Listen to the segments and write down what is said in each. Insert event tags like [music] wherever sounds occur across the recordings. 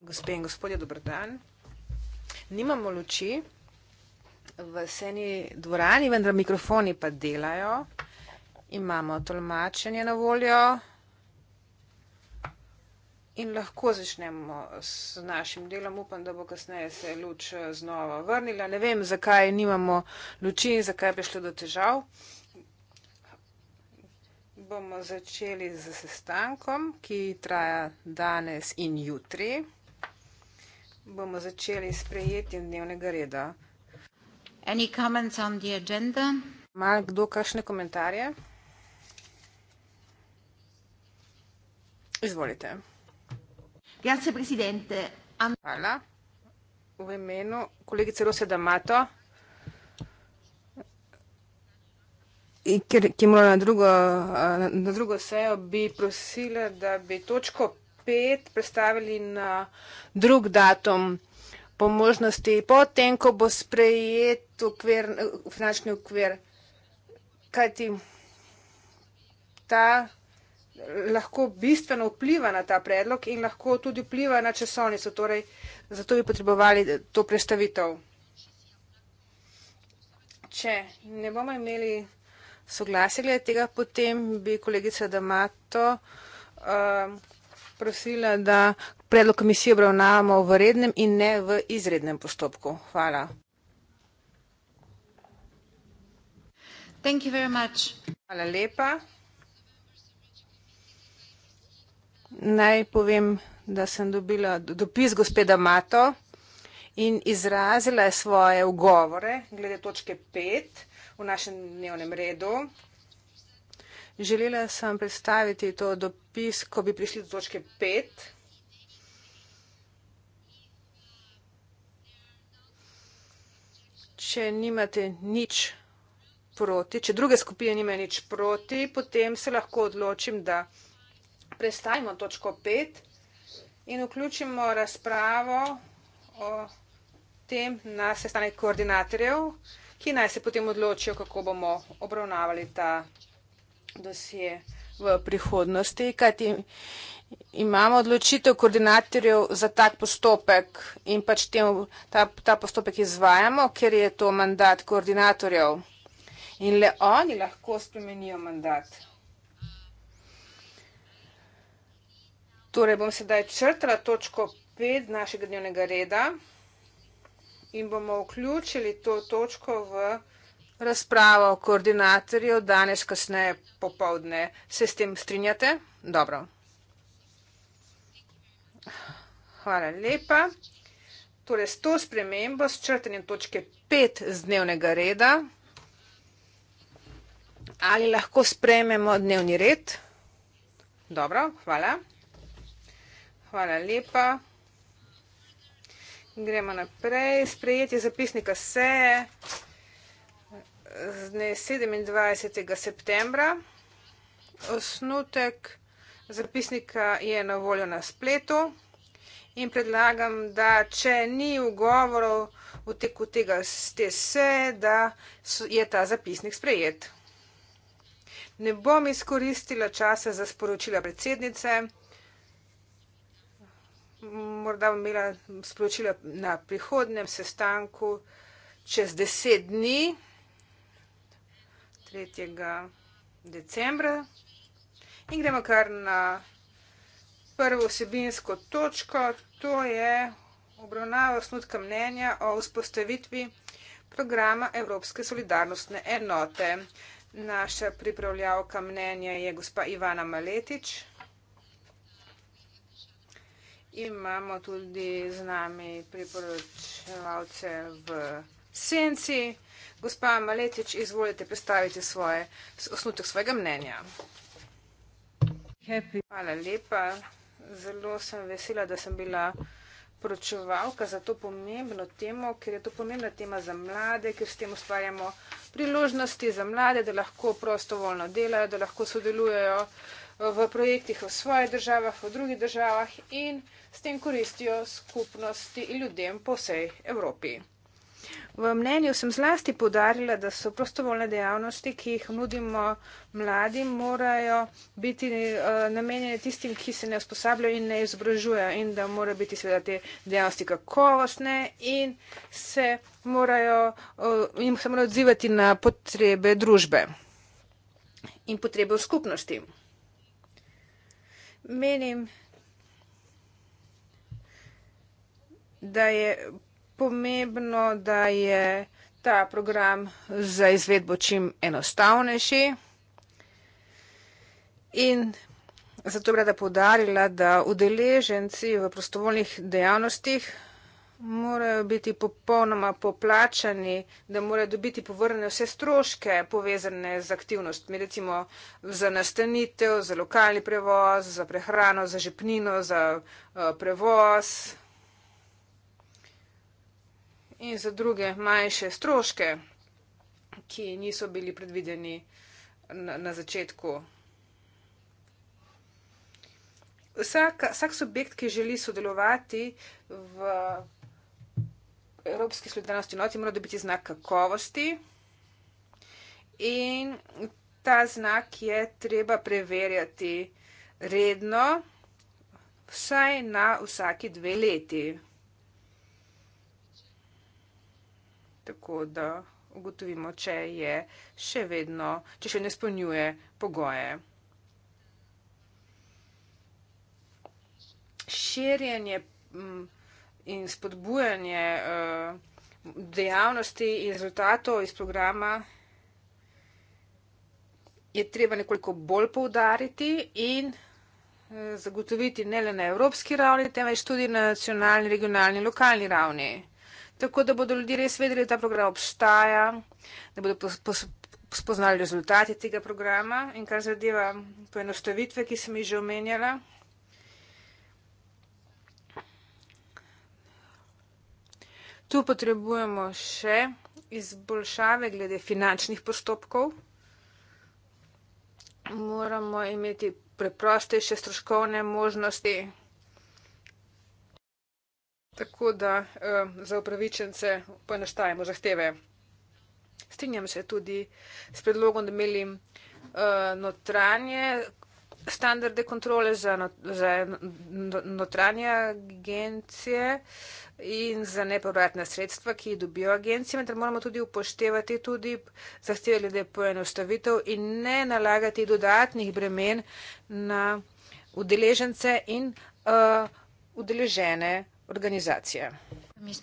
Gospe in gospodje, dobro dan. Nimamo luči v seni dvorani, vendar mikrofoni pa delajo. Imamo tolmačenje na voljo in lahko začnemo s našim delom. Upam, da bo kasneje se luč znova vrnila. Ne vem, zakaj nimamo luči in zakaj bi šlo do težav bomo začeli z sestankom, ki traja danes in jutri. Bomo začeli s prejetjem dnevnega reda. Any comments on the agenda? Mal kdo kakšne komentarje? Izvolite. Grazie, presidente. Hvala. V imenu kolegice Rose Damato. ker, ki mora na drugo, na, eh, na drugo sejo, bi prosila, da bi točko 5 predstavili na drug datum po možnosti, potem, ko bo sprejet ukvir, finančni ukvir. Kaj ti ta eh, lahko bistveno vpliva na ta predlog in lahko tudi vpliva na časovnico. Torej, zato bi potrebovali to predstavitev. Če ne bomo imeli soglasje glede tega, potem bi kolegica Damato um, prosila, da predlog komisije obravnavamo v rednem in ne v izrednem postopku. Hvala. Hvala lepa. Naj povem, da sem dobila dopis gospeda Mato in izrazila je svoje ugovore glede točke 5 v našem dnevnem redu. Želela sem predstaviti to dopis, ko bi prišli do točke 5. Če nimate nič proti, če druge skupine nimajo nič proti, potem se lahko odločim, da predstavimo točko 5 in vključimo razpravo o tem na sestanek koordinatorjev ki naj se potem odločijo, kako bomo obravnavali ta dosje v prihodnosti, kajti imamo odločitev koordinatorjev za tak postopek in pač tem, ta, ta postopek izvajamo, ker je to mandat koordinatorjev in le oni lahko spremenijo mandat. Torej bom sedaj črtala točko 5 našega dnevnega reda in bomo vključili to točko v razpravo koordinatorjev danes kasneje popovdne. Se s tem strinjate? Dobro. Hvala lepa. Torej, s to spremembo, s črtenjem točke 5 z dnevnega reda, ali lahko sprememo dnevni red? Dobro, hvala. Hvala lepa. Gremo naprej. Sprejetje zapisnika seje z dne 27. septembra. Osnutek zapisnika je na voljo na spletu in predlagam, da če ni ugovorov v teku tega ste se, da je ta zapisnik sprejet. Ne bom izkoristila časa za sporočila predsednice morda bom imela sporočilo na prihodnem sestanku čez deset dni, 3. decembra. In gremo kar na prvo vsebinsko točko, to je obravnava osnutka mnenja o vzpostavitvi programa Evropske solidarnostne enote. Naša pripravljavka mnenja je gospa Ivana Maletič imamo tudi z nami priporočevalce v senci. Gospa Maletič, izvolite predstaviti svoje, osnutek svojega mnenja. Happy. Hvala lepa. Zelo sem vesela, da sem bila poročevalka za to pomembno temo, ker je to pomembna tema za mlade, ker s tem ustvarjamo priložnosti za mlade, da lahko prostovoljno delajo, da lahko sodelujejo uh, v projektih v svojih državah, v drugih državah in s tem koristijo skupnosti in ljudem po vsej Evropi. V mnenju sem zlasti podarila, da so prostovoljne dejavnosti, ki jih nudimo mladim, morajo biti eh, namenjene tistim, ki se ne usposabljajo in ne izobražujejo in da morajo biti seveda te dejavnosti kakovostne in se morajo, eh, in se morajo odzivati na potrebe družbe in potrebe v skupnosti menim, da je pomembno, da je ta program za izvedbo čim enostavnejši. In zato bi rada podarila, da udeleženci v prostovoljnih dejavnostih morajo biti popolnoma poplačani, da morajo dobiti povrnjene vse stroške povezane z aktivnostmi, recimo za nastanitev, za lokalni prevoz, za prehrano, za žepnino, za uh, prevoz in za druge manjše stroške, ki niso bili predvideni na, na začetku. Vsak, vsak subjekt, ki želi sodelovati v evropski solidarnosti noti mora dobiti znak kakovosti in ta znak je treba preverjati redno, vsaj na vsaki dve leti. Tako da ugotovimo, če je še vedno, če še ne spolnjuje pogoje. Širjenje pogoje mm, in spodbujanje eh, dejavnosti in rezultatov iz programa je treba nekoliko bolj poudariti in eh, zagotoviti ne le na evropski ravni, temveč tudi na nacionalni, regionalni, lokalni ravni. Tako da bodo ljudje res vedeli, da ta program obstaja, da bodo spoznali rezultate tega programa in kar zadeva poenostavitve, ki sem jih že omenjala. Tu potrebujemo še izboljšave glede finančnih postopkov. Moramo imeti preprostejše stroškovne možnosti, tako da eh, za upravičence poenostavimo zahteve. Strinjam se tudi s predlogom, da imeli eh, notranje standarde kontrole za, za notranje agencije in za nepovratna sredstva, ki jih dobijo agencije, vendar moramo tudi upoštevati tudi zahteve glede poenostavitev in ne nalagati dodatnih bremen na udeležence in uh, udeležene organizacije.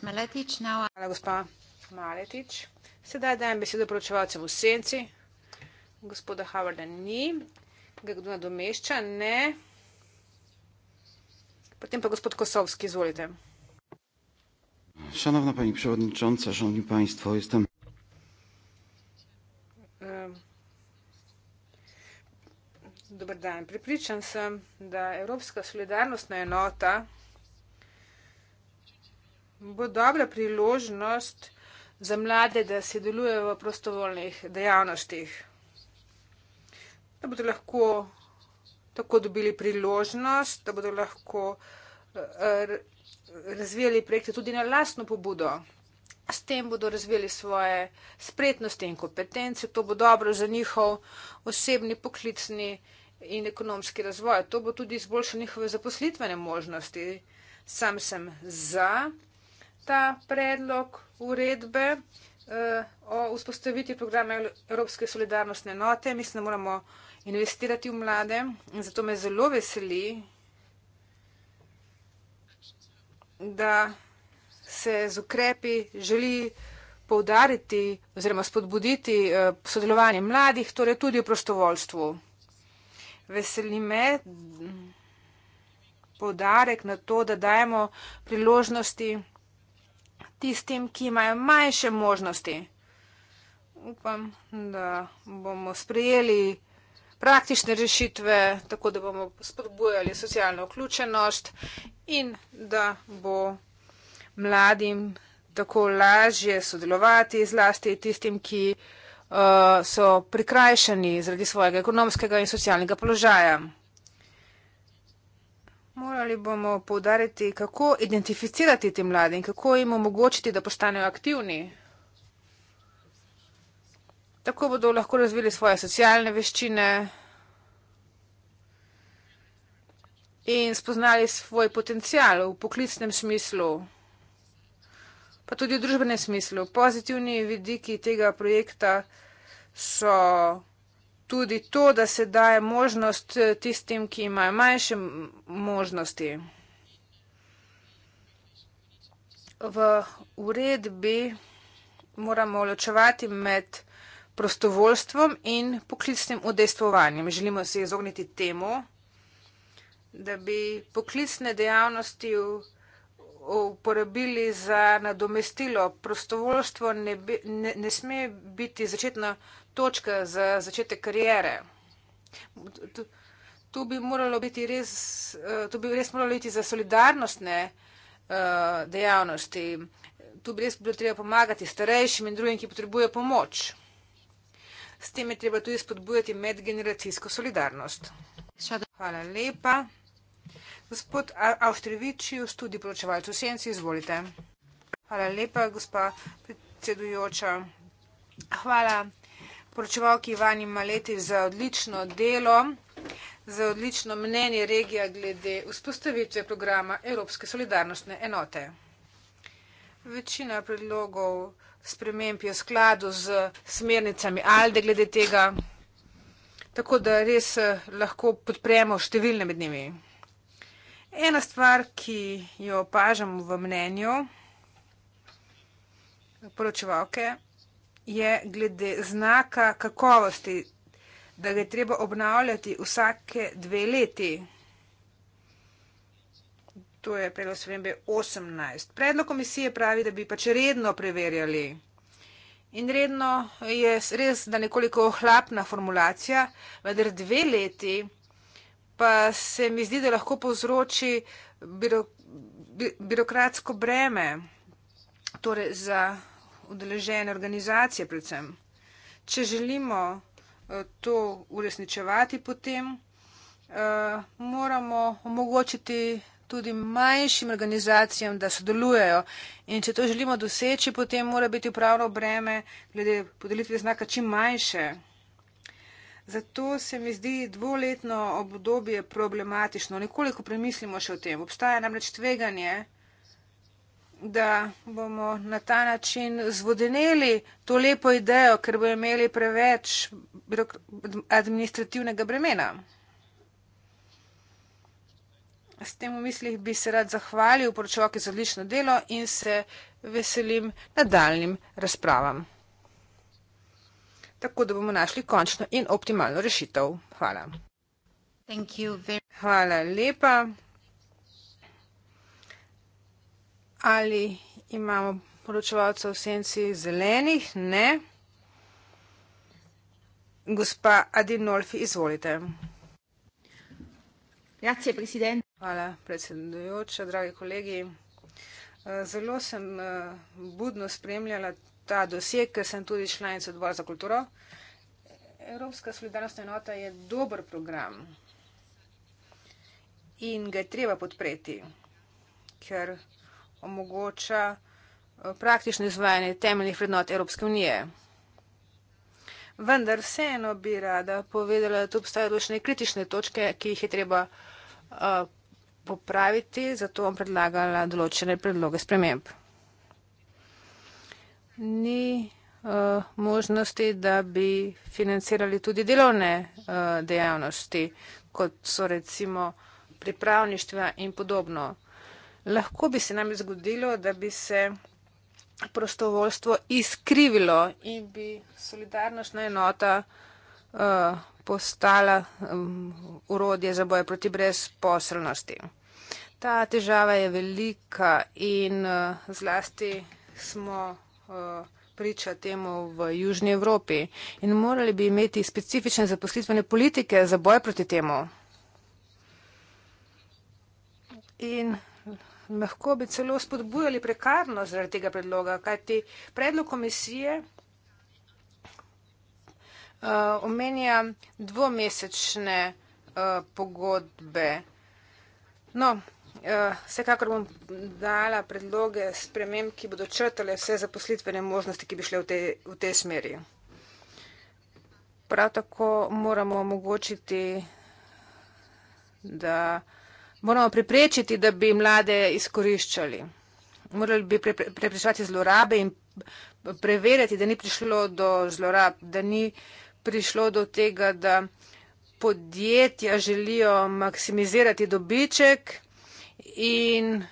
Maletič, now... Hvala, gospa Maletič. Sedaj dajem besedo poročevalcem v senci. Gospoda Havarda ni ga kdo nadomešča? Ne. Potem pa gospod Kosovski, izvolite. Szanowna pani przewodnicząca, szanowni państwo, jestem. Dobry dzień. Przypuszczam się, że Europejska Solidarnostna Enota będzie dobra przyłożność za młode, da się w prostowolnych działalnościach da bodo lahko tako dobili priložnost, da bodo lahko eh, razvijali projekte tudi na lastno pobudo. S tem bodo razvijali svoje spretnosti in kompetence, to bo dobro za njihov osebni, poklicni in ekonomski razvoj. To bo tudi izboljšalo njihove zaposlitvene možnosti. Sam sem za ta predlog uredbe eh, o vzpostavitvi programa Evropske solidarnostne note. Mislim, da moramo investirati v mlade in zato me zelo veseli, da se z ukrepi želi povdariti oziroma spodbuditi eh, sodelovanje mladih, torej tudi v prostovoljstvu. Veseli me povdarek na to, da dajemo priložnosti tistim, ki imajo manjše možnosti. Upam, da bomo sprejeli vsega, praktične rešitve, tako da bomo spodbujali socialno vključenost in da bo mladim tako lažje sodelovati zlasti tistim, ki uh, so prikrajšani zaradi svojega ekonomskega in socialnega položaja. Morali bomo poudariti, kako identificirati te mlade in kako jim omogočiti, da postanejo aktivni. Tako bodo lahko razvili svoje socialne veščine in spoznali svoj potencial v poklicnem smislu, pa tudi v družbenem smislu. Pozitivni vidiki tega projekta so tudi to, da se daje možnost tistim, ki imajo manjše možnosti. V uredbi moramo ločevati med prostovoljstvom in poklicnim udejstvovanjem. Želimo se izogniti temu, da bi poklicne dejavnosti uporabili za nadomestilo. Prostovoljstvo ne, ne, ne sme biti začetna točka za začetek karijere. Tu bi, biti res, eh, tu bi res moralo biti za solidarnostne eh, dejavnosti. Tu bi res bilo treba pomagati starejšim in drugim, ki potrebujejo pomoč. S tem je treba tudi spodbujati medgeneracijsko solidarnost. Hvala lepa. Gospod Avštrevičji, v studiu poročevalcu Senci, izvolite. Hvala lepa, gospa predsedujoča. Hvala poročevalki Ivani Maleti za odlično delo, za odlično mnenje regija glede vzpostavitve programa Evropske solidarnostne enote. Večina predlogov sprememb je v skladu z smernicami Alde glede tega, tako da res eh, lahko podpremo številne med njimi. Ena stvar, ki jo opažam v mnenju poročevalke, je glede znaka kakovosti, da ga je treba obnavljati vsake dve leti. To je predlog spremembe 18. Predlog komisije pravi, da bi pač redno preverjali. In redno je res, da nekoliko ohlapna formulacija, vendar dve leti pa se mi zdi, da lahko povzroči biro, birokratsko breme, torej za udeležene organizacije predvsem. Če želimo eh, to uresničevati, potem uh, moramo omogočiti tudi manjšim organizacijam, da sodelujejo. In če to želimo doseči, potem mora biti upravno breme glede podelitve znaka čim manjše. Zato se mi zdi dvoletno obdobje problematično. Nekoliko premislimo še o tem. Obstaja namreč tveganje, da bomo na ta način zvodeneli to lepo idejo, ker bo imeli preveč administrativnega bremena. S tem v mislih bi se rad zahvalil poročevalki za odlično delo in se veselim nadaljnim razpravam. Tako da bomo našli končno in optimalno rešitev. Hvala. Hvala lepa. Ali imamo poročevalca v senci zelenih? Ne. Gospa Adinolfi, izvolite. Grazie, predsednik. Hvala, predsedujoča, dragi kolegi. Zelo sem budno spremljala ta dosek, ker sem tudi članica odbora za kulturo. Evropska solidarnostna enota je dober program in ga je treba podpreti, ker omogoča praktično izvajanje temeljnih vrednot Evropske unije. Vendar vseeno bi rada povedala, da tu obstajajo določene kritične točke, ki jih je treba podpreti. Eh, popraviti, zato bom predlagala določene predloge sprememb. Ni eh, možnosti, da bi financirali tudi delovne eh, dejavnosti, kot so recimo pripravništva in podobno. Lahko bi se nam zgodilo, da bi se prostovoljstvo izkrivilo in bi solidarnostna enota vsega, Eh, postala urodje za boje proti brezposelnosti. Ta težava je velika in eh, zlasti smo eh, priča temu v Južni Evropi in morali bi imeti specifične zaposlitvene politike za boje proti temu. In lahko bi celo spodbujali prekarno zaradi tega predloga, kajti predlog komisije Eh, omenja dvomesečne uh, pogodbe. No, uh, vsekakor bom dala predloge sprememb, ki bodo črtale vse zaposlitvene možnosti, ki bi šle v tej, v tej smeri. Prav tako moramo omogočiti, da moramo preprečiti, da bi mlade izkoriščali. Morali bi preprečevati zlorabe in preverjati, da ni prišlo do zlorab, da ni uh, prišlo do tega, da podjetja želijo maksimizirati dobiček in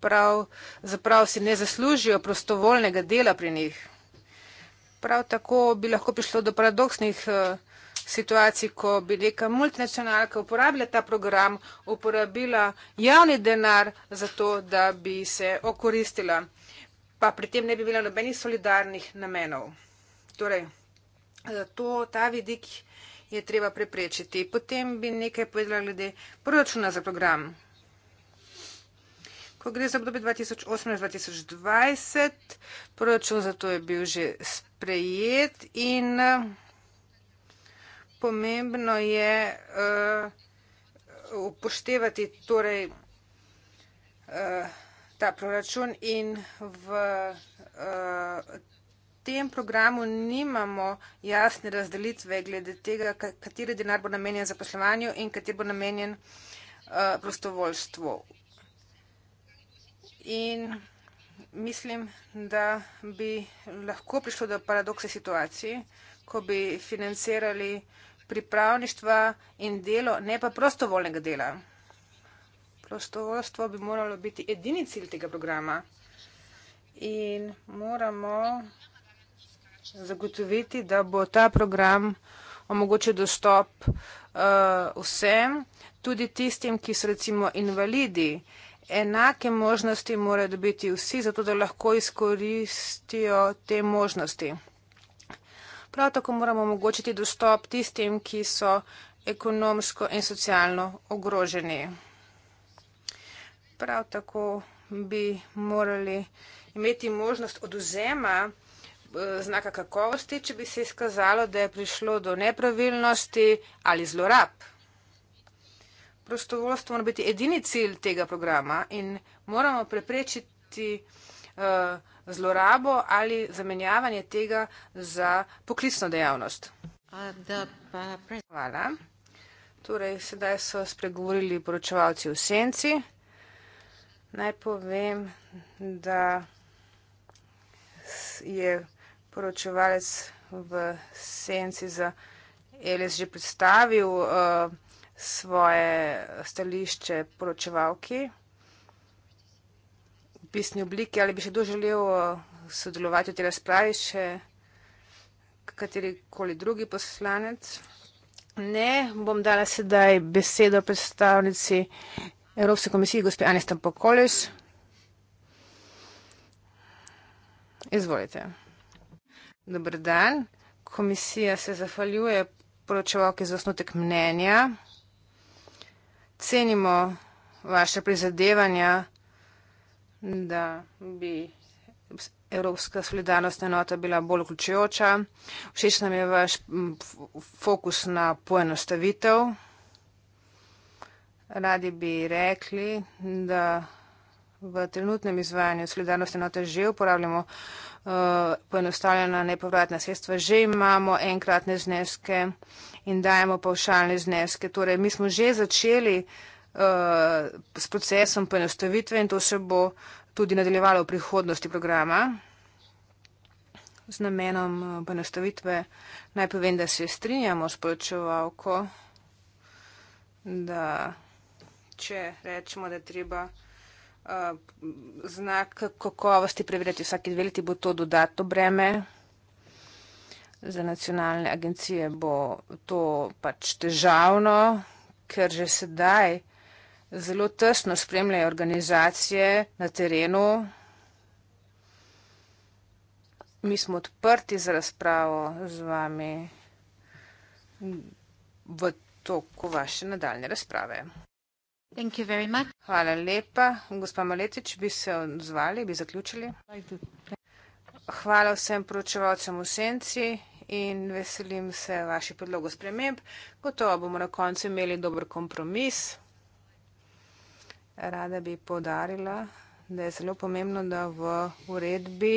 pravzaprav si ne zaslužijo prostovoljnega dela pri njih. Prav tako bi lahko prišlo do paradoksnih eh, situacij, ko bi neka multinacionalka uporabila ta program, uporabila javni denar za to, da bi se okoristila, pa pri tem ne bi bila nobenih solidarnih namenov. Torej, Zato ta vidik je treba preprečiti. Potem bi nekaj povedala glede proračuna za program. Ko gre za obdobje 2018-2020, proračun za to je bil že sprejet in pomembno je uh, upoštevati torej, uh, ta proračun in v uh, tem programu nimamo jasne razdelitve glede tega, kateri denar bo namenjen zaposlovanju in kateri bo namenjen eh, prostovoljstvu. In mislim, da bi lahko prišlo do paradoksa situacije, ko bi financirali pripravništva in delo, ne pa prostovoljnega dela. Prostovoljstvo bi moralo biti edini cilj tega programa in moramo zagotoviti, da bo ta program omogočil dostop uh, vsem, tudi tistim, ki so recimo invalidi. Enake možnosti morajo dobiti vsi, zato da lahko izkoristijo te možnosti. Prav tako moramo omogočiti dostop tistim, ki so ekonomsko in socialno ogroženi. Prav tako bi morali imeti možnost oduzema Eh, znaka kakovosti, če bi se izkazalo, da je prišlo do nepravilnosti ali zlorab. Prostovoljstvo mora biti edini cilj tega programa in moramo preprečiti uh, zlorabo ali zamenjavanje tega za poklicno dejavnost. Hvala. Torej, sedaj so spregovorili poročevalci v senci. Naj povem, da je poročevalec v senci za Elis že predstavil uh, svoje stališče poročevalki v pisni obliki. Ali bi še kdo želel eh, sodelovati v tej razpravi, še katerikoli drugi poslanec? Ne, bom dala sedaj besedo predstavnici Evropske komisije, gospe Anistam Pokolis. Izvolite. Dobr dan. Komisija se zahvaljuje poročevalki za osnutek mnenja. Cenimo vaše prizadevanja, da bi evropska solidarnostna enota bila bolj vključujoča. Všeč nam je vaš fokus na poenostavitev. Radi bi rekli, da v trenutnem izvajanju solidarnosti enote že uporabljamo uh, poenostavljena nepovratna sredstva, že imamo enkratne zneske in dajemo paušalne zneske. Torej, mi smo že začeli uh, s procesom poenostavitve in to se bo tudi nadaljevalo v prihodnosti programa. Z namenom eh, poenostavitve naj povem, da se strinjamo s poročevalko, da če rečemo, da je treba uh, znak kakovosti preverjati vsake dve leti, bo to dodatno breme. Za nacionalne agencije bo to pač težavno, ker že sedaj zelo tesno spremljajo organizacije na terenu. Mi smo odprti za razpravo z vami v toku vaše nadaljne razprave. Hvala lepa. Gospa Maletič, bi se odzvali, bi zaključili? Hvala vsem poročevalcem v senci in veselim se vaših predlogov sprememb. Gotovo bomo na koncu imeli dober kompromis. Rada bi podarila, da je zelo pomembno, da v uredbi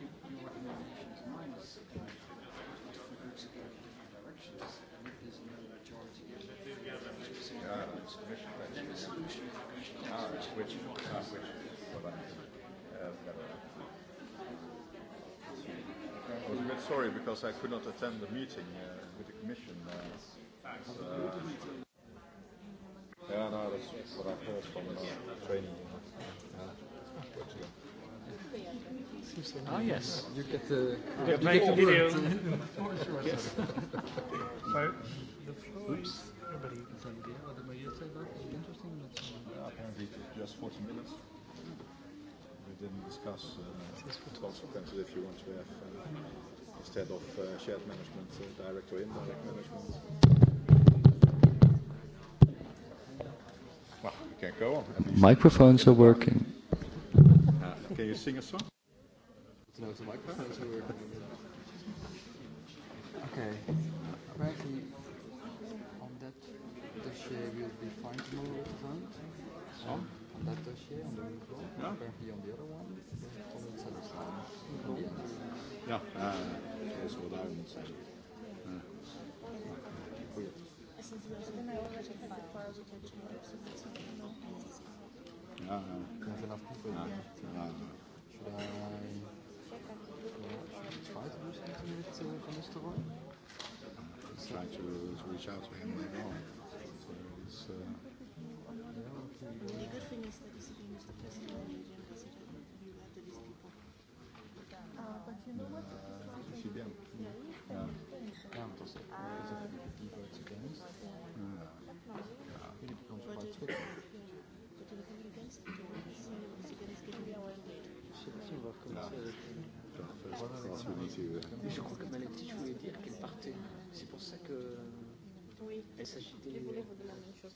sorry because I could not attend the meeting uh, with the Commission. Uh, yes. uh, yeah, no, that's what I heard from the uh, training. Uh, yeah. Ah, yes. You get the [laughs] video. Uh, yes. so, the floor Oops. Everybody has an idea. Or the mayor said that? Is it interesting? Uh, yeah, apparently, it's just 40 minutes. We didn't discuss uh, consequences if you want to have. Uh, mm -hmm instead of uh, shared management, uh, direct or indirect management? Well, we can go on. Microphones are working. Uh, can you sing a song? No, the microphones are working. Okay. Apparently, on that, the share will be fine tomorrow. Song? Um, that this year and the week before? No. Maybe on the other one? Yeah, it's all the time. Yeah, that's what I would say. Yeah. Not enough people. No, no, no. Should I try to do something with uh, Mr. Roy? Try to reach out to e, him later on. So it's, uh, Je crois que Malati voulait dire qu'elle partait. C'est pour ça que. Oui, elle s'agitait. Elle voulait vous demander une chose.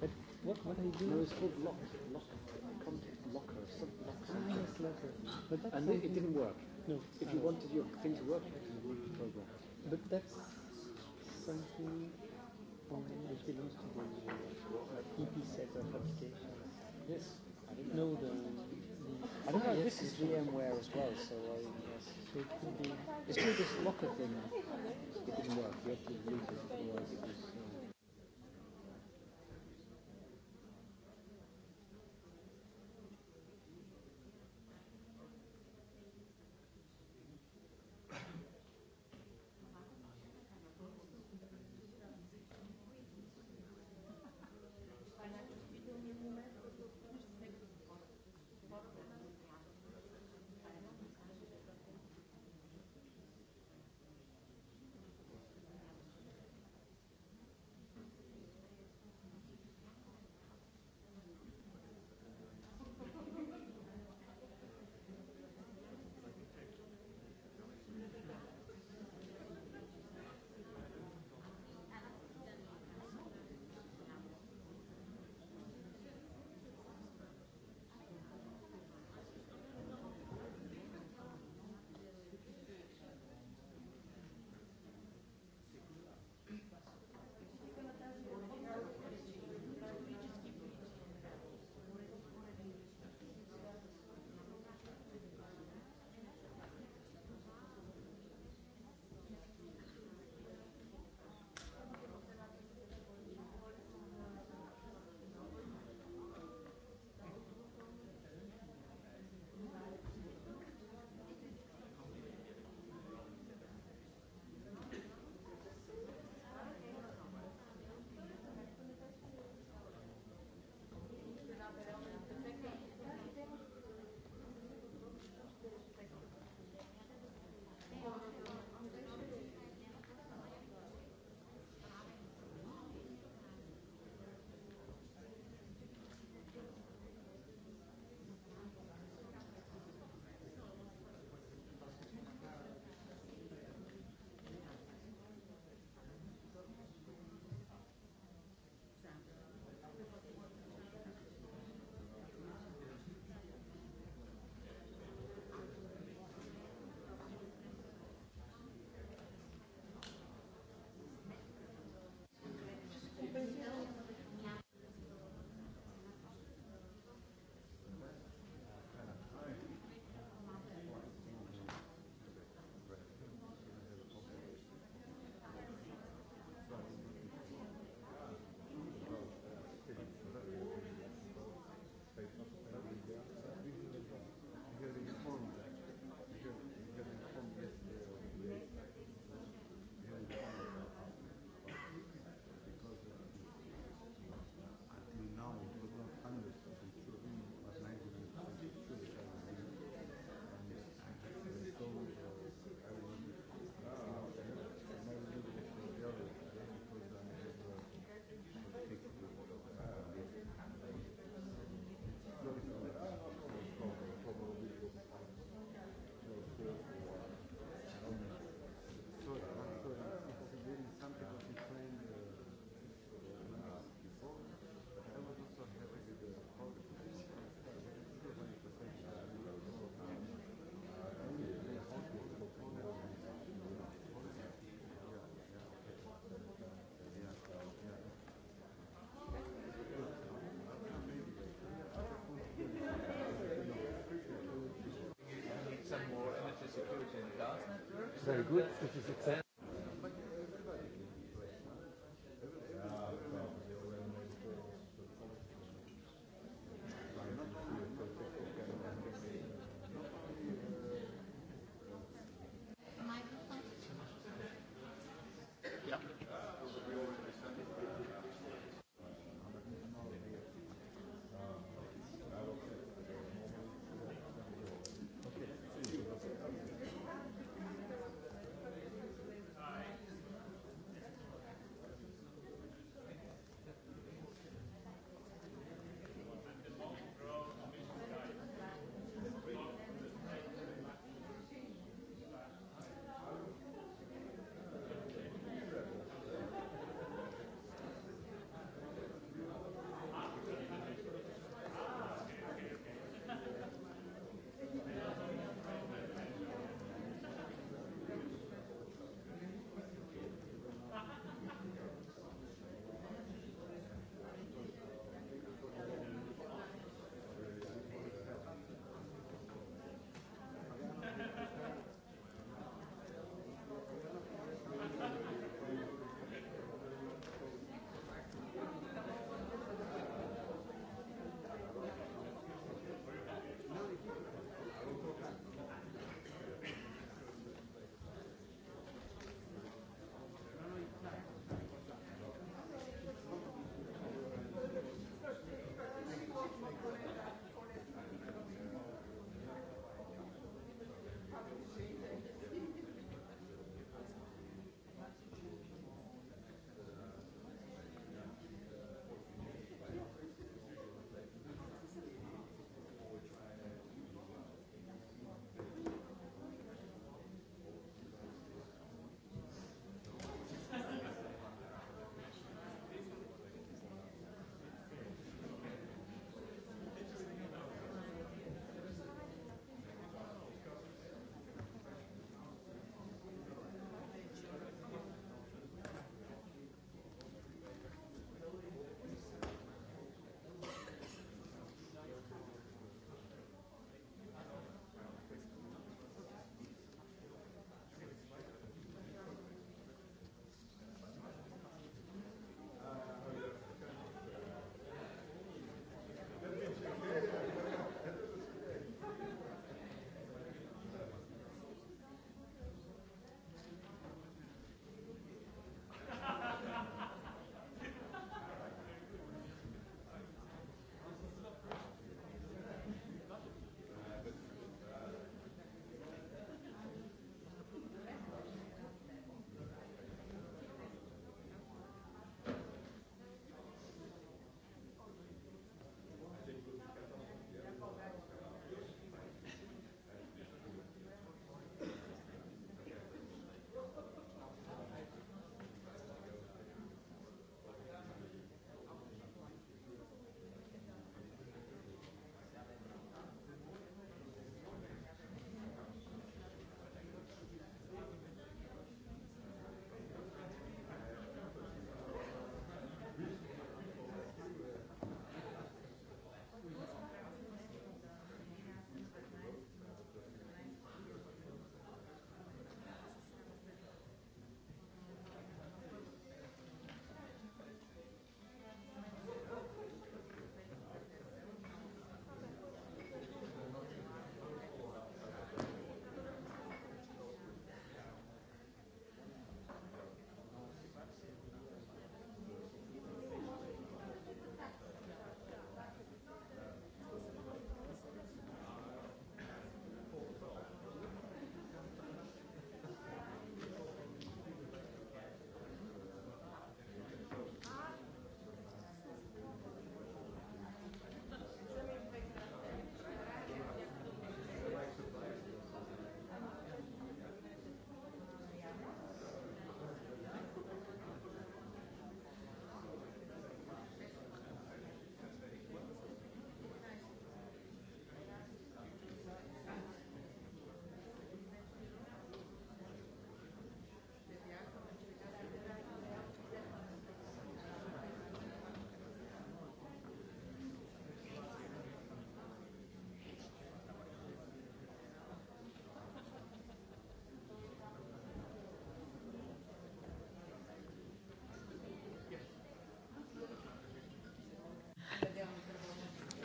But what what are you doing? No, it's called lock lock content locker. Some locker. Ah, locker. But that's and it didn't work. No. If you wanted your thing to work, you had to work the program. But that's something which belongs to the EP set of applications. Yes. I don't know. No, the, the I don't know. Yes, this is VMware as well, so I mean, yes. So it could be. It's called this locker thing. It didn't work. You have to leave it otherwise it was. very good. This is exciting.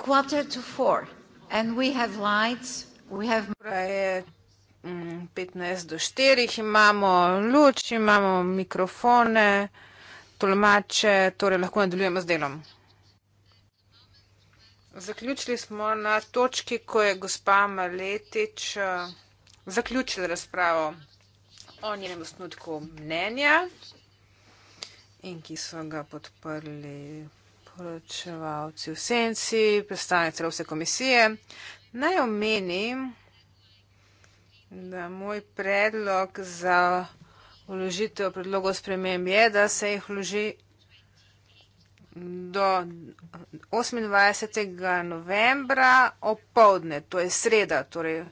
quarter to four and we have lights we have Ura je 15 mm, do 4 imamo luč imamo mikrofone tolmače torej lahko nadaljujemo z delom Zaključili smo na točki, ko je gospa Maletič uh, zaključila razpravo o njenem osnutku mnenja in ki so ga podprli poročevalci v senci, predstavnik celovske komisije. Naj omenim, da moj predlog za vložitev predlogov sprememb je, da se jih vloži do 28. novembra opovdne, to je sreda, torej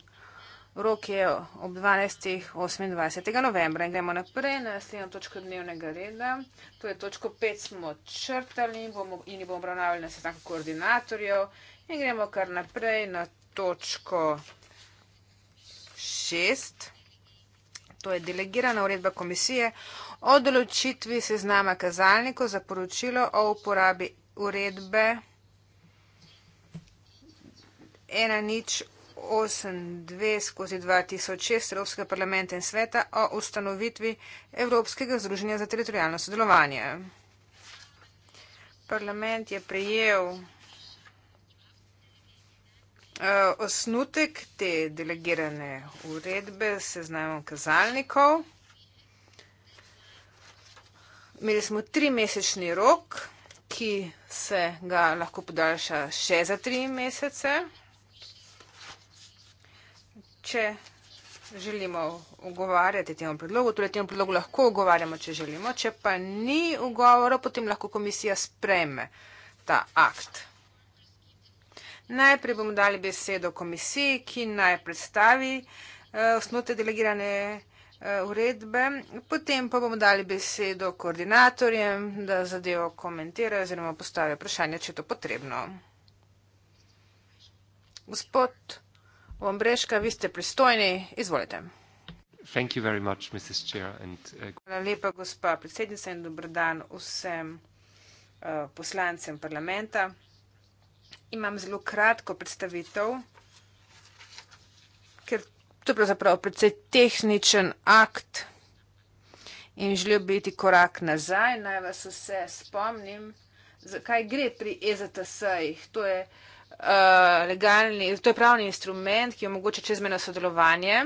Rok je ob 12.28. novembra in gremo naprej na naslednjo točko dnevnega reda. To je točko 5 smo črtali in bomo, in bomo obravnavali na sestanku koordinatorjev in gremo kar naprej na točko 6. To je delegirana uredba komisije o določitvi seznama kazalnikov za poročilo o uporabi uredbe 1.0. 82 skozi 2006 Evropskega parlamenta in sveta o ustanovitvi Evropskega združenja za teritorijalno sodelovanje. Parlament je prejel uh, osnutek te delegirane uredbe s seznamom kazalnikov. Imeli smo tri mesečni rok, ki se ga lahko podaljša še za tri mesece če želimo ugovarjati temu predlogu, torej temu predlogu lahko ugovarjamo, če želimo, če pa ni ugovora, potem lahko komisija sprejme ta akt. Najprej bomo dali besedo komisiji, ki naj predstavi eh, osnote delegirane eh, uredbe, potem pa bomo dali besedo koordinatorjem, da zadevo komentirajo oziroma postavijo vprašanje, če je to potrebno. Gospod. Vombreška, vi ste pristojni, izvolite. Much, and, uh... Hvala lepa, gospa predsednica in dobrodan vsem uh, poslancem parlamenta. Imam zelo kratko predstavitev, ker to je pravzaprav predvsej tehničen akt in želijo biti korak nazaj. Naj vas vse spomnim, zakaj gre pri EZTS-jih. To je uh, Eh, legalni, to je pravni instrument, ki omogoča čezmeno sodelovanje.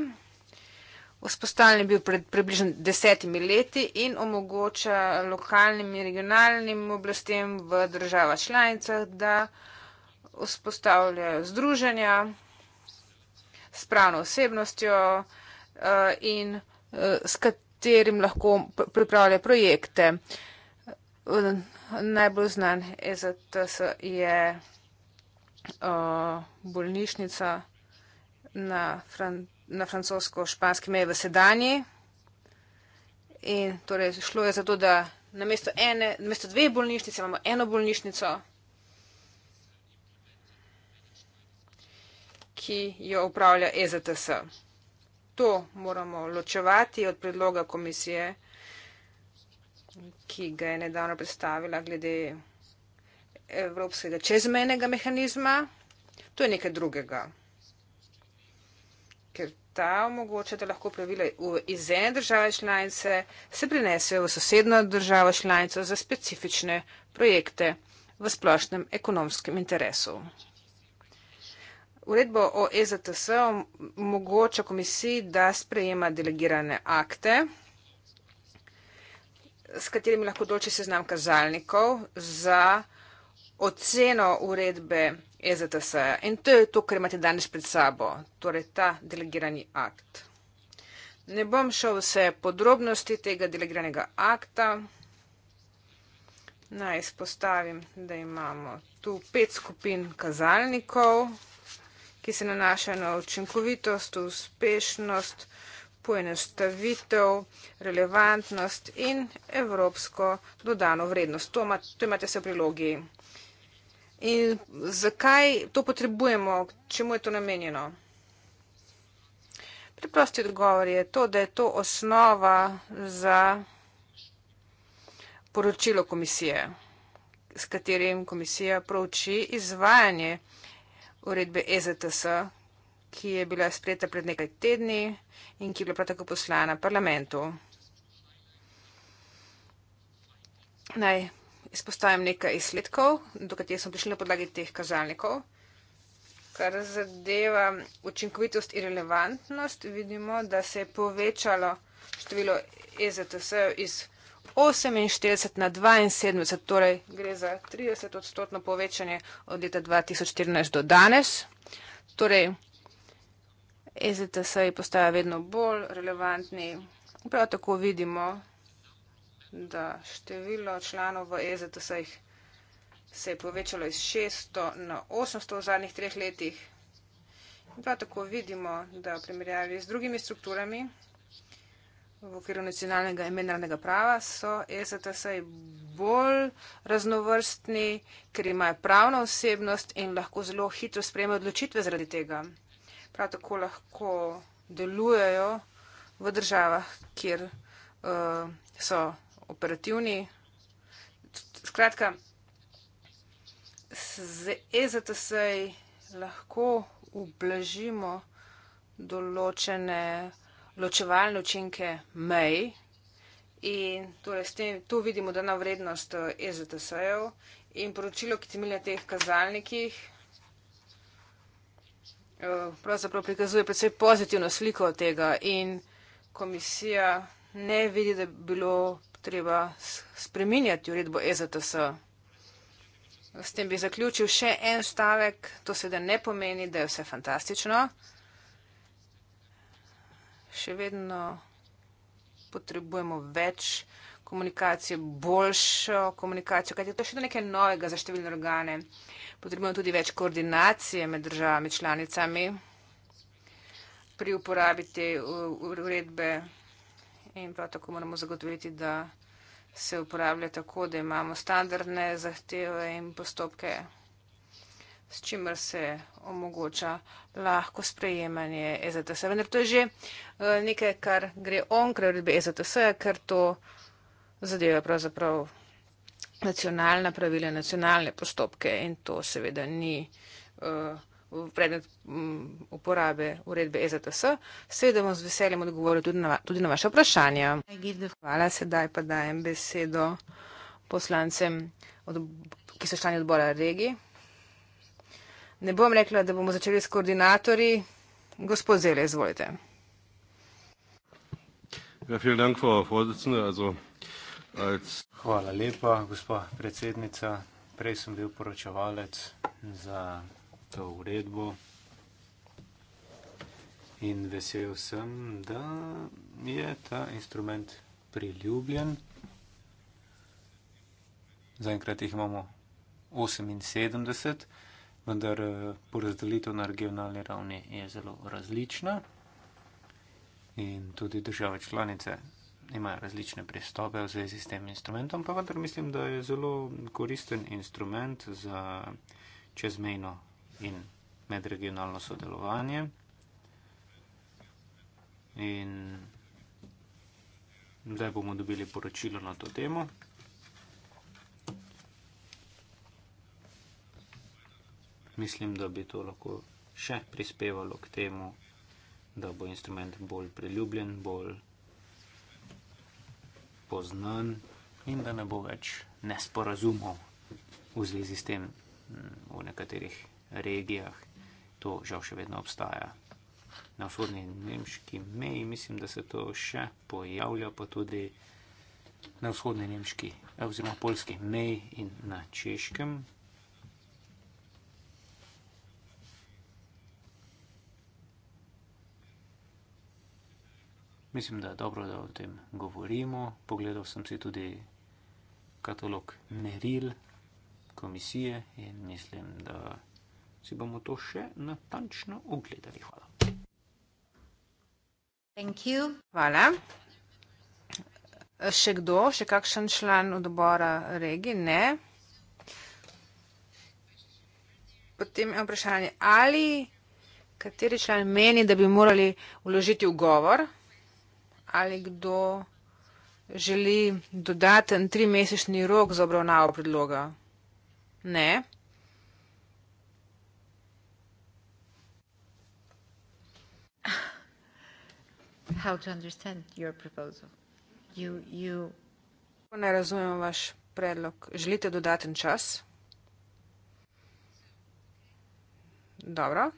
Vzpostavljen je bil pred približno desetimi leti in omogoča lokalnim in regionalnim oblastem v državah članicah, da vzpostavljajo združenja s pravno osebnostjo eh, in eh, s katerim lahko pripravljajo projekte. Najbolj znan EZTS je uh, bolnišnica na, fran, na francosko-španski meji v sedanji. In torej šlo je za to, da namesto, ene, namesto dveh bolnišnic imamo eno bolnišnico, ki jo upravlja EZTS. To moramo ločevati od predloga komisije, ki ga je nedavno predstavila glede evropskega čezmejnega mehanizma, to je nekaj drugega. Ker ta omogoča, da lahko pravila iz ene države članice se prenesejo v sosedno državo članico za specifične projekte v splošnem ekonomskem interesu. Uredbo o EZTS omogoča komisiji, da sprejema delegirane akte, s katerimi lahko določi seznam kazalnikov za oceno uredbe EZTS-a in to je to, kar imate danes pred sabo, torej ta delegirani akt. Ne bom šel vse podrobnosti tega delegiranega akta. Naj izpostavim, da imamo tu pet skupin kazalnikov, ki se nanašajo na učinkovitost, uspešnost, poenostavitev, relevantnost in evropsko dodano vrednost. To imate se v prilogi. In zakaj to potrebujemo? Čemu je to namenjeno? Preprosti odgovor je to, da je to osnova za poročilo komisije, s katerim komisija prouči izvajanje uredbe EZTS, ki je bila sprejeta pred nekaj tedni in ki je bila prav tako poslana parlamentu. Naj izpostavim nekaj izsledkov, do katerih smo prišli na podlagi teh kazalnikov. Kar zadeva učinkovitost in relevantnost, vidimo, da se je povečalo število EZTS-ev iz 48 na 72, torej gre za 30 odstotno povečanje od leta 2014 do danes. Torej, EZTS-ji postajajo vedno bolj relevantni. Prav tako vidimo, da število članov v EZTS-ih se je povečalo iz 600 na 800 v zadnjih treh letih. In pa tako vidimo, da v primerjavi z drugimi strukturami v okviru nacionalnega in mednarodnega prava so EZTS-ji bolj raznovrstni, ker imajo pravno osebnost in lahko zelo hitro sprejme odločitve zaradi tega. Prav tako lahko delujejo v državah, kjer uh, so operativni. Skratka, z EZTS lahko ublažimo določene ločevalne učinke mej in torej tem, tu vidimo dana vrednost EZTS-ev eh, e in poročilo, ki temelja teh kazalnikih, eh, pravzaprav prikazuje predvsej pozitivno sliko tega in komisija ne vidi, da bi bilo treba spreminjati uredbo EZTS. S tem bi zaključil še en stavek. To seveda ne pomeni, da je vse fantastično. Še vedno potrebujemo več komunikacije, boljšo komunikacijo, kajti to je še nekaj novega za številne organe. Potrebujemo tudi več koordinacije med državami članicami pri uporabi te uredbe. Uh, uh, in prav tako moramo zagotoviti, da se uporablja tako, da imamo standardne zahteve in postopke, s čimer se omogoča lahko sprejemanje EZTS. Vendar to je že eh, nekaj, kar gre onkraj uredbe EZTS, ker to zadeva pravzaprav nacionalna pravila, nacionalne postopke in to seveda ni. Uh, predmet mm, uporabe uredbe EZTS. Seveda bom z veseljem odgovoril tudi na, tudi na vaše vprašanje. Hvala, sedaj pa dajem besedo poslancem, od, ki so člani odbora regi. Ne bom rekla, da bomo začeli s koordinatorji. Gospod Zele, izvolite. Ja, Hvala lepa, gospa predsednica. Prej sem bil poročevalec za to uredbo. In vesel sem, da je ta instrument priljubljen. Zaenkrat jih imamo 78, vendar eh, porazdelitev na regionalni ravni je zelo različna. In tudi države članice imajo različne pristope v zvezi s tem instrumentom, pa vendar mislim, da je zelo koristen instrument za čezmejno in medregionalno sodelovanje. In zdaj bomo dobili poročilo na to temo. Mislim, da bi to lahko še prispevalo k temu, da bo instrument bolj priljubljen, bolj poznan in da ne bo več nesporazumov v zvezi s tem v nekaterih regijah to žal še vedno obstaja. Na vzhodni nemški meji mislim, da se to še pojavlja, pa tudi na vzhodni nemški eh, oziroma polski meji in na češkem. Mislim, da je dobro, da o tem govorimo. Pogledal sem si tudi katalog meril komisije in mislim, da je si bomo to še natančno ogledali. Hvala. Hvala. Še kdo, še kakšen član odbora regi? Ne. Potem je vprašanje, ali kateri član meni, da bi morali uložiti ugovor, ali kdo želi dodaten tri mesečni rok za obravnavo predloga? Ne. Ne. how to understand your proposal. You, you... Ne razumem vaš predlog. Želite dodaten čas? Dobro.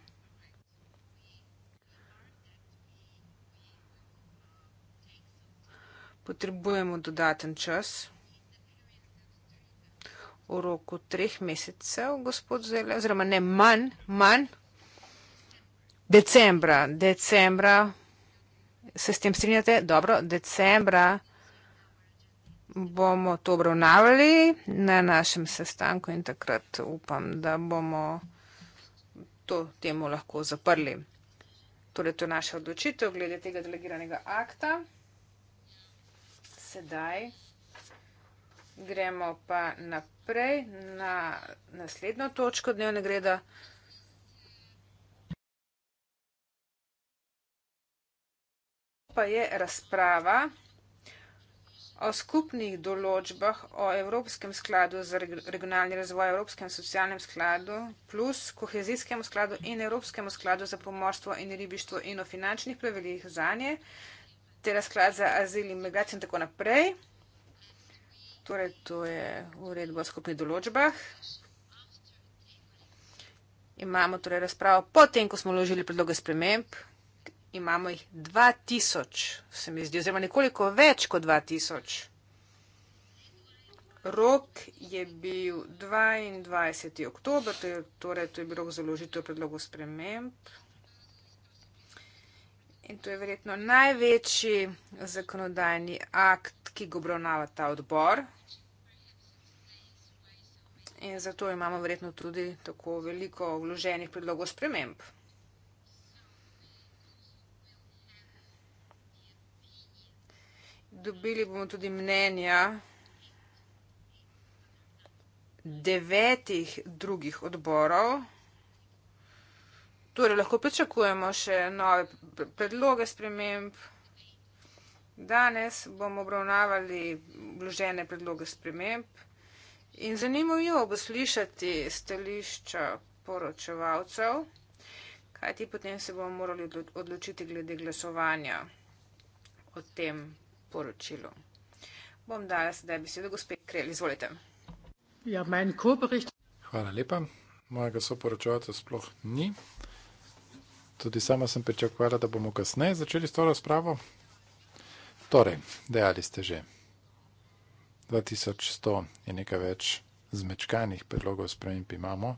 Potrebujemo dodaten čas v roku treh mesecev, gospod Zele, oziroma ne manj, manj, decembra, decembra Se s tem strinjate? Dobro, decembra bomo to obravnavali na našem sestanku in takrat upam, da bomo to temu lahko zaprli. Torej, to je naša odločitev glede tega delegiranega akta. Sedaj gremo pa naprej na naslednjo točko dnevnega reda. pa je razprava o skupnih določbah o Evropskem skladu za regionalni razvoj, Evropskem socialnem skladu plus kohezijskemu skladu in Evropskemu skladu za pomorstvo in ribištvo in o finančnih pravilih za nje, ter sklad za azil in migracijo in tako naprej. Torej, to je uredba o skupnih določbah. Imamo torej razpravo potem, ko smo vložili predloge sprememb imamo jih 2000, se mi zdi, oziroma nekoliko več kot 2000. Rok je bil 22. oktober, to je, torej to je bilo založitev predlogov sprememb. In to je verjetno največji zakonodajni akt, ki ga obravnava ta odbor. In zato imamo verjetno tudi tako veliko vloženih predlogov sprememb. dobili bomo tudi mnenja devetih drugih odborov. Torej, lahko pričakujemo še nove predloge sprememb. Danes bomo obravnavali vložene predloge sprememb in zanimivo bo slišati stališča poročevalcev, kaj ti potem se bomo morali odločiti glede glasovanja o tem sporočilo. Bom dala sedaj besedo gospe Krelj, izvolite. Ja, meni ko bericht. Hvala lepa. Mojega soporočevalca sploh ni. Tudi sama sem pričakovala, da bomo kasneje začeli s to razpravo. Torej, dejali ste že 2100 in nekaj več zmečkanih predlogov sprememb imamo,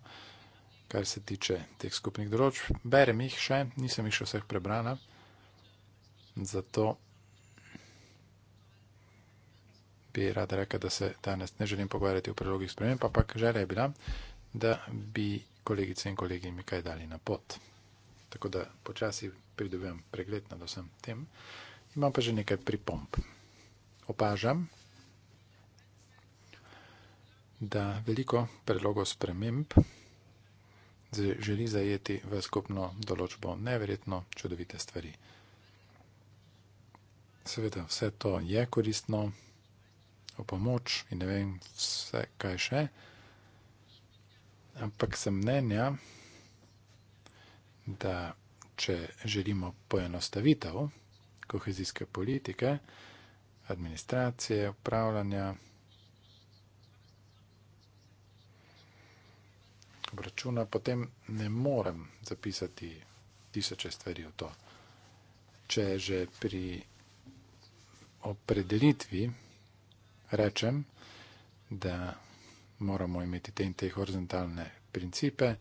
kar se tiče teh skupnih določb. Berem jih še, nisem jih še vseh prebrala, zato bi rada rekla, da se danes ne želim pogovarjati o prilogih sprememb, ampak želja je bila, da bi kolegice in kolegi mi kaj dali na pot. Tako da počasi pridobivam pregled nad vsem tem. Imam pa že nekaj pripomp. Opažam, da veliko predlogov sprememb želi zajeti v skupno določbo neverjetno čudovite stvari. Seveda, vse to je koristno v pomoč in ne vem, vse, kaj še. Ampak sem mnenja, da če želimo poenostavitev kohezijske politike, administracije, upravljanja, obračuna, potem ne morem zapisati tisoče stvari v to. Če že pri opredelitvi rečem, da moramo imeti te in te horizontalne principe,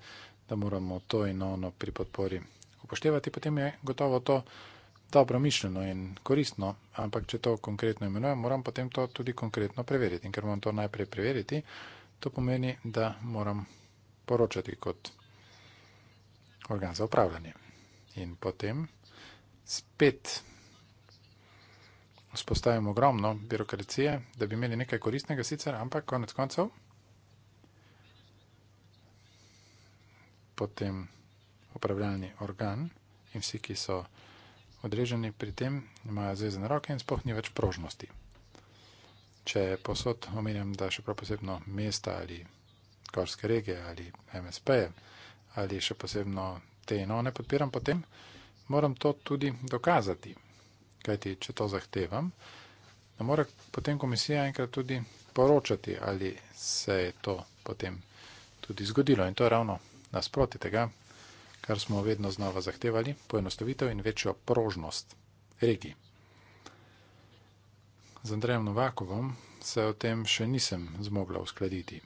da moramo to in ono pri podpori upoštevati, potem je gotovo to dobro mišljeno in koristno, ampak če to konkretno imenujem, moram potem to tudi konkretno preveriti. In ker moram to najprej preveriti, to pomeni, da moram poročati kot organ za upravljanje. In potem spet vzpostavimo ogromno birokracije, da bi imeli nekaj koristnega sicer, ampak konec koncev potem upravljalni organ in vsi, ki so odreženi pri tem, imajo zvezen roke in spohni več prožnosti. Če posod omenjam, da še prav posebno mesta ali korske regije ali MSP ali še posebno te in one podpiram, potem moram to tudi dokazati kajti če to zahtevam, ne more potem komisija enkrat tudi poročati, ali se je to potem tudi zgodilo. In to je ravno nasproti tega, kar smo vedno znova zahtevali, poenostavitev in večjo prožnost regij. Z Andrejem Novakovom se o tem še nisem zmogla uskladiti.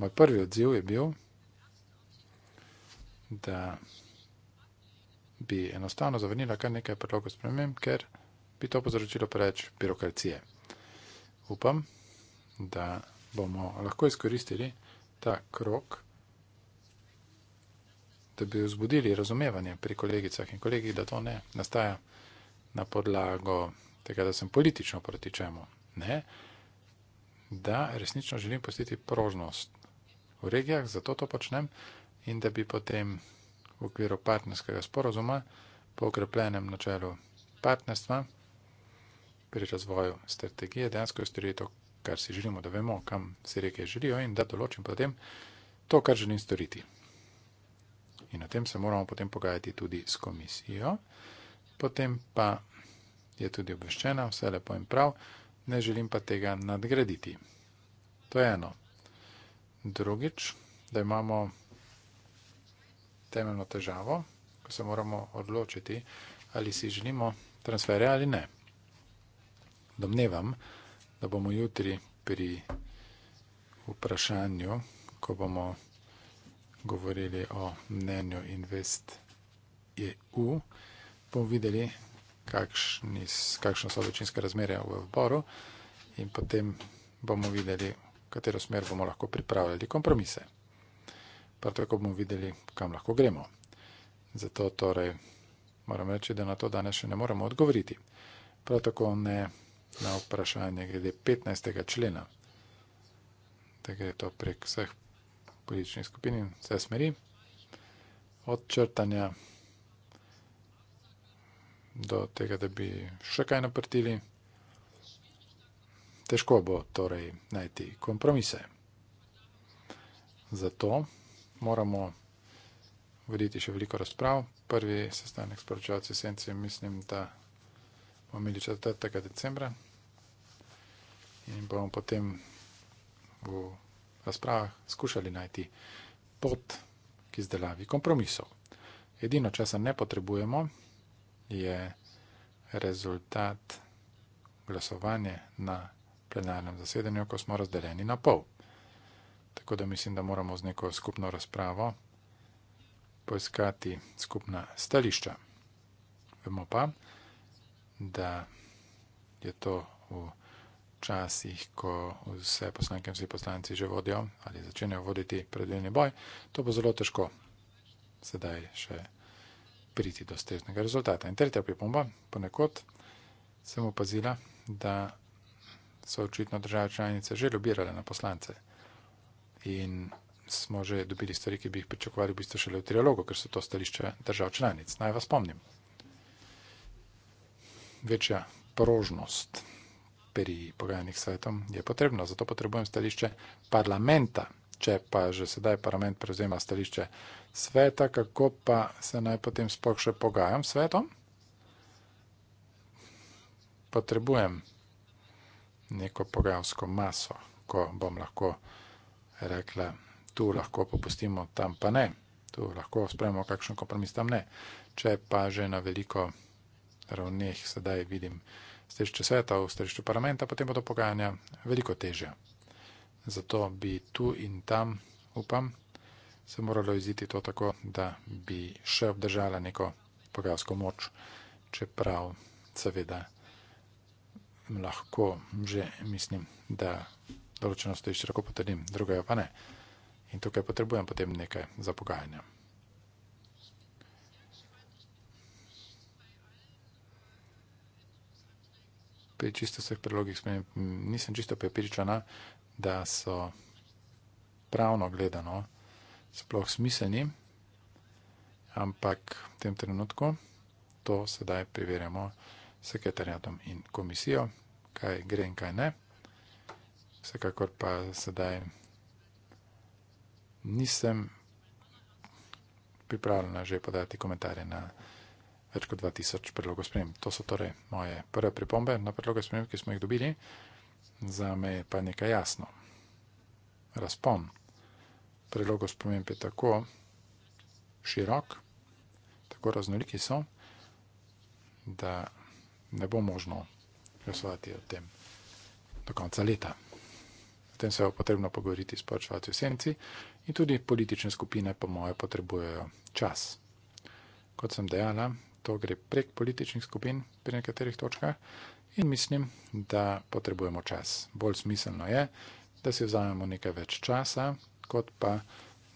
Moj prvi odziv je bil, da bi enostavno zavrnila kar nekaj predlogov spremem, ker bi to povzročilo preveč birokracije. Upam, da bomo lahko izkoristili ta krok, da bi vzbudili razumevanje pri kolegicah in kolegih, da to ne nastaja na podlago tega, da sem politično proti čemu. Ne, da resnično želim postiti prožnost v regijah, zato to počnem in da bi potem v okviru partnerskega sporozuma po okrepljenem načelu partnerstva pri razvoju strategije dejansko je storiti to, kar si želimo, da vemo, kam si reke želijo in da določim potem to, kar želim storiti. In o tem se moramo potem pogajati tudi s komisijo. Potem pa je tudi obveščena, vse lepo in prav, ne želim pa tega nadgraditi. To je eno. Drugič, da imamo temeljno težavo, ko se moramo odločiti, ali si želimo transfere ali ne. Domnevam, da bomo jutri pri vprašanju, ko bomo govorili o mnenju Invest EU, bomo videli, kakšne so večinske razmere v odboru in potem bomo videli, v katero smer bomo lahko pripravljali kompromise prav tako bomo videli, kam lahko gremo. Zato torej moram reči, da na to danes še ne moremo odgovoriti. Prav tako ne na vprašanje glede 15. člena, da gre to prek vseh političnih skupin in vse smeri, od črtanja do tega, da bi še kaj naprtili. Težko bo torej najti kompromise. Zato moramo voditi še veliko razprav. Prvi sestanek s poročevalci Senci, mislim, da bomo imeli 4. decembra in bomo potem v razpravah skušali najti pot k izdelavi kompromisov. Edino, česa ne potrebujemo, je rezultat glasovanja na plenarnem zasedanju, ko smo razdeljeni na pol tako da mislim, da moramo z neko skupno razpravo poiskati skupna stališča. Vemo pa, da je to v časih, ko vse poslanke in vsi poslanci že vodijo ali začenjajo voditi predeljni boj, to bo zelo težko sedaj še priti do steznega rezultata. In tretja pripomba, ponekod sem opazila, da so očitno države članice že lobirale na poslance in smo že dobili stvari, ki bi jih pričakovali v bistvu šele v trialogu, ker so to stališče držav članic. Naj vas spomnim. Večja prožnost pri pogajanjih svetom je potrebna, zato potrebujem stališče parlamenta. Če pa že sedaj parlament prevzema stališče sveta, kako pa se naj potem sploh še pogajam s svetom? Potrebujem neko pogajalsko maso, ko bom lahko rekla, tu lahko popustimo, tam pa ne, tu lahko sprememo kakšen kompromis, tam ne. Če pa že na veliko ravneh sedaj vidim središče sveta v središču parlamenta, potem bodo pogajanja veliko težja. Zato bi tu in tam, upam, se moralo iziti to tako, da bi še obdržala neko pogajalsko moč, čeprav seveda lahko že mislim, da določeno stališče lahko potrdim, drugega pa ne. In tukaj potrebujem potem nekaj za pogajanje. Pri čisto vseh predlogih nisem čisto prepričana, da so pravno gledano sploh smiselni, ampak v tem trenutku to sedaj preverjamo s sekretarjatom in komisijo, kaj gre in kaj ne. Vsekakor pa sedaj nisem pripravljena že podati komentarje na več kot 2000 predlogov sprememb. To so torej moje prve pripombe na predloge sprememb, ki smo jih dobili. Za me je pa nekaj jasno. Razpon predlogov sprememb je tako širok, tako raznoliki so, da ne bo možno glasovati o tem do konca leta. O tem se je potrebno pogovoriti s poročevalci v senci in tudi politične skupine, po moje, potrebujejo čas. Kot sem dejala, to gre prek političnih skupin pri nekaterih točkah in mislim, da potrebujemo čas. Bolj smiselno je, da si vzamemo nekaj več časa, kot pa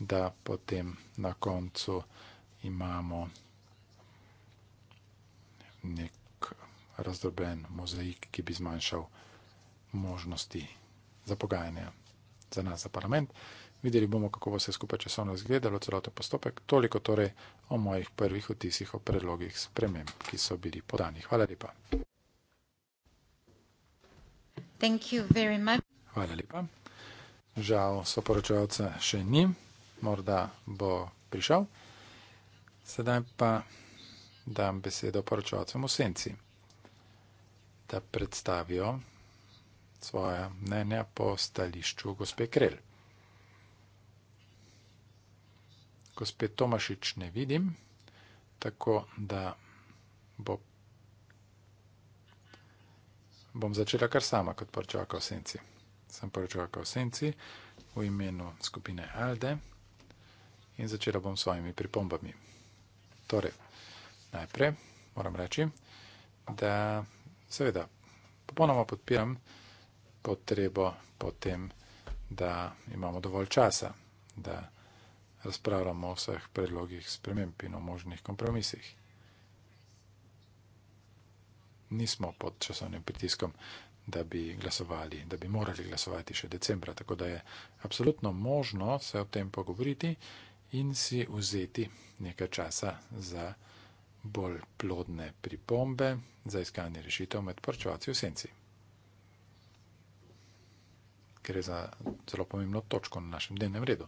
da potem na koncu imamo nek razdroben mozaik, ki bi zmanjšal možnosti za pogajanje, za nas, za parlament. Videli bomo, kako bo se skupaj časovno izgledalo celoten postopek. Toliko torej o mojih prvih vtisih o predlogih sprememb, ki so bili podani. Hvala lepa. Hvala lepa. Žal so poročevalce še ni, morda bo prišel. Sedaj pa dam besedo poročevalcem v senci, da predstavijo svoje mnenja po stališču gospe Krel. Gospe Tomašič ne vidim, tako da bo, bom začela kar sama kot poročevalka v senci. Sem poročevalka v senci v imenu skupine Alde in začela bom s svojimi pripombami. Torej, najprej moram reči, da seveda popolnoma podpiram potrebo potem, da imamo dovolj časa, da razpravljamo o vseh predlogih sprememb in o možnih kompromisih. Nismo pod časovnim pritiskom, da bi glasovali, da bi morali glasovati še decembra, tako da je absolutno možno se o tem pogovoriti in si vzeti nekaj časa za bolj plodne pripombe, za iskanje rešitev med porčevalci v senci ker je za zelo pomembno točko na našem dnevnem redu.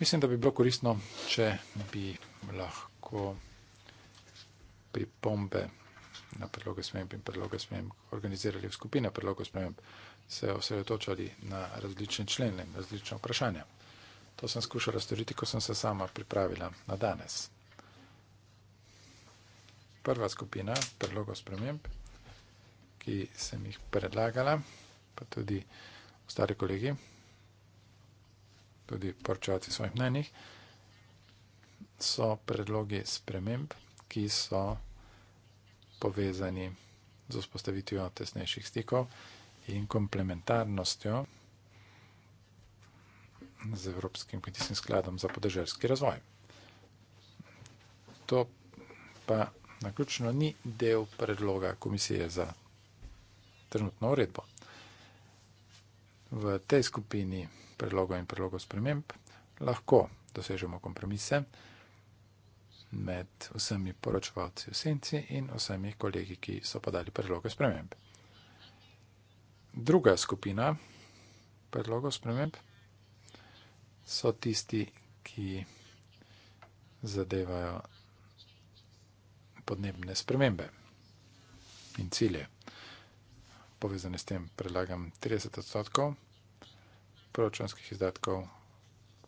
Mislim, da bi bilo koristno, če bi lahko pripombe na predloge smem in predloge smem organizirali v skupine predloge smem, se osredotočali na različne člene in različne vprašanja. To sem skušala storiti, ko sem se sama pripravila na danes prva skupina predlogov sprememb, ki sem jih predlagala, pa tudi ostali kolegi, tudi poročavci svojih mnenjih, so predlogi sprememb, ki so povezani z vzpostavitvijo tesnejših stikov in komplementarnostjo z Evropskim kmetijskim skladom za podeželjski razvoj. To pa naključno ni del predloga komisije za trenutno uredbo. V tej skupini predlogov in predlogov sprememb lahko dosežemo kompromise med vsemi poročevalci v senci in vsemi kolegi, ki so podali predloge sprememb. Druga skupina predlogov sprememb so tisti, ki zadevajo podnebne spremembe in cilje. Povezane s tem predlagam 30 odstotkov proračunskih izdatkov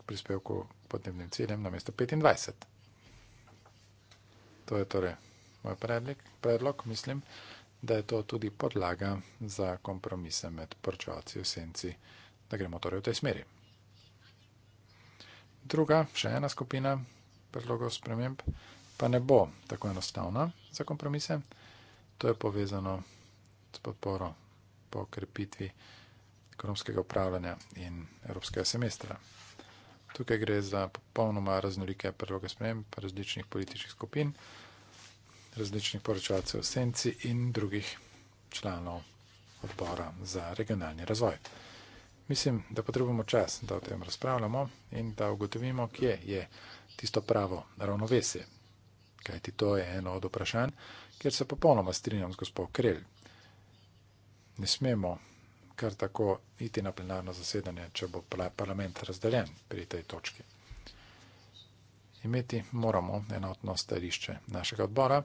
prispevku podnebnim ciljem na mesto 25. To je torej moj predlog. predlog. Mislim, da je to tudi podlaga za kompromise med poročevalci v senci, da gremo torej v tej smeri. Druga, še ena skupina predlogov sprememb pa ne bo tako enostavna za kompromise. To je povezano s podporo po krepitvi ekonomskega upravljanja in evropskega semestra. Tukaj gre za popolnoma raznolike predloge sprememb različnih političnih skupin, različnih poročevalcev senci in drugih članov odbora za regionalni razvoj. Mislim, da potrebujemo čas, da o tem razpravljamo in da ugotovimo, kje je tisto pravo ravnovesje Kajti to je eno od vprašanj, kjer se popolnoma strinjam z gospodom Krelj. Ne smemo kar tako iti na plenarno zasedanje, če bo parlament razdeljen pri tej točki. Imeti moramo enotno stališče našega odbora,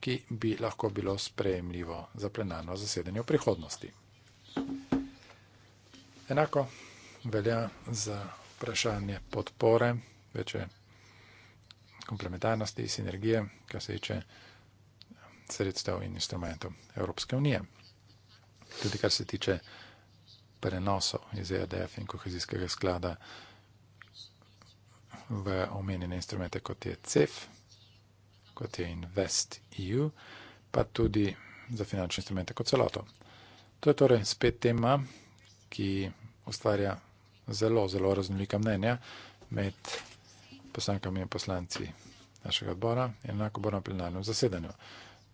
ki bi lahko bilo sprejemljivo za plenarno zasedanje v prihodnosti. Enako velja za vprašanje podpore, več je komplementarnosti, sinergije, kar se tiče sredstev in instrumentov Evropske unije. Tudi kar se tiče prenosov iz EDF in kohezijskega sklada v omenjene instrumente, kot je CEF, kot je Invest EU, pa tudi za finančne instrumente kot celoto. To je torej spet tema, ki ustvarja zelo, zelo raznolika mnenja med poslankami in poslanci našega odbora in enako bo na plenarnem zasedanju.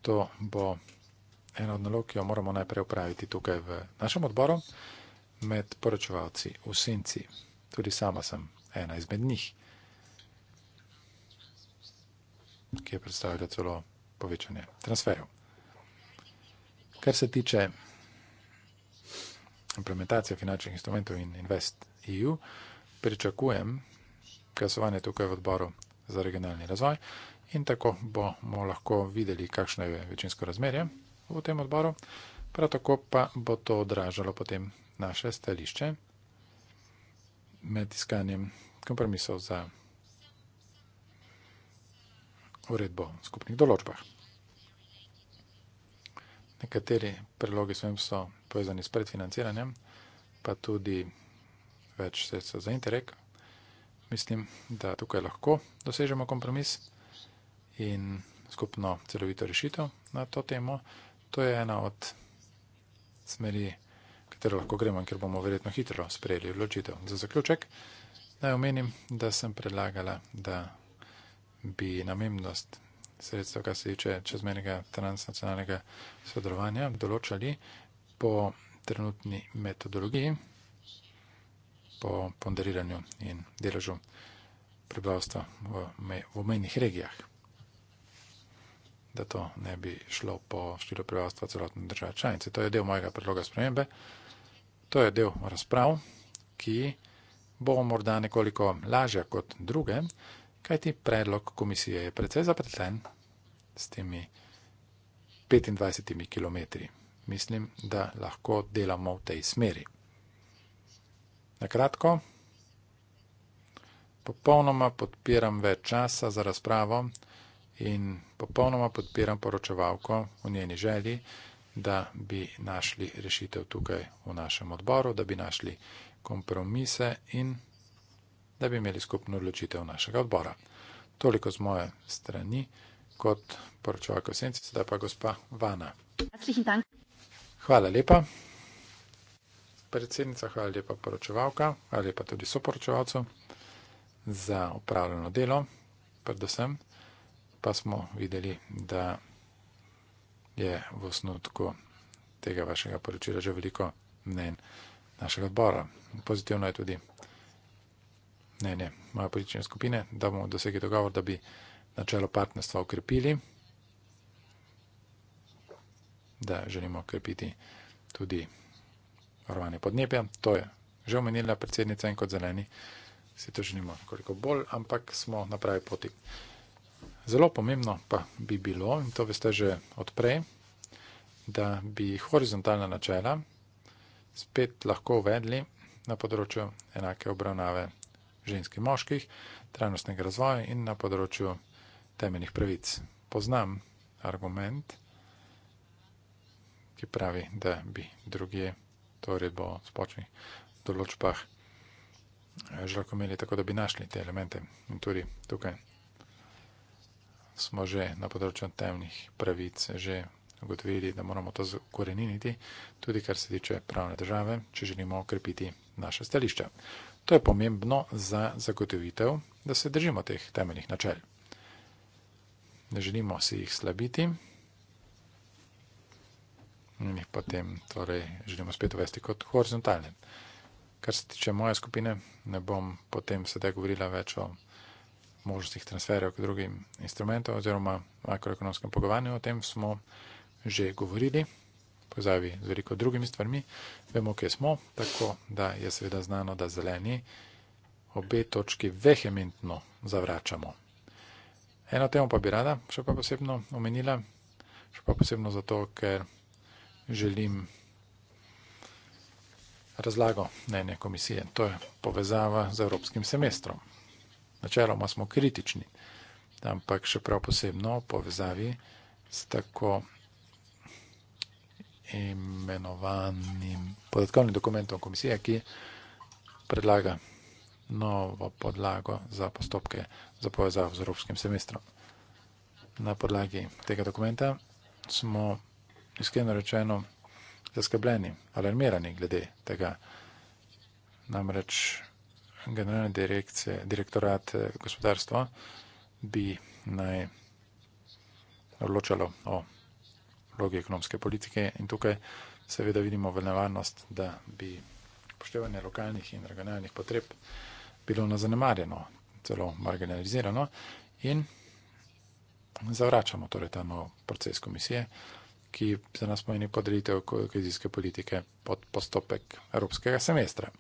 To bo ena od nalog, ki jo moramo najprej upraviti tukaj v našem odboru med poročevalci v senci. Tudi sama sem ena izmed njih, ki je predstavila celo povečanje transferjev. Kar se tiče implementacije finančnih instrumentov in Invest EU, pričakujem, glasovanje tukaj v odboru za regionalni razvoj in tako bomo lahko videli, kakšno je večinsko razmerje v tem odboru. Prav tako pa bo to odražalo potem naše stališče med iskanjem kompromisov za uredbo v skupnih določbah. Nekateri predlogi svojim so povezani s predfinanciranjem, pa tudi več sredstva za interreg, mislim, da tukaj lahko dosežemo kompromis in skupno celovito rešitev na to temo. To je ena od smeri, katero lahko gremo in kjer bomo verjetno hitro sprejeli odločitev. Za zaključek naj omenim, da sem predlagala, da bi namembnost sredstva, kar se tiče čezmenega transnacionalnega sodelovanja, določali po trenutni metodologiji po ponderiranju in deležu prebivalstva v, v omenjenih regijah. Da to ne bi šlo po število prebivalstva celotne države članice. To je del mojega predloga spremembe. To je del razprav, ki bo morda nekoliko lažja kot druge, kajti predlog komisije je precej zapreten s temi 25 km. Mislim, da lahko delamo v tej smeri. Na kratko, popolnoma podpiram več časa za razpravo in popolnoma podpiram poročevalko v njeni želji, da bi našli rešitev tukaj v našem odboru, da bi našli kompromise in da bi imeli skupno odločitev našega odbora. Toliko z moje strani kot poročevalko senci, sedaj pa gospa Vana. Hvala lepa predsednica, hvala lepa poročevalka, hvala lepa tudi soporočevalcu za upravljeno delo. Predvsem pa smo videli, da je v osnutku tega vašega poročila že veliko mnen našega odbora. Pozitivno je tudi mnenje moje politične skupine, da bomo dosegli dogovor, da bi načelo partnerstva ukrepili, da želimo ukrepiti tudi varovanje podnebja, to je že omenila predsednica in kot zeleni si to želimo koliko bolj, ampak smo na pravi poti. Zelo pomembno pa bi bilo, in to veste že odprej, da bi horizontalna načela spet lahko uvedli na področju enake obravnave ženskih in moških, trajnostnega razvoja in na področju temeljnih pravic. Poznam argument, ki pravi, da bi drugi to uredbo o spočnih določbah eh, že lahko imeli, tako da bi našli te elemente. In tudi tukaj smo že na področju temnih pravic že ugotovili, da moramo to zakoreniniti, tudi kar se tiče pravne države, če želimo okrepiti naše stališča. To je pomembno za zagotovitev, da se držimo teh temeljnih načel. Ne želimo si jih slabiti in jih potem torej želimo spet uvesti kot horizontalne. Kar se tiče moje skupine, ne bom potem sedaj govorila več o možnostih transferjev k drugim instrumentom oziroma makroekonomskem pogovanju. O tem smo že govorili, pozavi z veliko drugimi stvarmi. Vemo, kje smo, tako da je seveda znano, da zeleni obe točki vehementno zavračamo. Eno temo pa bi rada še pa posebno omenila, še pa posebno zato, ker želim razlago mnenja komisije. To je povezava z evropskim semestrom. Načeloma smo kritični, ampak še prav posebno v povezavi s tako imenovanim podatkovnim dokumentom komisije, ki predlaga novo podlago za postopke za povezavo z evropskim semestrom. Na podlagi tega dokumenta smo iskreno rečeno, zaskrbljeni, alarmirani glede tega. Namreč generalni direkcije, direktorat eh, gospodarstva bi naj odločalo o vlogi ekonomske politike in tukaj seveda vidimo vnevarnost, da bi upoštevanje lokalnih in regionalnih potreb bilo na zanemarjeno, celo marginalizirano in zavračamo torej ta nov proces komisije ki za nas pomeni podreditev kohezijske politike pod postopek Evropskega semestra.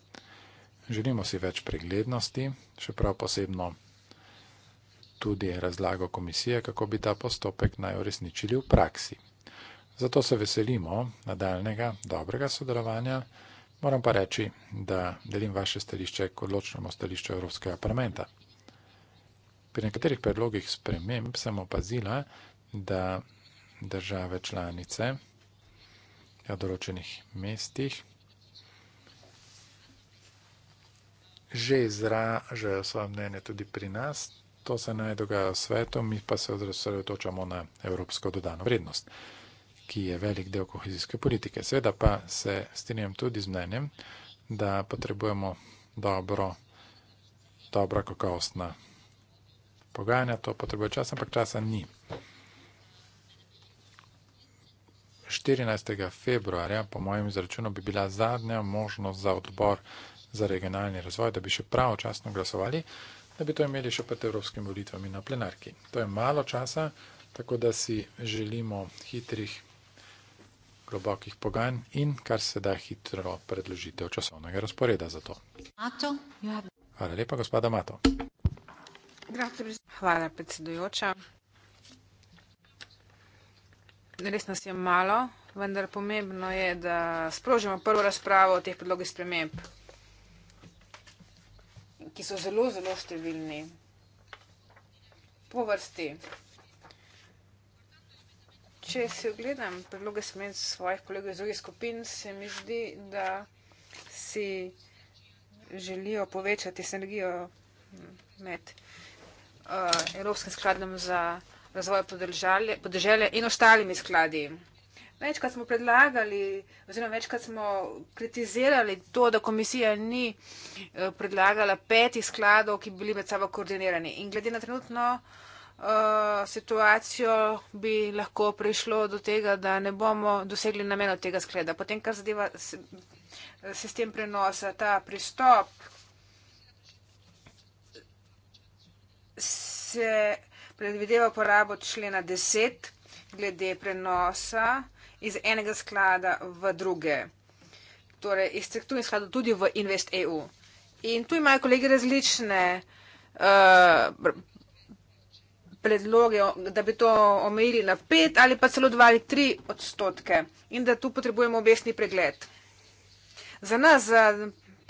Želimo si več preglednosti, še prav posebno tudi razlago komisije, kako bi ta postopek naj uresničili v praksi. Zato se veselimo nadaljnega dobrega sodelovanja. Moram pa reči, da delim vaše stališče kot ločnemu stališču Evropskega parlamenta. Pri nekaterih predlogih sprememb sem opazila, da države članice na ja, določenih mestih že izražajo svoje mnenje tudi pri nas. To se naj dogaja v svetu, mi pa se osredotočamo na evropsko dodano vrednost, ki je velik del kohezijske politike. Seveda pa se strinjam tudi z mnenjem, da potrebujemo dobro, dobra kakovostna pogajanja. To potrebuje čas, ampak časa ni. 14. februarja, po mojem izračunu, bi bila zadnja možnost za odbor za regionalni razvoj, da bi še pravočasno glasovali, da bi to imeli še pred evropskimi volitvami na plenarki. To je malo časa, tako da si želimo hitrih, globokih pogajanj in kar se da hitro predložitev časovnega razporeda za to. Hvala lepa, gospoda Mato. Hvala, predsedujoča. Res nas je malo, vendar pomembno je, da sprožimo prvo razpravo o teh predlogih sprememb, ki so zelo, zelo številni. Po vrsti. Če si ogledam predloge sprememb svojih kolegov iz drugih skupin, se mi zdi, da si želijo povečati sinergijo med uh, Evropskim skladom za razvoja podeželja in ostalimi skladi. Večkrat smo predlagali, oziroma večkrat smo kritizirali to, da komisija ni eh, predlagala petih skladov, ki bi bili med sabo koordinirani. In glede na trenutno uh, situacijo bi lahko prišlo do tega, da ne bomo dosegli namena tega skleda. Potem, kar zadeva sistem prenosa, ta pristop se predvideva porabo člena 10 glede prenosa iz enega sklada v druge, torej iz strukturnih skladov tudi v InvestEU. In tu imajo kolegi različne uh, predloge, da bi to omejili na 5 ali pa celo 2 ali 3 odstotke in da tu potrebujemo obesni pregled. Za nas, za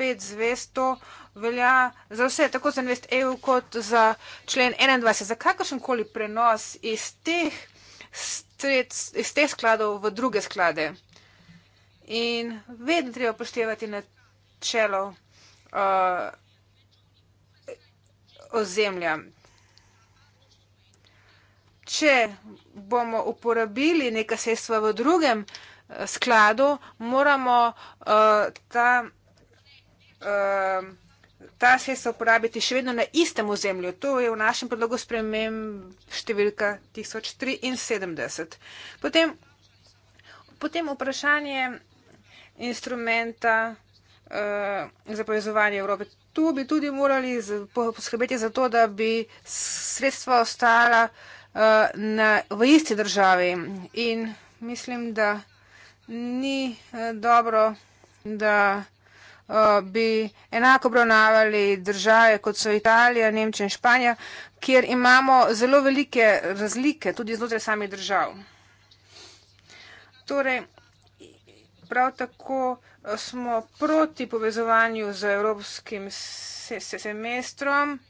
5 zvesto, uh, velja za vse, tako za Invest EU kot za člen 21. Za kakršen koli prenos iz teh, stred, iz teh skladov v druge sklade. In vedno treba poštevati načelo uh, ozemlja. Če bomo uporabili neka sredstva v drugem uh, skladu, moramo uh, ta uh, ta sredstva uporabiti še vedno na istem ozemlju. To je v našem predlogu spremem številka 1073. Potem, potem vprašanje instrumenta uh, za povezovanje Evrope. Tu bi tudi morali poskrbeti za to, da bi sredstva ostala uh, na, v isti državi. In mislim, da ni uh, dobro, da Eh, bi enako obravnavali države, kot so Italija, Nemčija in Španija, kjer imamo zelo velike razlike tudi znotraj samih držav. Torej, prav tako eh, smo proti povezovanju z evropskim semestrom.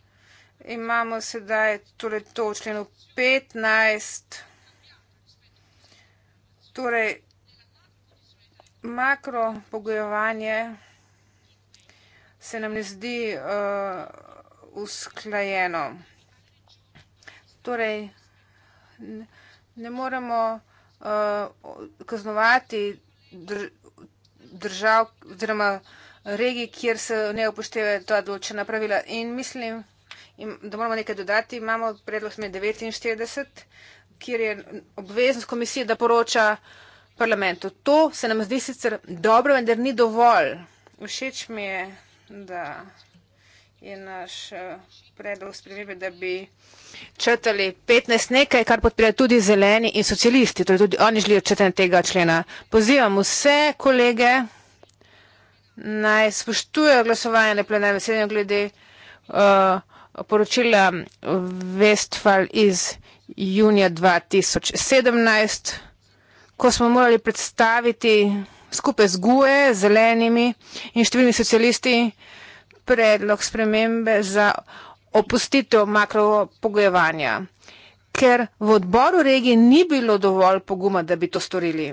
Imamo sedaj torej to v členu 15. Torej, makro pogojevanje se nam ne zdi uh, usklajeno. Torej, ne moremo uh, kaznovati držav oziroma regij, kjer se ne upoštevajo ta določena pravila. In mislim, da moramo nekaj dodati. Imamo predlog med 49, kjer je obveznost komisije, da poroča parlamentu. To se nam zdi sicer dobro, vendar ni dovolj. Všeč mi je da je naš eh, predlog spremembe, da bi črtali 15 nekaj, kar podpira tudi zeleni in socialisti. Torej tudi oni želijo črtanje tega člena. Pozivam vse kolege naj spoštujejo glasovanje na plenarnem sedenju glede uh, poročila Vestfal iz junija 2017, ko smo morali predstaviti skupaj z GUE, zelenimi in številni socialisti predlog spremembe za opustitev makropogojevanja, ker v odboru regije ni bilo dovolj poguma, da bi to storili.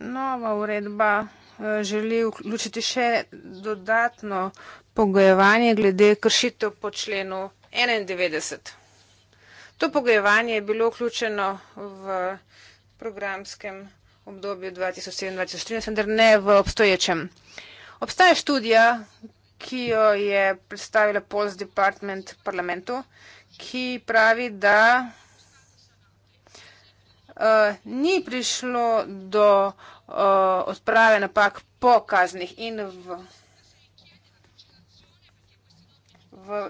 Nova uredba eh, želi vključiti še dodatno pogojevanje glede kršitev po členu 91. To pogojevanje je bilo vključeno v programskem obdobju 2007-2013, vendar ne v obstoječem. Obstaja študija, ki jo je predstavila Pols Department parlamentu, ki pravi, da uh, ni prišlo do uh, odprave napak po kaznih in v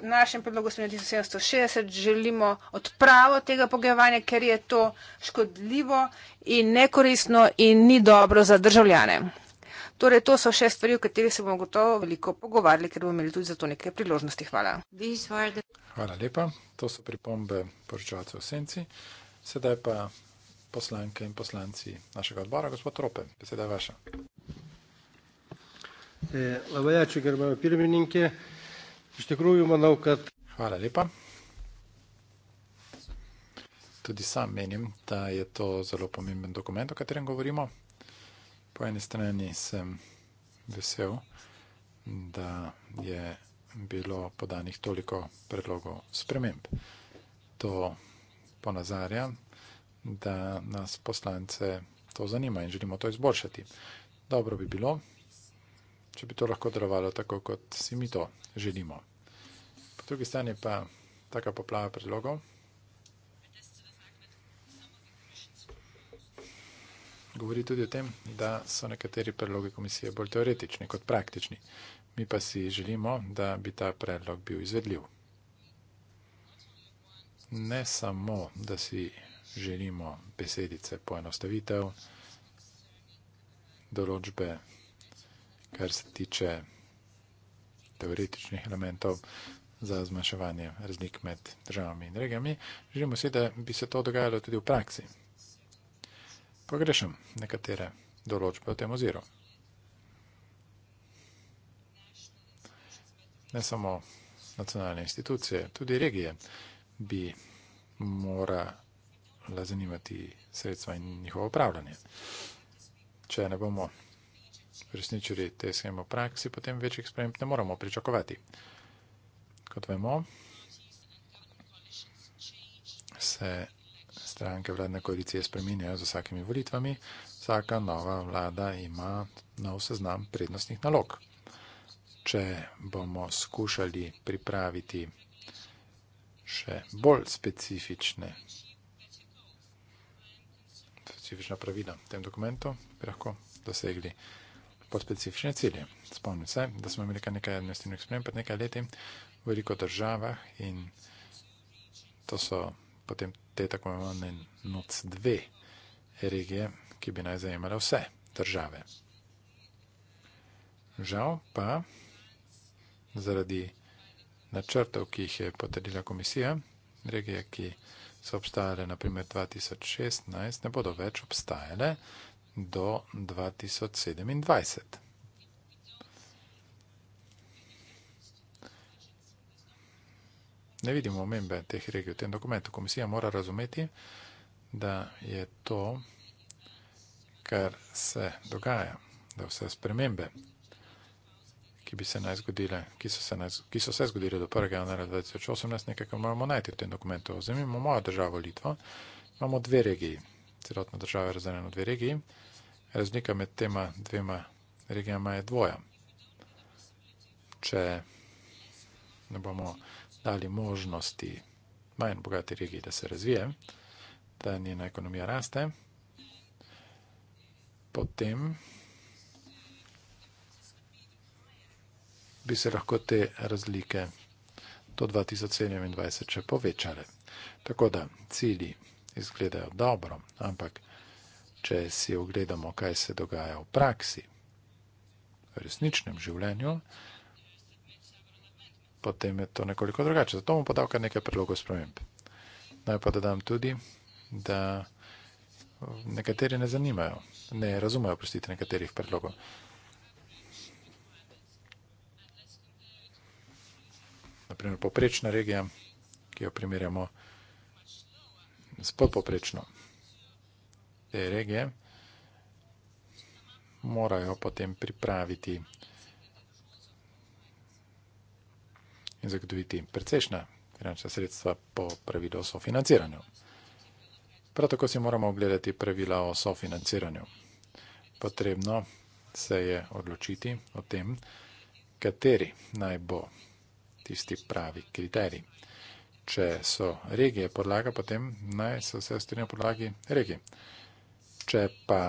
našem predlogu smo 1760, želimo odpravo tega pogajanja, ker je to škodljivo in nekoristno in ni dobro za državljane. Torej, to so še stvari, o katerih se bomo gotovo veliko pogovarjali, ker bomo imeli tudi za to nekaj priložnosti. Hvala. Hvala lepa. To so pripombe poročevalcev v senci. Sedaj pa poslanke in poslanci našega odbora, gospod Rope, beseda je vaša. E, eh, Lavajače, ker imamo pirmininke. Iz tikrųjų, manau, kad. Hvala lepa. Tudi sam menim, da je to zelo pomemben dokument, o katerem govorimo. Po eni strani sem vesel, da je bilo podanih toliko predlogov sprememb. To ponazarja, da nas poslance to zanima in želimo to izboljšati. Dobro bi bilo, če bi to lahko delovalo tako, kot si mi to želimo. Po drugi strani je pa taka poplava predlogov. Govori tudi o tem, da so nekateri predlogi komisije bolj teoretični kot praktični. Mi pa si želimo, da bi ta predlog bil izvedljiv. Ne samo, da si želimo besedice poenostavitev, določbe kar se tiče teoretičnih elementov za zmanjševanje razlik med državami in regijami. Želimo si, da bi se to dogajalo tudi v praksi. Pogrešam nekatere določbe v tem oziru. Ne samo nacionalne institucije, tudi regije bi morala zanimati sredstva in njihovo upravljanje. Če ne bomo resničili te scheme v praksi, potem večjih sprememb ne moramo pričakovati. Kot vemo, se stranke vladne koalicije spreminjajo z vsakimi volitvami, vsaka nova vlada ima nov seznam prednostnih nalog. Če bomo skušali pripraviti še bolj specifične specifična pravila v tem dokumentu, bi lahko dosegli nekaj po specifične cilje. Spomnim se, da smo imeli kar nekaj administrativnih sprememb pred nekaj leti v veliko državah in to so potem te tako imenovane NOC-2 regije, ki bi naj zajemale vse države. Žal pa zaradi načrtov, ki jih je potrdila komisija, regije, ki so obstajale naprimer 2016, ne bodo več obstajale do 2027. Ne vidimo omembe teh regij v tem dokumentu. Komisija mora razumeti, da je to, kar se dogaja, da vse spremembe, ki, bi se naj zgodile, ki, so, se naj, ki so se zgodile do 1. januara 2018, nekaj, kar moramo najti v tem dokumentu. Vzemimo mojo državo Litvo, imamo dve regiji celotna država je razdeljena v dve regiji. Razlika med tema dvema regijama je dvoja. Če ne bomo dali možnosti manj bogati regiji, da se razvije, da njena ekonomija raste, potem bi se lahko te razlike do 2027 še povečale. Tako da cilji izgledajo dobro, ampak če si ogledamo, kaj se dogaja v praksi, v resničnem življenju, potem je to nekoliko drugače. Zato bom podal kar nekaj predlogov sprememb. Naj pa dodam tudi, da nekateri ne zanimajo, ne razumejo, prostite, nekaterih predlogov. Naprimer, poprečna regija, ki jo primerjamo s podpoprečno te regije, morajo potem pripraviti in zagotoviti precejšnja finančna sredstva po pravilu o sofinanciranju. Prav tako si moramo ogledati pravila o sofinanciranju. Potrebno se je odločiti o tem, kateri naj bo tisti pravi kriterij. Če so regije podlaga, potem naj se vse ostrinja podlagi regije. Če pa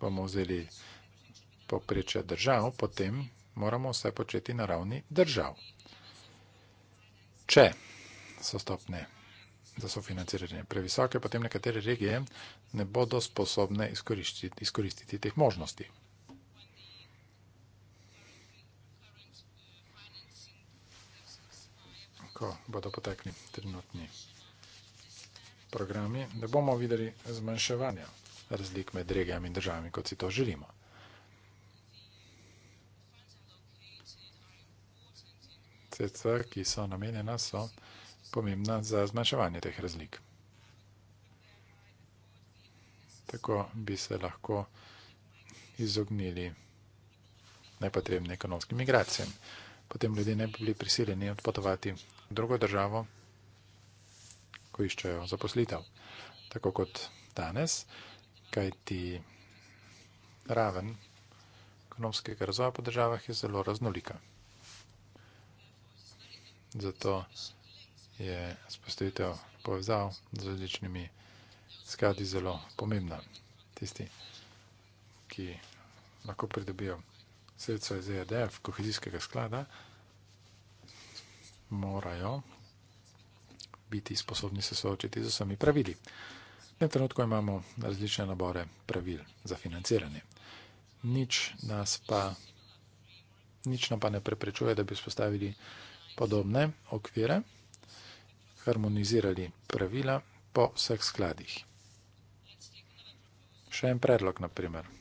bomo vzeli popreče držav, potem moramo vse početi na ravni držav. Če so stopne za sofinanciranje previsoke, potem nekatere regije ne bodo sposobne izkoristiti teh možnosti. ko bodo potekli trenutni programi, da bomo videli zmanjševanje razlik med regijami in državami, kot si to želimo. Sredstva, ki so namenjena, so pomembna za zmanjševanje teh razlik. Tako bi se lahko izognili nepotrebne ekonomske migracije. Potem ljudje ne bi bili prisiljeni odpotovati drugo državo, ko iščejo zaposlitev. Tako kot danes, kajti raven ekonomskega razvoja po državah je zelo raznolika. Zato je spostavitev povezav z različnimi skladi zelo pomembna. Tisti, ki lahko pridobijo sredstva iz EADF, kohezijskega sklada, morajo biti sposobni se soočiti z vsemi pravili. V tem trenutku imamo različne nabore pravil za financiranje. Nič nas pa, nič nam pa ne preprečuje, da bi spostavili podobne okvire, harmonizirali pravila po vseh skladih. Še en predlog, naprimer.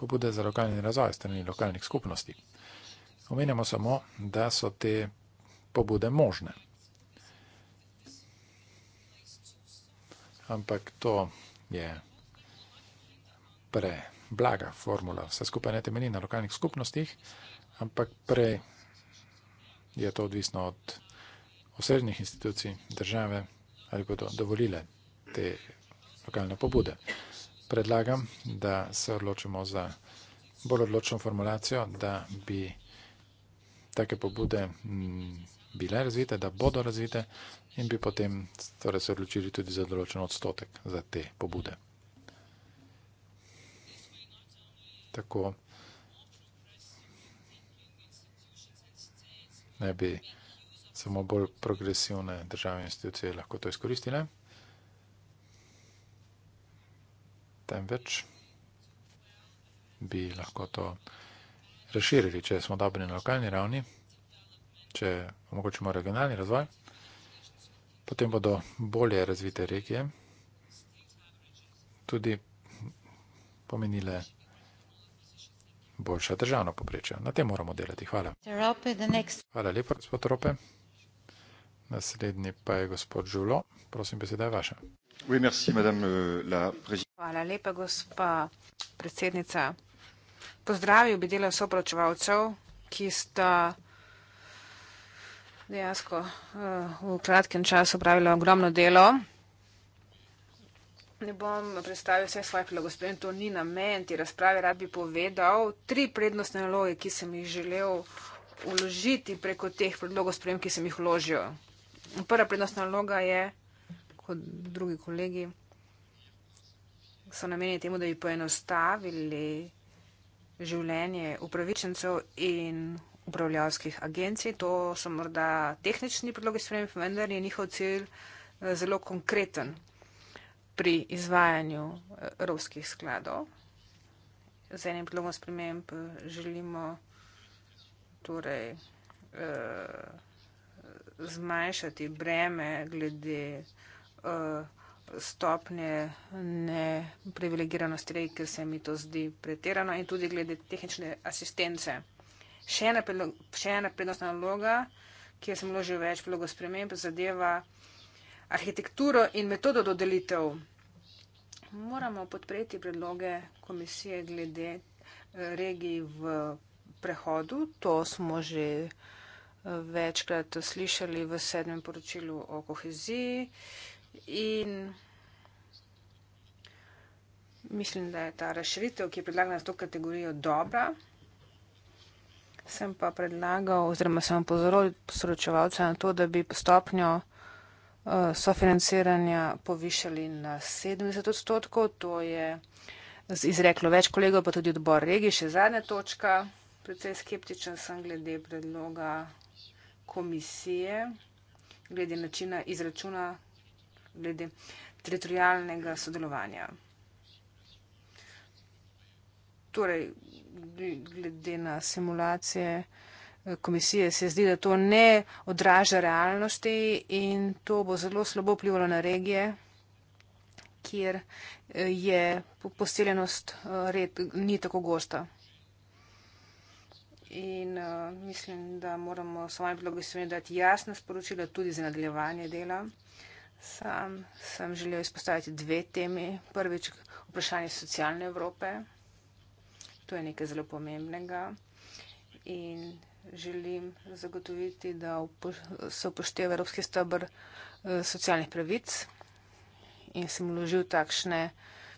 pobude za lokalni razvoj strani lokalnih skupnosti. Omenjamo samo, da so te pobude možne. Ampak to je pre blaga formula. Vse skupaj ne temeni na lokalnih skupnostih, ampak pre je to odvisno od osrednjih institucij države ali bodo dovolile te lokalne pobude predlagam, da se odločimo za bolj odločno formulacijo, da bi take pobude mm, bile razvite, da bodo razvite in bi potem torej, se odločili tudi za določen odstotek za te pobude. Tako ne bi samo bolj progresivne države institucije lahko to izkoristile. temveč bi lahko to razširili, če smo dobri na lokalni ravni, če omogočimo regionalni razvoj, potem bodo bolje razvite regije tudi pomenile boljša državna poprečja. Na tem moramo delati. Hvala. Hvala lepa, gospod Rope. Naslednji pa je gospod Žulo. Prosim, beseda je vaša. Euh, Hvala lepa, gospa predsednica. Pozdravil bi delo soproučevalcev, ki sta dejansko eh, v kratkem času pravila ogromno delo. Ne bom predstavil vse svoje prilagospodine, to ni namen te razprave, rad bi povedal tri prednostne naloge, ki sem jih želel vložiti preko teh predlogov sprejem, ki sem jih vložil. Prva prednostna naloga je kot drugi kolegi, so namenjeni temu, da bi poenostavili življenje upravičencev in upravljavskih agencij. To so morda tehnični predlogi sprememb, vendar je njihov cilj eh, zelo konkreten pri izvajanju eh, evropskih skladov. Z enim predlogom sprememb eh, želimo torej, eh, zmanjšati breme glede eh, Eh, stopnje neprivilegiranosti rej, ker se mi to zdi pretirano in tudi glede tehnične asistence. Še ena, še ena prednostna naloga, ki je sem vložil več vlogo sprememb, zadeva arhitekturo in metodo dodelitev. Moramo podpreti predloge komisije glede eh, regij v prehodu. To smo že eh, večkrat slišali v sedmem poročilu o koheziji. In mislim, da je ta razširitev, ki je predlagana za to kategorijo, dobra. Sem pa predlagal, oziroma sem pozoril poročevalca na to, da bi stopnjo uh, sofinanciranja povišali na 70 odstotkov. To je izreklo več kolegov, pa tudi odbor regi. Še zadnja točka. Predvsej skeptičen sem glede predloga komisije, glede načina izračuna glede teritorijalnega sodelovanja. Torej, glede na simulacije eh, komisije se zdi, da to ne odraža realnosti in to bo zelo slabo vplivalo na regije, kjer eh, je poseljenost eh, red ni tako gosta. In uh, mislim, da moramo s svojim blogom dati jasno sporočilo tudi za nadaljevanje dela. Sam sem želel izpostaviti dve temi. Prvič, vprašanje socialne Evrope. To je nekaj zelo pomembnega. In želim zagotoviti, da se upošteva Evropski stebr eh, socialnih pravic in sem vložil takšne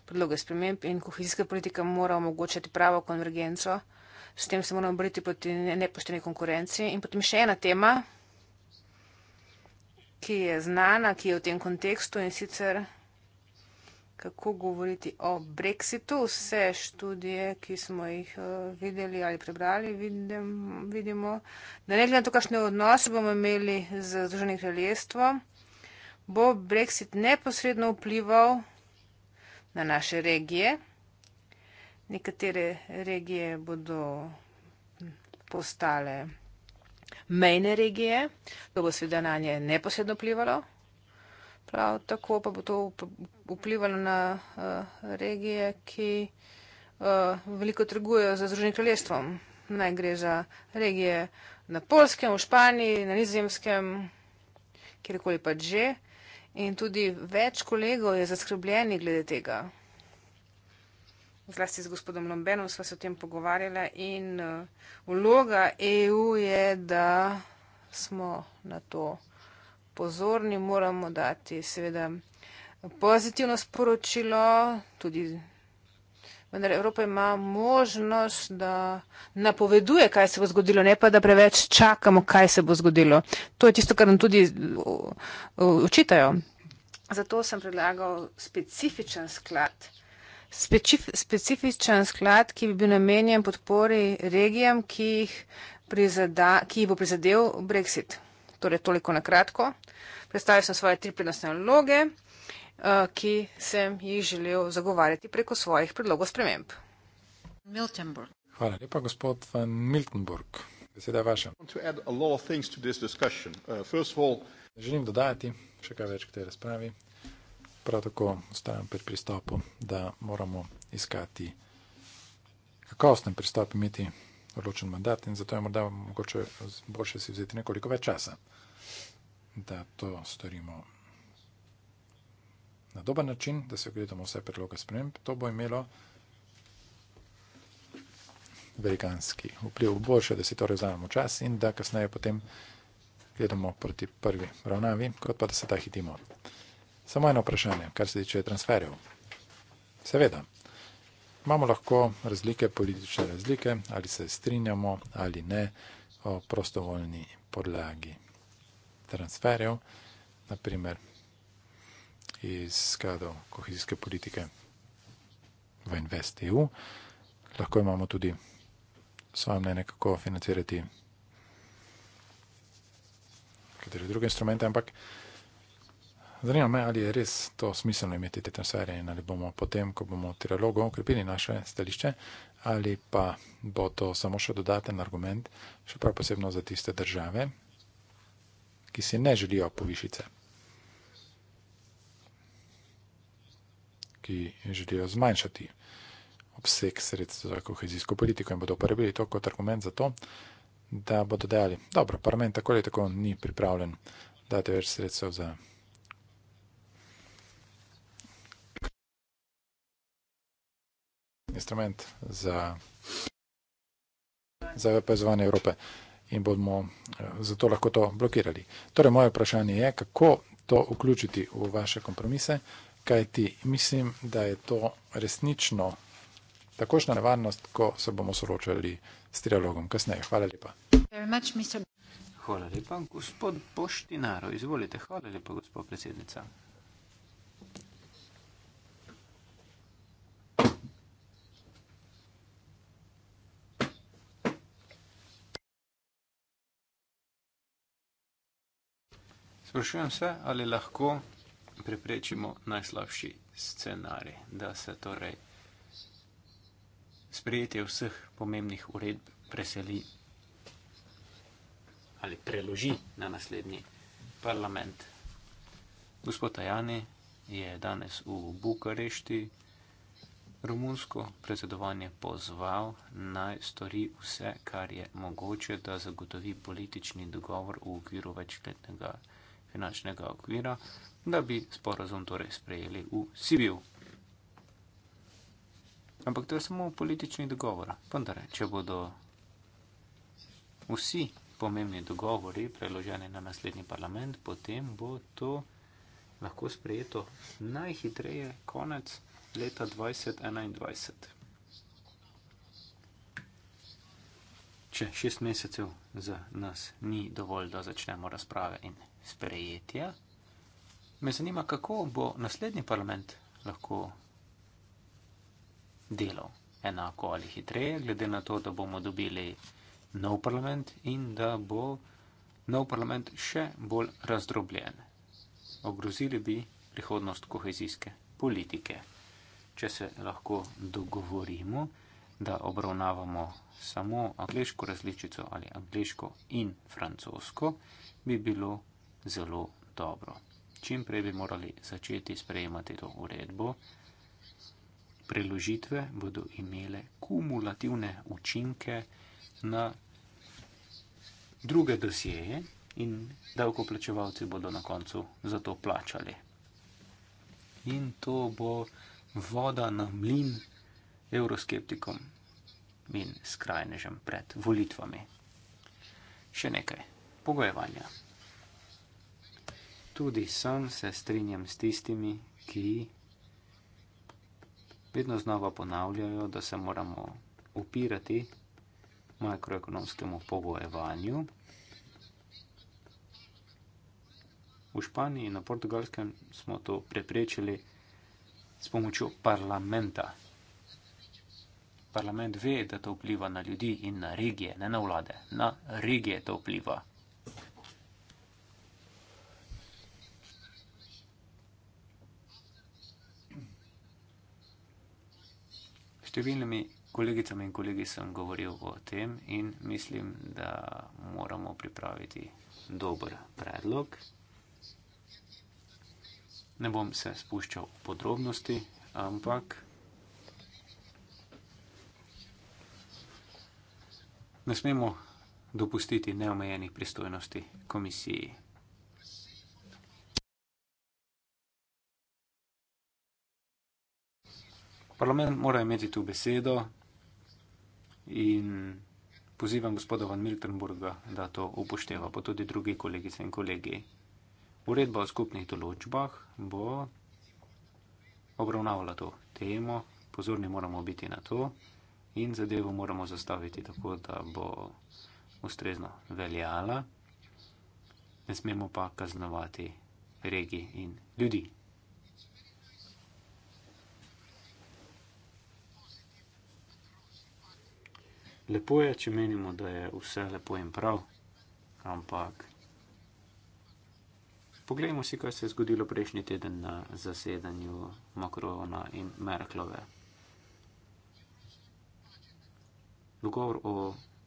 predloge sprememb in kohezijska politika mora omogočati pravo konvergenco. S tem se moramo boriti proti nepošteni konkurenci. In potem še ena tema ki je znana, ki je v tem kontekstu in sicer kako govoriti o Brexitu. Vse študije, ki smo jih eh, videli ali prebrali, vidimo, da ne glede na to, kakšne odnose bomo imeli z Združenim kraljestvom, bo Brexit neposredno vplival na naše regije. Nekatere regije bodo postale mejne regije. To bo seveda na nje neposredno vplivalo. Prav tako pa bo to vplivalo na uh, regije, ki uh, veliko trgujejo za Združenim kraljestvom. Naj gre za regije na Polskem, v Španiji, na Nizozemskem, kjerkoli pač že. In tudi več kolegov je zaskrbljeni glede tega zlasti z gospodom Lombenom sva se o tem pogovarjala in eh, vloga EU je, da smo na to pozorni, moramo dati seveda pozitivno sporočilo, tudi vendar Evropa ima možnost, da napoveduje, kaj se bo zgodilo, ne pa, da preveč čakamo, kaj se bo zgodilo. To je tisto, kar nam tudi učitajo. Zato sem predlagal specifičen sklad specifičen sklad, ki bi bil namenjen podpori regijam, ki jih, prizada, ki jih bo prizadel Brexit. Torej, toliko na kratko. Predstavil sem svoje tri prednostne naloge, eh, ki sem jih želel zagovarjati preko svojih predlogov sprememb. Miltenburg. Hvala lepa, gospod Van Miltenburg. Beseda je vaša. Uh, all... Želim dodati še kaj več k tej razpravi prav tako ostajam pri pristopu, da moramo iskati kakovosten pristop, imeti odločen mandat in zato je morda mogoče boljše si vzeti nekoliko več časa, da to storimo na dober način, da se ogledamo vse predloge sprememb, to bo imelo velikanski vpliv. Boljše, da si torej vzamemo čas in da kasneje potem gledamo proti prvi ravnavi, kot pa da se ta hitimo. Samo eno vprašanje, kar se tiče transferjev. Seveda, imamo lahko razlike, politične razlike, ali se strinjamo ali ne o prostovoljni podlagi transferjev, naprimer iz skladov kohezijske politike v InvestEU. Lahko imamo tudi svoje mnenje, kako financirati katere druge instrumente, ampak. Zanima me, ali je res to smiselno imeti te transferje in ali bomo potem, ko bomo v trialogu okrepili naše stališče, ali pa bo to samo še dodaten argument, še prav posebno za tiste države, ki si ne želijo povišice, ki želijo zmanjšati obseg sredstva za kohezijsko politiko in bodo uporabili to kot argument za to, da bodo dejali, dobro, parlament tako ali tako ni pripravljen dati več sredstev za. instrument za, za opazovanje Evrope in bomo eh, zato lahko to blokirali. Torej, moje vprašanje je, kako to vključiti v vaše kompromise, kaj ti mislim, da je to resnično takošna nevarnost, ko se bomo soročali s trialogom kasneje. Hvala lepa. Hvala lepa, gospod Poštinaro. Izvolite, hvala lepa, gospod predsednica. Sprašujem se, ali lahko preprečimo najslabši scenarij, da se torej sprejetje vseh pomembnih uredb preseli ali preloži na naslednji parlament. Gospod Tajani je danes v Bukarešti romunsko predsedovanje pozval naj stori vse, kar je mogoče, da zagotovi politični dogovor v okviru večletnega finančnega okvira, da bi sporozum torej sprejeli v Sibiu. Ampak to je samo politični dogovor. Vendar, če bodo vsi pomembni dogovori preloženi na naslednji parlament, potem bo to lahko sprejeto najhitreje konec leta 2021. Če šest mesecev za nas ni dovolj, da začnemo razprave in sprejetja. Me zanima, kako bo naslednji parlament lahko delal enako ali hitreje, glede na to, da bomo dobili nov parlament in da bo nov parlament še bolj razdrobljen. Ogrozili bi prihodnost kohezijske politike. Če se lahko dogovorimo, da obravnavamo samo angliško različico ali angliško in francosko, bi bilo zelo dobro. Čim prej bi morali začeti sprejemati to uredbo, preložitve bodo imele kumulativne učinke na druge dosjeje in davkoplačevalci bodo na koncu za to plačali. In to bo voda na mlin euroskeptikom in skrajnežem pred volitvami. Še nekaj, pogojevanja. Tudi sam se strinjam s tistimi, ki vedno znova ponavljajo, da se moramo upirati makroekonomskemu pogojevanju. V Španiji in na Portugalskem smo to preprečili s pomočjo parlamenta. Parlament ve, da to vpliva na ljudi in na regije, ne na vlade, na regije to vpliva. številnimi kolegicami in kolegi sem govoril o tem in mislim, da moramo pripraviti dober predlog. Ne bom se spuščal v podrobnosti, ampak ne smemo dopustiti neomejenih pristojnosti komisiji. Parlament mora imeti tu besedo in pozivam gospoda Van Miltenburga, da to upošteva, pa tudi drugi kolegice in kolegi. Uredba o skupnih določbah bo obravnavala to temo, pozorni moramo biti na to in zadevo moramo zastaviti tako, da bo ustrezno veljala. Ne smemo pa kaznovati regi in ljudi. lepo je, če menimo, da je vse lepo in prav, ampak pogledajmo si, kaj se je zgodilo prejšnji teden na zasedanju Makrona in Merklove. Dogovor o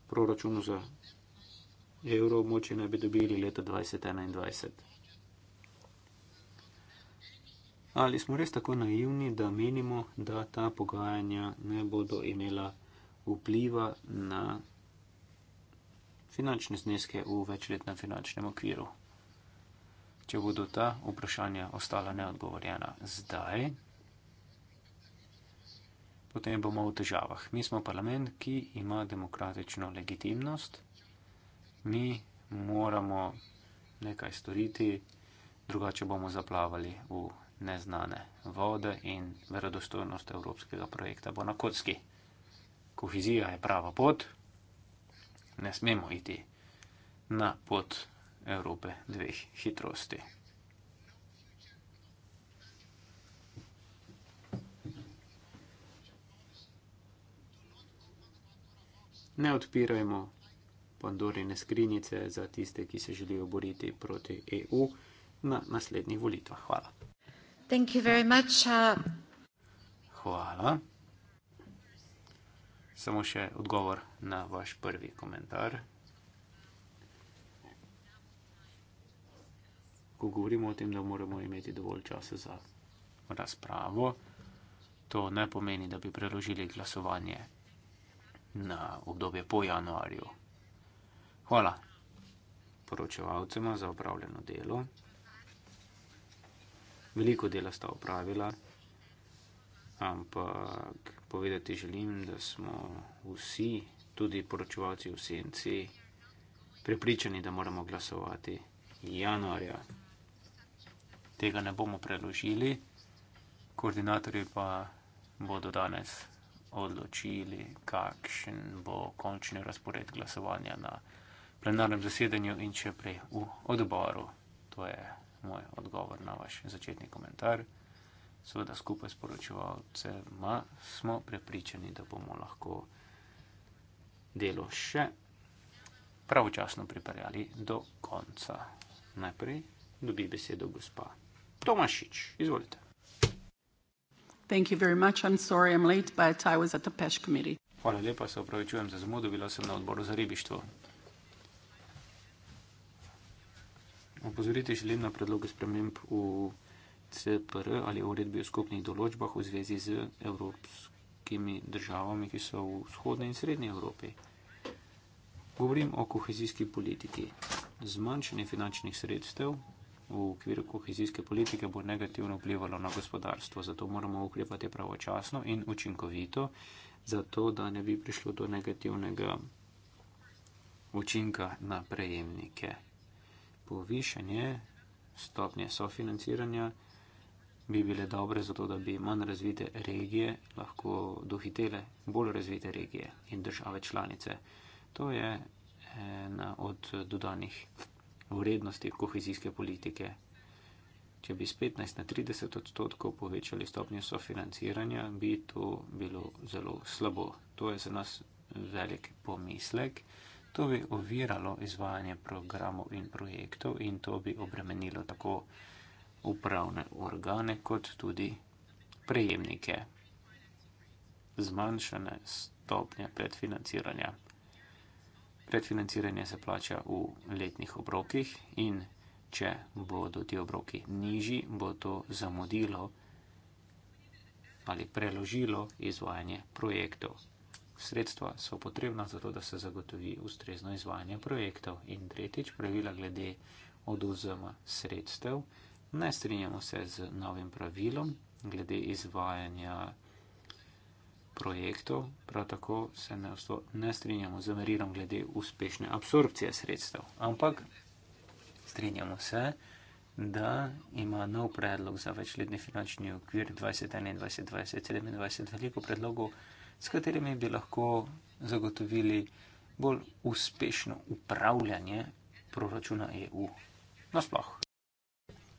proračunu za evro območje naj bi dobili leta 2021. Ali smo res tako naivni, da menimo, da ta pogajanja ne bodo imela vpliva na finančne zneske v večletnem finančnem okviru. Če bodo ta vprašanja ostala neodgovorjena zdaj, potem bomo v težavah. Mi smo parlament, ki ima demokratično legitimnost, mi moramo nekaj storiti, drugače bomo zaplavali v neznane vode in verodostojnost evropskega projekta bo na kocki kohezija je prava pot, ne smemo iti na pot Evrope dveh hitrosti. Ne odpirajmo pandorine skrinjice za tiste, ki se želijo boriti proti EU na naslednjih volitvah. Hvala. Thank you very much. Uh... Hvala samo še odgovor na vaš prvi komentar. Ko govorimo o tem, da moramo imeti dovolj časa za razpravo, to ne pomeni, da bi preložili glasovanje na obdobje po januarju. Hvala poročevalcema za upravljeno delo. Veliko dela sta upravila, ampak povedati želim, da smo vsi, tudi poročevalci v senci, prepričani, da moramo glasovati januarja. Tega ne bomo preložili, koordinatorji pa bodo danes odločili, kakšen bo končni razpored glasovanja na plenarnem zasedanju in če prej v odboru. To je moj odgovor na vaš začetni komentar seveda skupaj s poročevalcem, smo prepričani, da bomo lahko delo še pravočasno pripeljali do konca. Najprej dobi besedo gospa Tomašič. Izvolite. Thank you very much. I'm sorry I'm late, but I was at the PESH committee. Hvala lepa, se opravičujem za zamudo, bila sem na odboru za ribištvo. Opozoriti želim na predloge sprememb v CPR ali uredbi o skupnih določbah v zvezi z evropskimi državami, ki so v vzhodni in srednji Evropi. Govorim o kohezijski politiki. Zmanjšanje finančnih sredstev v okviru kohezijske politike bo negativno vplivalo na gospodarstvo, zato moramo ukrepati pravočasno in učinkovito, zato da ne bi prišlo do negativnega učinka na prejemnike. Povišanje stopnje sofinanciranja bi bile dobre zato, da bi manj razvite regije lahko dohitele bolj razvite regije in države članice. To je ena od dodanih vrednosti kohezijske politike. Če bi s 15 na 30 odstotkov povečali stopnjo sofinanciranja, bi to bilo zelo slabo. To je za nas velik pomislek. To bi oviralo izvajanje programov in projektov in to bi obremenilo tako upravne organe kot tudi prejemnike zmanjšane stopnje predfinanciranja. Predfinanciranje se plača v letnih obrokih in če bodo ti obroki nižji, bo to zamudilo ali preložilo izvajanje projektov. Sredstva so potrebna za to, da se zagotovi ustrezno izvajanje projektov. In tretjič, pravila glede oduzema sredstev ne strinjamo se z novim pravilom glede izvajanja projektov, prav tako se ne, ne strinjamo z merilom glede uspešne absorpcije sredstev, ampak strinjamo se, da ima nov predlog za večletni finančni okvir 2021-2027 veliko predlogov, s katerimi bi lahko zagotovili bolj uspešno upravljanje proračuna EU. Nasploh.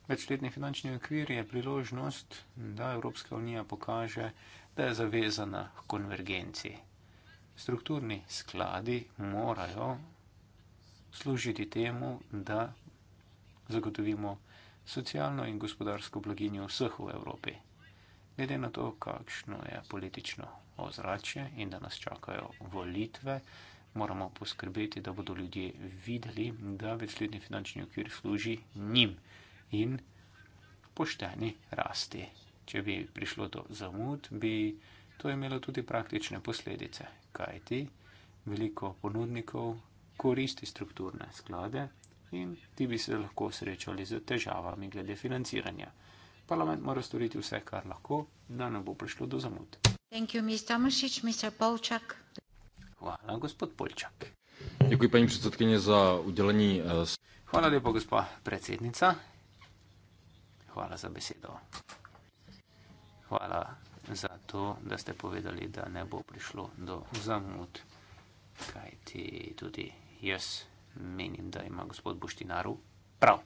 Večletni finančni okvir je priložnost, da Evropska unija pokaže, da je zavezana k konvergenciji. Strukturni skladi morajo služiti temu, da zagotovimo socialno in gospodarsko blaginjo vseh v Evropi. Glede na to, kakšno je politično ozračje in da nas čakajo volitve, moramo poskrbeti, da bodo ljudje videli, da večletni finančni okvir služi njim in pošteni rasti. Če bi prišlo do zamud, bi to imelo tudi praktične posledice, kajti veliko ponudnikov koristi strukturne sklade in ti bi se lahko srečali z težavami glede financiranja. Parlament mora storiti vse, kar lahko, da ne bo prišlo do zamud. You, Tomasic, Hvala, gospod Polčak. Děkuji, paní předsedkyně, za udělení. Eh, Hvala lepa, gospa predsednica hvala za besedo. Hvala za to, da ste povedali, da ne bo prišlo do zamud, kajti tudi jaz menim, da ima gospod Boštinaru prav.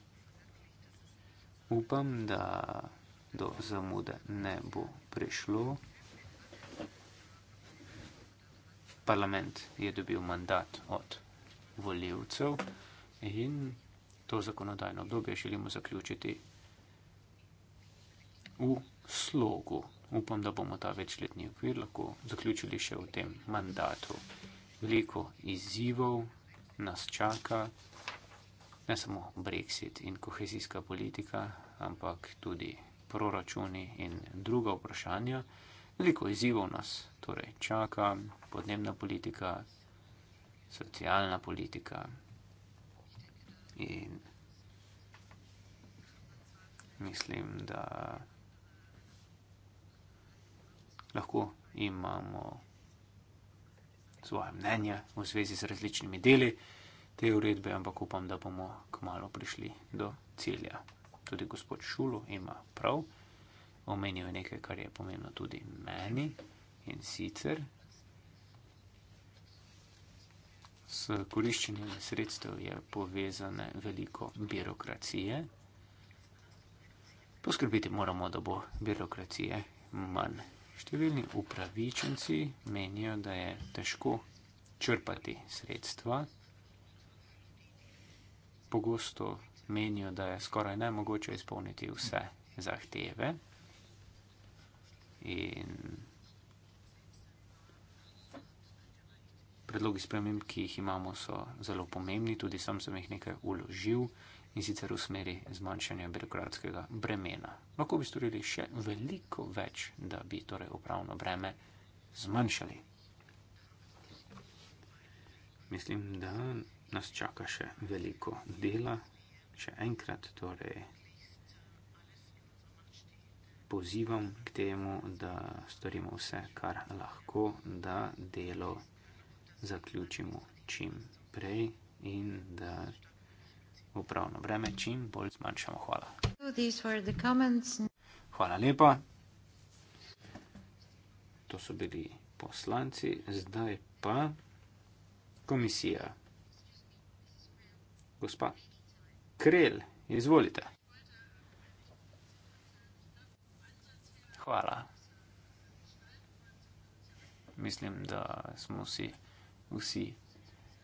Upam, da do zamude ne bo prišlo. Parlament je dobil mandat od voljivcev in to zakonodajno obdobje želimo zaključiti v slogu. Upam, da bomo ta večletni okvir lahko zaključili še v tem mandatu. Veliko izzivov nas čaka, ne samo brexit in kohezijska politika, ampak tudi proračuni in druga vprašanja. Veliko izzivov nas torej čaka, podnebna politika, socialna politika in mislim, da lahko imamo svoje mnenje v zvezi z različnimi deli te uredbe, ampak upam, da bomo kmalo prišli do cilja. Tudi gospod Šulu ima prav, omenil je nekaj, kar je pomembno tudi meni in sicer s koriščenjem sredstev je povezane veliko birokracije. Poskrbiti moramo, da bo birokracije manj. Številni upravičenci menijo, da je težko črpati sredstva. Pogosto menijo, da je skoraj nemogoče izpolniti vse zahteve. In predlogi sprememb, ki jih imamo, so zelo pomembni, tudi sam sem jih nekaj uložil in sicer v smeri zmanjšanja birokratskega bremena. Lahko bi storili še veliko več, da bi torej upravno breme zmanjšali. Mislim, da nas čaka še veliko dela. Še enkrat torej pozivam k temu, da storimo vse, kar lahko, da delo zaključimo čim prej in da upravno breme čim bolj zmanjšamo. Hvala. Hvala lepa. To so bili poslanci, zdaj pa komisija. Gospa Krel, izvolite. Hvala. Mislim, da smo vsi, vsi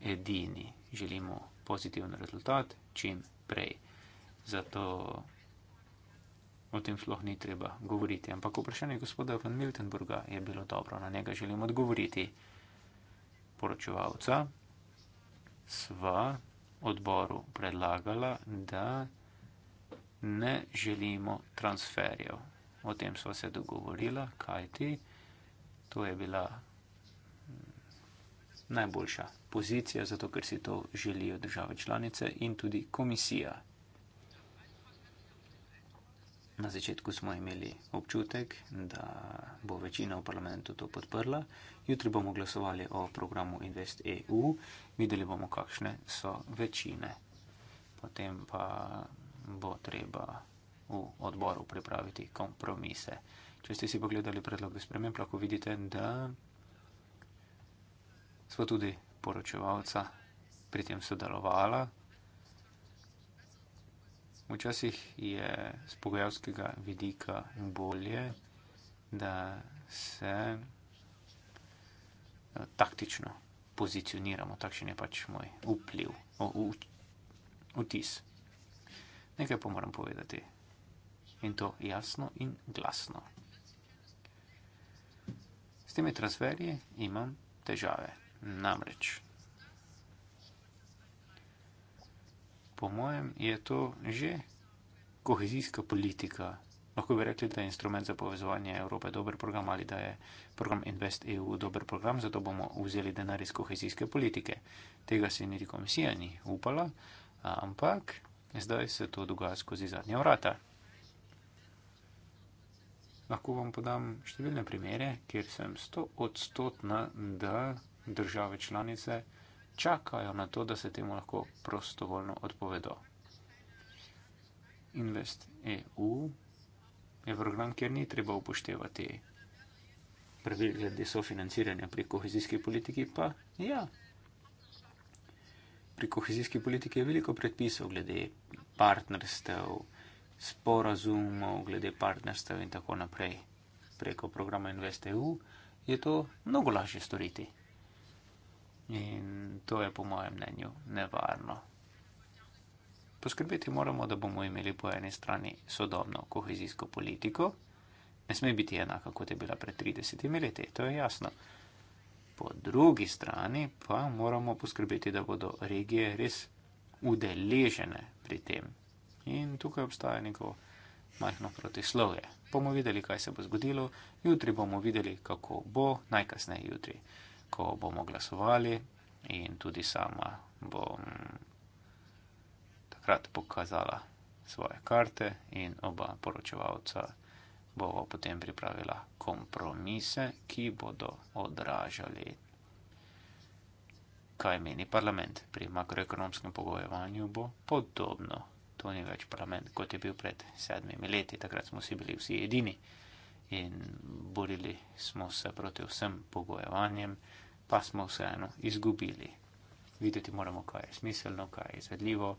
edini, želimo pozitiven rezultat, čim prej. Zato o tem sploh ni treba govoriti. Ampak vprašanje gospoda Van Miltenburga je bilo dobro, na njega želim odgovoriti. Poročevalca sva odboru predlagala, da ne želimo transferjev. O tem sva se dogovorila, kajti to je bila najboljša pozicija, zato ker si to želijo države članice in tudi komisija. Na začetku smo imeli občutek, da bo večina v parlamentu to podprla. Jutri bomo glasovali o programu Invest EU, videli bomo, kakšne so večine. Potem pa bo treba v odboru pripraviti kompromise. Če ste si pogledali predloge sprememb, lahko vidite, da sva tudi poročevalca pri tem sodelovala. Včasih je z pogajalskega vidika bolje, da se eh, taktično pozicioniramo. Takšen je pač moj vpliv, vtis. Nekaj pa moram povedati. In to jasno in glasno. S temi transferji imam težave. Namreč, po mojem, je to že kohezijska politika. Lahko bi rekli, da je instrument za povezovanje Evrope dober program ali da je program Invest EU dober program, zato bomo vzeli denar iz kohezijske politike. Tega se niti komisija ni upala, ampak zdaj se to dogaja skozi zadnja vrata. Lahko vam podam številne primere, kjer sem 100 odstotna, da države članice čakajo na to, da se temu lahko prostovoljno odpovedo. Invest EU je program, kjer ni treba upoštevati pravil glede sofinanciranja pri kohezijski politiki, pa ja. Pri kohezijski politiki je veliko predpisov glede partnerstev, sporazumov, glede partnerstev in tako naprej. Preko programa Invest EU je to mnogo lažje storiti. In to je po mojem mnenju nevarno. Poskrbeti moramo, da bomo imeli po eni strani sodobno kohezijsko politiko, ne sme biti enaka, kot je bila pred 30 leti, to je jasno. Po drugi strani pa moramo poskrbeti, da bodo regije res udeležene pri tem. In tukaj obstaja neko majhno protislove. Bomo videli, kaj se bo zgodilo, jutri bomo videli, kako bo, najkasneje jutri ko bomo glasovali in tudi sama bom takrat pokazala svoje karte in oba poročevalca bova potem pripravila kompromise, ki bodo odražali, kaj meni parlament. Pri makroekonomskem pogojevanju bo podobno. To ni več parlament, kot je bil pred sedmimi leti, takrat smo si bili vsi edini in borili smo se proti vsem pogojevanjem, pa smo vseeno izgubili. Videti moramo, kaj je smiselno, kaj je izvedljivo,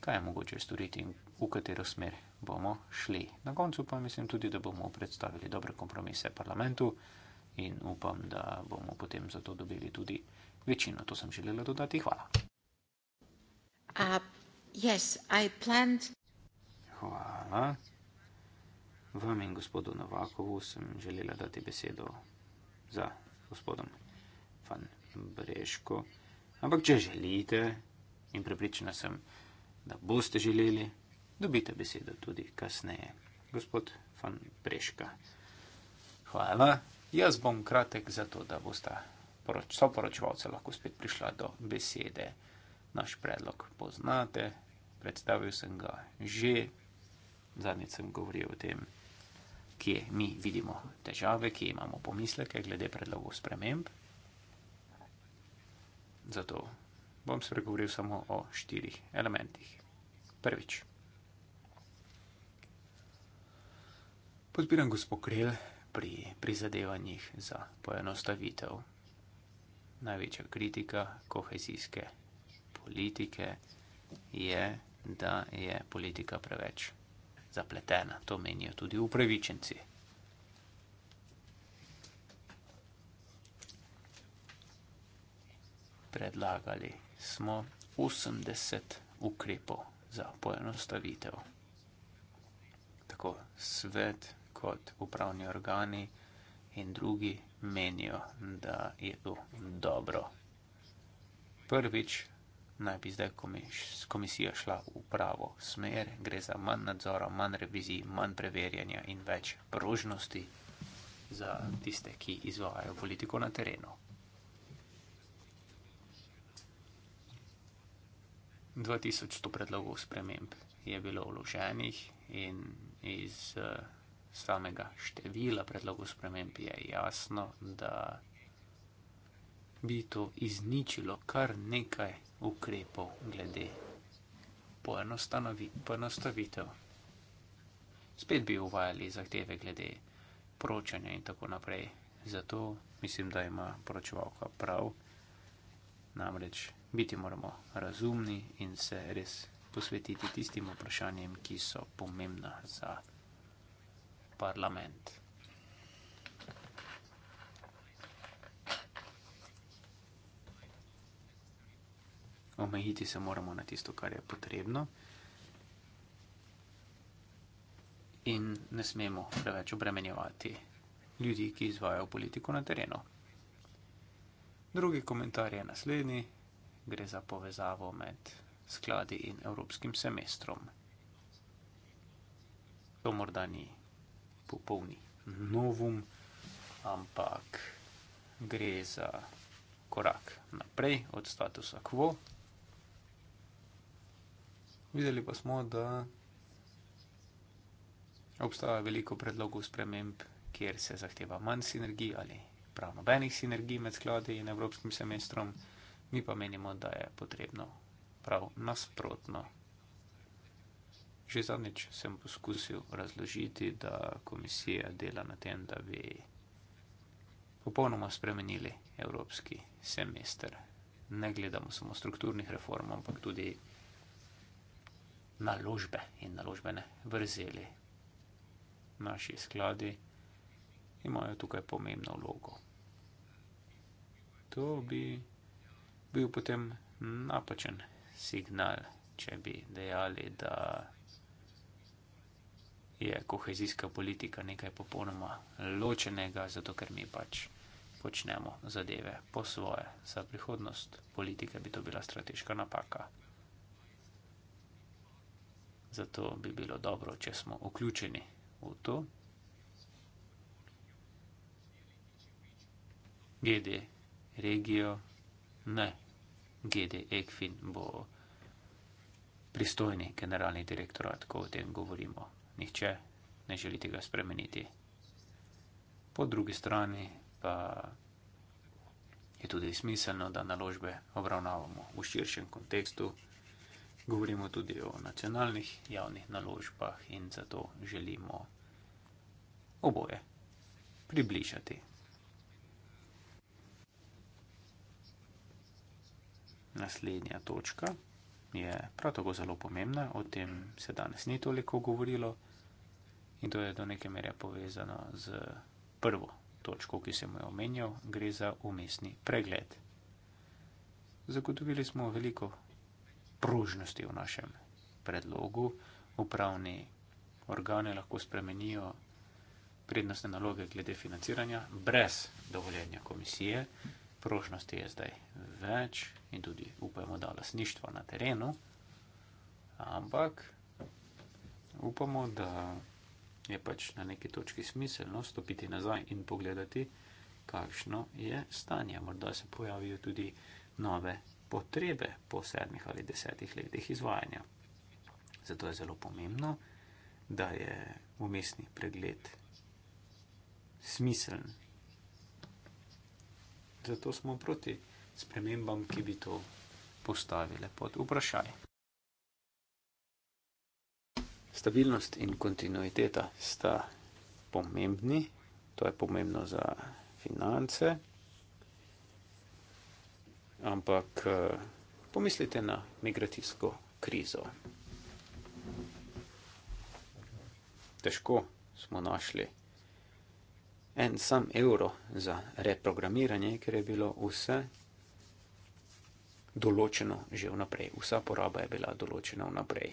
kaj je mogoče storiti in v katero smer bomo šli. Na koncu pa mislim tudi, da bomo predstavili dobre kompromise parlamentu in upam, da bomo potem za to dobili tudi večino. To sem želela dodati. Hvala. Uh, yes, Hvala vam in gospodu Novakovu sem želela dati besedo za gospodom Van Breško. Ampak, če želite in prepričana sem, da boste želeli, dobite besedo tudi kasneje, gospod Van Breška. Hvala, jaz bom kratek zato, da boste soporočevalce lahko spet prišla do besede. Naš predlog poznate, predstavil sem ga že, zadnjič sem govoril o tem kje mi vidimo težave, kje imamo pomisleke glede predlogov sprememb. Zato bom spregovoril samo o štirih elementih. Prvič. Podpiram gospod Krel pri prizadevanjih za poenostavitev. Največja kritika kohezijske politike je, da je politika preveč zapletena, to menijo tudi upravičenci. Predlagali smo 80 ukrepov za poenostavitev. Tako svet kot upravni organi in drugi menijo, da je to dobro. Prvič naj bi zdaj komisija šla v pravo smer, gre za manj nadzora, manj revizij, manj preverjanja in več prožnosti za tiste, ki izvajajo politiko na terenu. 2100 predlogov sprememb je bilo vloženih in iz eh, samega števila predlogov sprememb je jasno, da bi to izničilo kar nekaj ukrepov glede poenostavitev. Spet bi uvajali zahteve glede poročanja in tako naprej. Zato mislim, da ima poročevalka prav. Namreč biti moramo razumni in se res posvetiti tistim vprašanjem, ki so pomembna za parlament. omejiti se moramo na tisto, kar je potrebno. In ne smemo preveč obremenjevati ljudi, ki izvajo politiko na terenu. Drugi komentar je naslednji: gre za povezavo med skladi in evropskim semestrom. To morda ni popolni novum, ampak gre za korak naprej od statusa quo, Videli pa smo, da obstaja veliko predlogov sprememb, kjer se zahteva manj sinergij ali prav nobenih sinergij med skladi in evropskim semestrom, mi pa menimo, da je potrebno prav nasprotno. Že zadnjič sem poskusil razložiti, da komisija dela na tem, da bi popolnoma spremenili evropski semester. Ne gledamo samo strukturnih reform, ampak tudi naložbe in naložbene vrzeli. Naši skladi imajo tukaj pomembno vlogo. To bi bil potem napačen signal, če bi dejali, da je kohezijska politika nekaj popolnoma ločenega, zato ker mi pač počnemo zadeve po svoje. Za prihodnost politike bi to bila strateška napaka. Zato bi bilo dobro, če smo vključeni v to. GD regijo, ne, GD ECFIN bo pristojni generalni direktorat, ko o tem govorimo. Nihče ne želi tega spremeniti. Po drugi strani pa je tudi smiselno, da naložbe obravnavamo v širšem kontekstu. Govorimo tudi o nacionalnih javnih naložbah in zato želimo oboje približati. Naslednja točka je prav tako zelo pomembna, o tem se danes ni toliko govorilo in to je do neke mere povezano z prvo točko, ki sem jo omenjal, gre za umestni pregled. Zagotovili smo veliko pružnosti v našem predlogu. Upravni organi lahko spremenijo prednostne naloge glede financiranja brez dovoljenja komisije. Prožnosti je zdaj več in tudi upajmo, da lasništvo na terenu, ampak upamo, da je pač na neki točki smiselno stopiti nazaj in pogledati, kakšno je stanje. Morda se pojavijo tudi nove potrebe po sedmih ali desetih letih izvajanja. Zato je zelo pomembno, da je umestni pregled smiseln. Zato smo proti spremembam, ki bi to postavile pod vprašaj. Stabilnost in kontinuiteta sta pomembni, to je pomembno za finance ampak eh, pomislite na migracijsko krizo. Težko smo našli en sam evro za reprogramiranje, ker je bilo vse določeno že vnaprej, vsa poraba je bila določena vnaprej.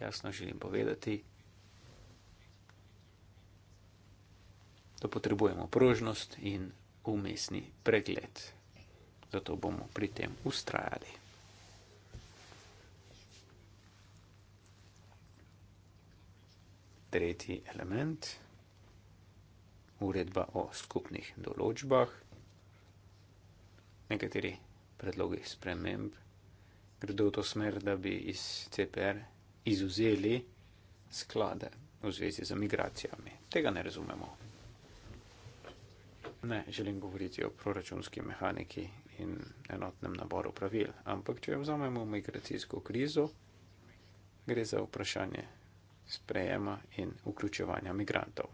Jasno želim povedati, da potrebujemo prožnost in umestni pregled zato bomo pri tem ustrajali. Tretji element, uredba o skupnih določbah. Nekateri predlogi sprememb gredo v to smer, da bi iz CPR izuzeli sklade v zvezi z migracijami. Tega ne razumemo. Ne želim govoriti o proračunski mehaniki in enotnem naboru pravil. Ampak, če vzamemo migracijsko krizo, gre za vprašanje sprejema in vključevanja migrantov.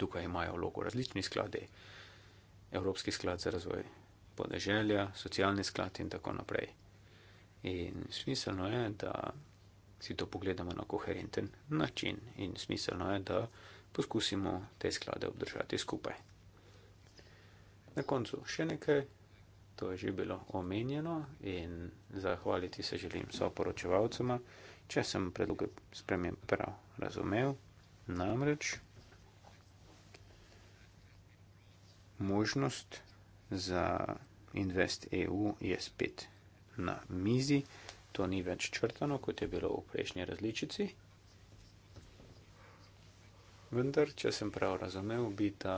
Tukaj imajo vlogo različni skladi, Evropski sklad za razvoj podeželja, socialni sklad in tako naprej. In smiselno je, da si to pogledamo na koherenten način in smiselno je, da poskusimo te sklade obdržati skupaj. Na koncu še nekaj, to je že bilo omenjeno in zahvaliti se želim soporočevalcema, če sem predloge spremem prav razumev, namreč možnost za Invest EU je spet na mizi, to ni več črtano, kot je bilo v prejšnji različici. Vendar, če sem prav razumel, bi ta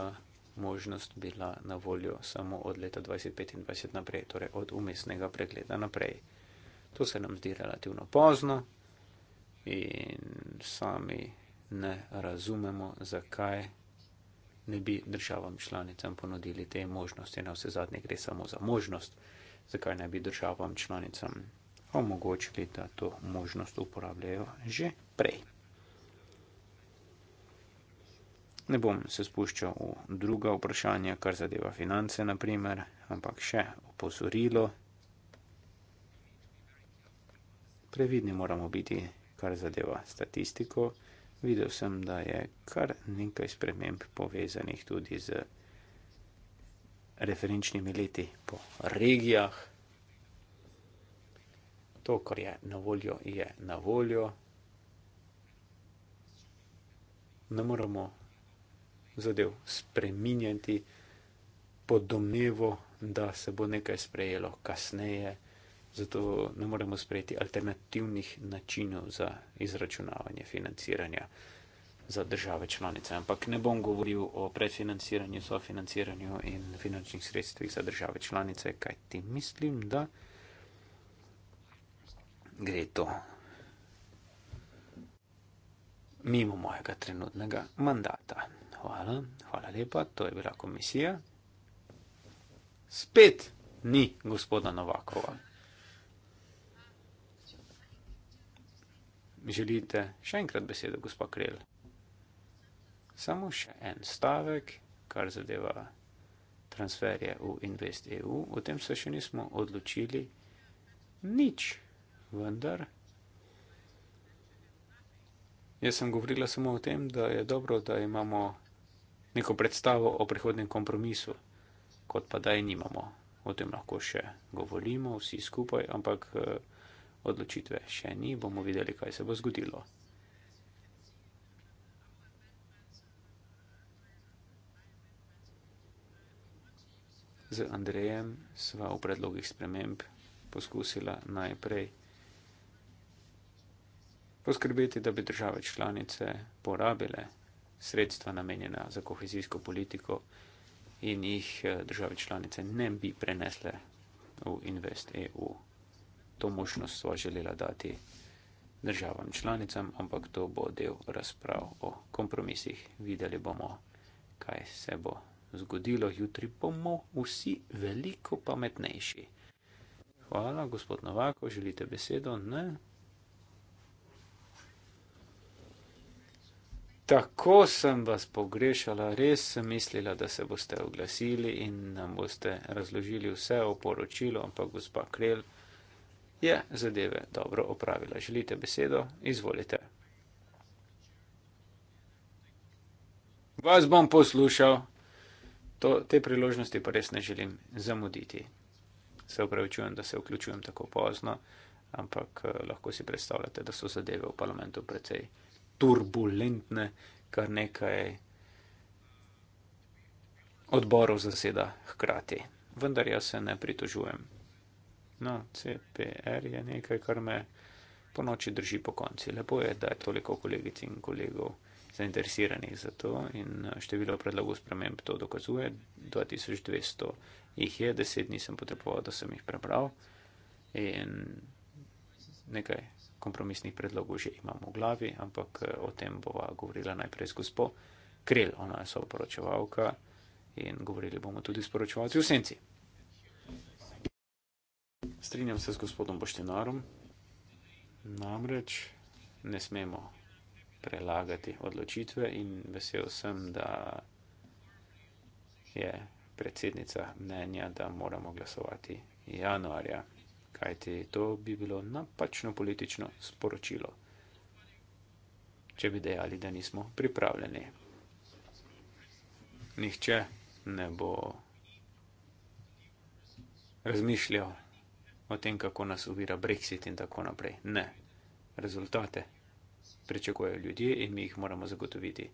možnost bila na voljo samo od leta 2025 naprej, torej od umestnega pregleda naprej. To se nam zdi relativno pozno in sami ne razumemo, zakaj ne bi državam članicam ponudili te možnosti. Na vse zadnje gre samo za možnost, zakaj ne bi državam članicam omogočili, da to možnost uporabljajo že prej. Ne bom se spuščal v druga vprašanja, kar zadeva finance, naprimer, ampak še opozorilo. Previdni moramo biti, kar zadeva statistiko. Videl sem, da je kar nekaj sprememb povezanih tudi z referenčnimi leti po regijah. To, kar je na voljo, je na voljo. Ne moramo zadev, spreminjati pod domnevo, da se bo nekaj sprejelo kasneje. Zato ne moremo sprejeti alternativnih načinov za izračunavanje financiranja za države članice. Ampak ne bom govoril o predfinanciranju, sofinanciranju in finančnih sredstvih za države članice, kaj ti mislim, da gre to mimo mojega trenutnega mandata. Hvala, hvala lepa, to je bila komisija. Spet ni gospoda Novakova. Želite še enkrat besedo, gospa Krel? Samo še en stavek, kar zadeva transferje v Invest EU. O tem se še nismo odločili nič, vendar. Jaz sem govorila samo o tem, da je dobro, da imamo neko predstavo o prihodnem kompromisu, kot pa da je nimamo. O tem lahko še govorimo vsi skupaj, ampak eh, odločitve še ni, bomo videli, kaj se bo zgodilo. Z Andrejem sva v predlogih sprememb poskusila najprej poskrbeti, da bi države članice porabile sredstva namenjena za kohezijsko politiko in jih eh, države članice ne bi prenesle v Invest EU. To možnost so želela dati državam članicam, ampak to bo del razprav o kompromisih. Videli bomo, kaj se bo zgodilo. Jutri bomo vsi veliko pametnejši. Hvala, gospod Novako, želite besedo? Ne, tako sem vas pogrešala, res sem mislila, da se boste oglasili in nam boste razložili vse o poročilu, ampak gospa Krel je zadeve dobro opravila. Želite besedo? Izvolite. Vas bom poslušal. To, te priložnosti pa res ne želim zamuditi. Se upravičujem, da se vključujem tako pozno, ampak eh, lahko si predstavljate, da so zadeve v parlamentu precej turbulentne, kar nekaj odborov zaseda hkrati. Vendar jaz se ne pritožujem. No, CPR je nekaj, kar me po noči drži po konci. Lepo je, da je toliko kolegic in kolegov zainteresiranih za to in eh, število predlogov sprememb to dokazuje. 2200 jih je, deset dni sem potreboval, da sem jih prebral in nekaj kompromisnih predlogov že imamo v glavi, ampak eh, o tem bova govorila najprej gospo Krel, ona je soporočevalka in govorili bomo tudi s poročevalci v senci. Strinjam se s gospodom Boštenarom, namreč ne smemo prelagati odločitve in vesel sem, da je predsednica mnenja, da moramo glasovati januarja kajti to bi bilo napačno politično sporočilo, če bi dejali, da nismo pripravljeni. Nihče ne bo razmišljal o tem, kako nas uvira Brexit in tako naprej. Ne. Rezultate pričakujejo ljudje in mi jih moramo zagotoviti.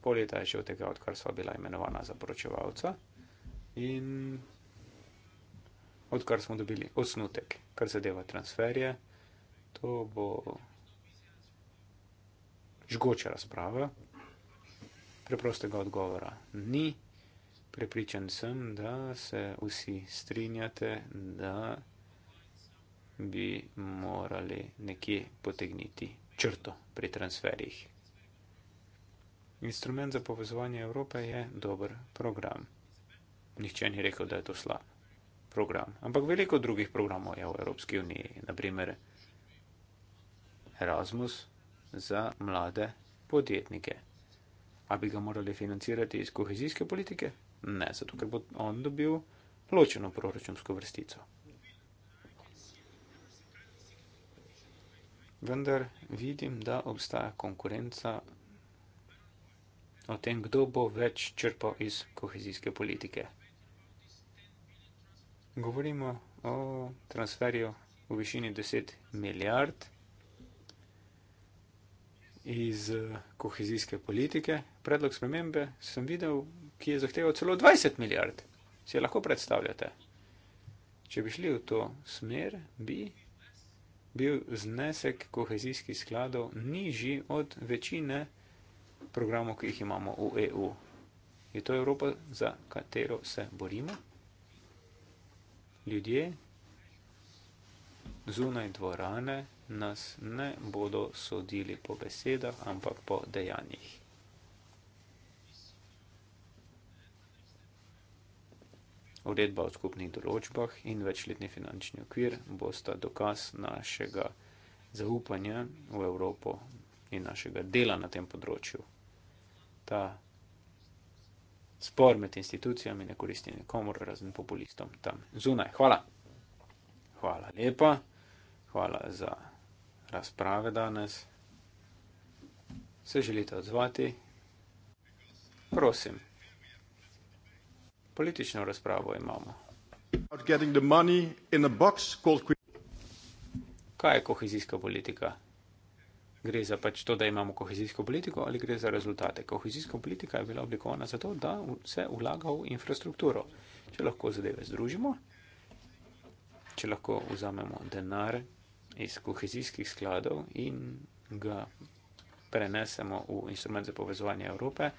Pol leta je že od tega, odkar sva bila imenovana za poročevalca. In odkar smo dobili osnutek, kar zadeva transferje, to bo žgoča razprava. Preprostega odgovora ni. Prepričan sem, da se vsi strinjate, da bi morali nekje potegniti črto pri transferjih. Instrument za povezovanje Evrope je dober program. Nihče ni rekel, da je to slabo program. Ampak veliko drugih programov je v Evropski uniji, naprimer Erasmus za mlade podjetnike. A bi ga morali financirati iz kohezijske politike? Ne, zato ker bo on dobil ločeno proračunsko vrstico. Vendar vidim, da obstaja konkurenca o tem, kdo bo več črpal iz kohezijske politike govorimo o transferju v višini 10 milijard iz eh, kohezijske politike. Predlog spremembe sem videl, ki je zahteval celo 20 milijard. Si je lahko predstavljate? Če bi šli v to smer, bi bil znesek kohezijskih skladov nižji od večine programov, ki jih imamo v EU. Je to Evropa, za katero se borimo? ljudje zunaj dvorane nas ne bodo sodili po besedah, ampak po dejanjih. Uredba o skupnih določbah in večletni finančni okvir bosta dokaz našega zaupanja v Evropo in našega dela na tem področju. Ta spor med institucijami ne koristi nikomor, razen populistom tam zunaj. Hvala. Hvala lepa. Hvala za razprave danes. Se želite odzvati? Prosim. Politično razpravo imamo. Kaj je kohezijska politika? gre za pač to, da imamo kohezijsko politiko ali gre za rezultate. Kohezijska politika je bila oblikovana zato, da se vlaga v infrastrukturo. Če lahko zadeve združimo, če lahko vzamemo denar iz kohezijskih skladov in ga prenesemo v instrument za povezovanje Evrope,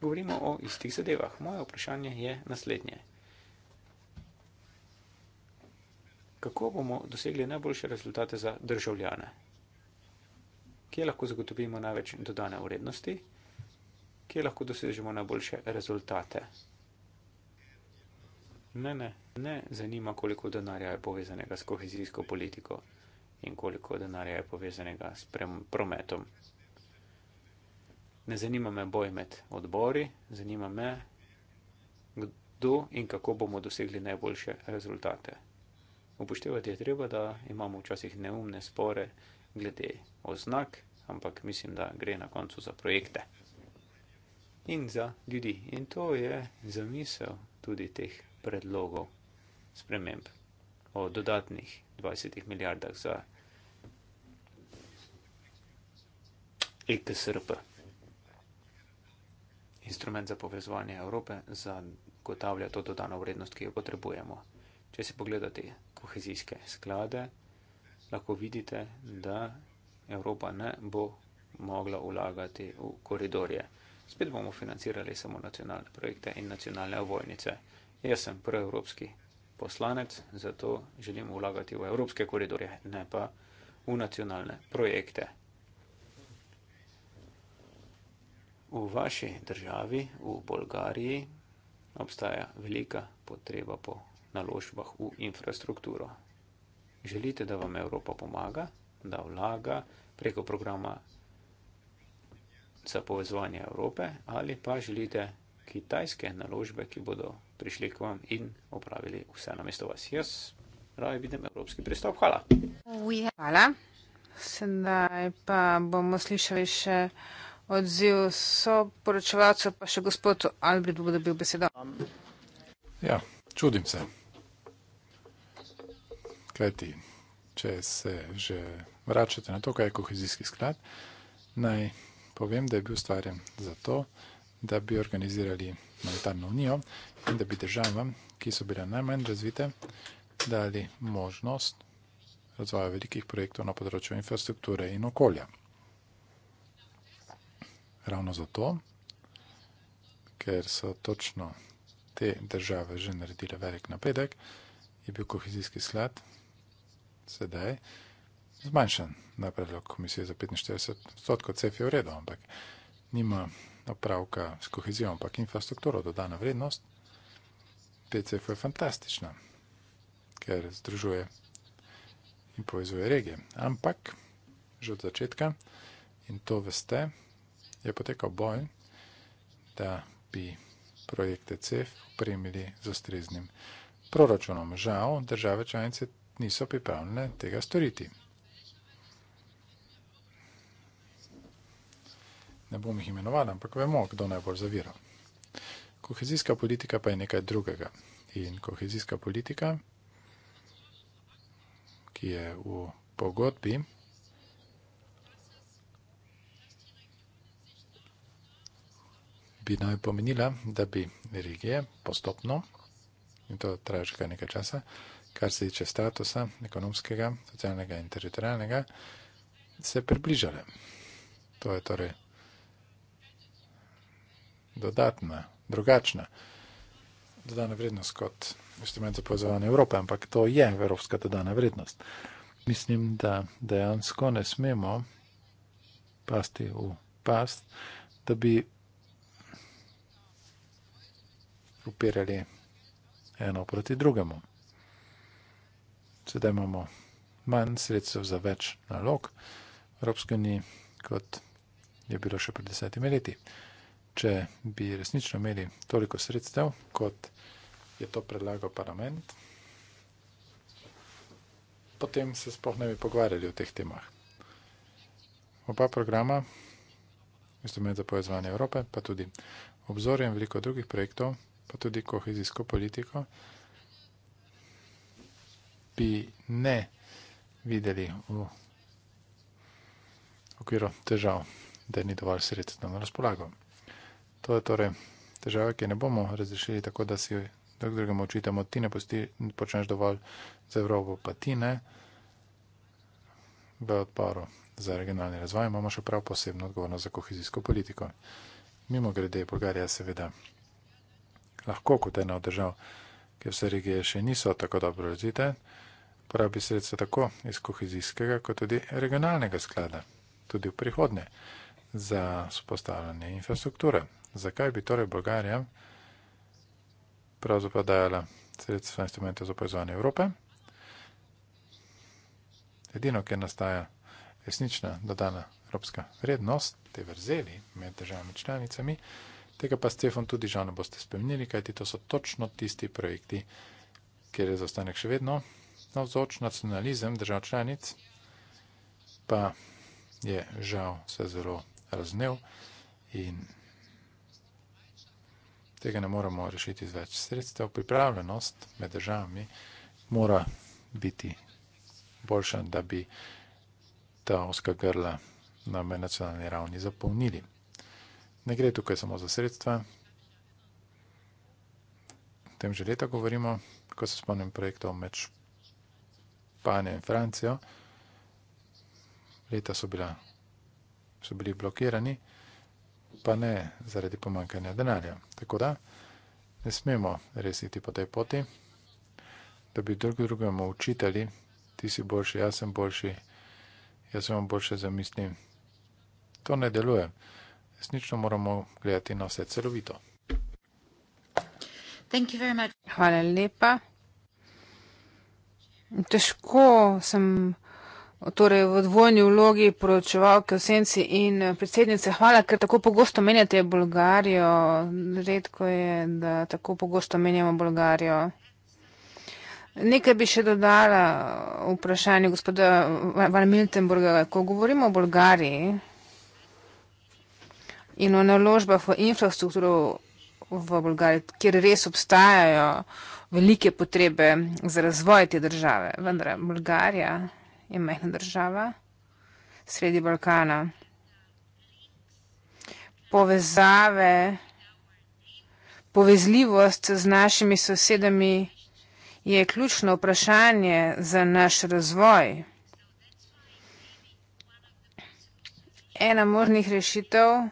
govorimo o istih zadevah. Moje vprašanje je naslednje. Kako bomo dosegli najboljše rezultate za državljane? kje lahko zagotovimo največ dodane vrednosti, kje lahko dosežemo najboljše rezultate. Ne, ne, ne zanima, koliko denarja je povezanega s kohezijsko politiko in koliko denarja je povezanega s prometom. Ne zanima me boj med odbori, zanima me, kdo in kako bomo dosegli najboljše rezultate. Upoštevati je treba, da imamo včasih neumne spore glede oznak, ampak mislim, da gre na koncu za projekte in za ljudi. In to je zamisel tudi teh predlogov sprememb o dodatnih 20 milijardah za IKSRP. E Instrument za povezovanje Evrope zagotavlja to dodano vrednost, ki jo potrebujemo. Če si pogledate kohezijske sklade, lahko vidite, da Evropa ne bo mogla ulagati v koridorje. Spet bomo financirali samo nacionalne projekte in nacionalne vojnice. Jaz sem proevropski poslanec, zato želim ulagati v evropske koridorje, ne pa v nacionalne projekte. V vaši državi, v Bolgariji, obstaja velika potreba po naložbah v infrastrukturo želite, da vam Evropa pomaga, da vlaga preko programa za povezovanje Evrope ali pa želite kitajske naložbe, ki bodo prišli k vam in opravili vse na mesto vas. Jaz raje vidim evropski pristop. Hvala. Hvala. Sedaj pa bomo slišali še odziv soporočevalcev, pa še gospod Albrecht bo dobil besedo. Ja, čudim se kajti če se že vračate na to, kaj je kohezijski sklad, naj povem, da je bil ustvarjen zato, da bi organizirali monetarno unijo in da bi državam, ki so bile najmanj razvite, dali možnost razvoja velikih projektov na področju infrastrukture in okolja. Ravno zato, ker so točno te države že naredile velik napredek, je bil kohezijski sklad sedaj zmanjšan na predlog komisije za 45%, CEF je v redu, ampak nima opravka s kohezijo, ampak infrastrukturo dodana vrednost, TCF je fantastična, ker združuje in povezuje regije. Ampak, že od začetka, in to veste, je potekal boj, da bi projekte CEF opremili z ustreznim proračunom. Žal, države članice niso pripravljene tega storiti. Ne bom jih imenoval, ampak vemo, kdo najbolj zavira. Kohezijska politika pa je nekaj drugega. In kohezijska politika, ki je v pogodbi, bi naj pomenila, da bi regije postopno, in to traja že kar nekaj časa, kar se tiče statusa ekonomskega, socialnega in teritorijalnega, se približale. To je torej dodatna, drugačna dodana vrednost kot instrument za povezovanje Evrope, ampak to je evropska dodana vrednost. Mislim, da dejansko ne smemo pasti v past, da bi upirali eno proti drugemu sedaj imamo manj sredstev za več nalog v Evropski uniji, kot je bilo še pred desetimi leti. Če bi resnično imeli toliko sredstev, kot je to predlagal parlament, potem se sploh ne bi pogovarjali o teh temah. Oba programa, instrument za povezovanje Evrope, pa tudi obzorje in veliko drugih projektov, pa tudi kohezijsko politiko, bi ne videli v okviru težav, da ni dovolj sredstva na razpolago. To je torej težava, ki ne bomo razrešili tako, da si drug drugemu očitamo, ti ne posti, počneš dovolj za Evropo, pa ti ne. V odporu za regionalni razvoj imamo še prav posebno odgovornost za kohezijsko politiko. Mimo grede je Bolgarija seveda lahko kot ena od držav, ki vse regije še niso tako dobro razvite porabi sredstva tako iz kohezijskega, kot tudi regionalnega sklada, tudi v prihodnje, za spostavljanje infrastrukture. Zakaj bi torej Bolgarija pravzaprav dajala sredstva instrumente za povezovanje Evrope? Edino, kjer nastaja resnična dodana evropska vrednost, te vrzeli med državami članicami, tega pa Stefan tudi žal ne boste spremnili, kajti to so točno tisti projekti, kjer je zastanek še vedno navzoč nacionalizem držav članic, pa je žal vse zelo raznev in tega ne moremo rešiti z več sredstev. Pripravljenost med državami mora biti boljša, da bi ta oska grla na nacionalni ravni zapolnili. Ne gre tukaj samo za sredstva, v tem že leta govorimo, ko se spomnim projektov med športom, Španijo in Francijo. Leta so, bila, so bili blokirani, pa ne zaradi pomankanja denarja. Tako da ne smemo resiti po tej poti, da bi drug drugemu učitali, ti si boljši, jaz sem boljši, jaz sem boljše zamislim. To ne deluje. Resnično moramo gledati na vse celovito. Hvala lepa. Težko sem torej v dvojni vlogi poročevalke v senci in eh, predsednice. Hvala, ker tako pogosto menjate Bolgarijo. Redko je, da tako pogosto menjamo Bolgarijo. Nekaj bi še dodala v vprašanju gospoda eh, Van Miltenburga. Ko govorimo o Bolgariji in o naložbah v infrastrukturo v Bolgariji, kjer res obstajajo velike potrebe za razvoj te države. Vendar Bolgarija je majhna država sredi Balkana. Povezave, povezljivost z našimi sosedami je ključno vprašanje za naš razvoj. Ena možnih rešitev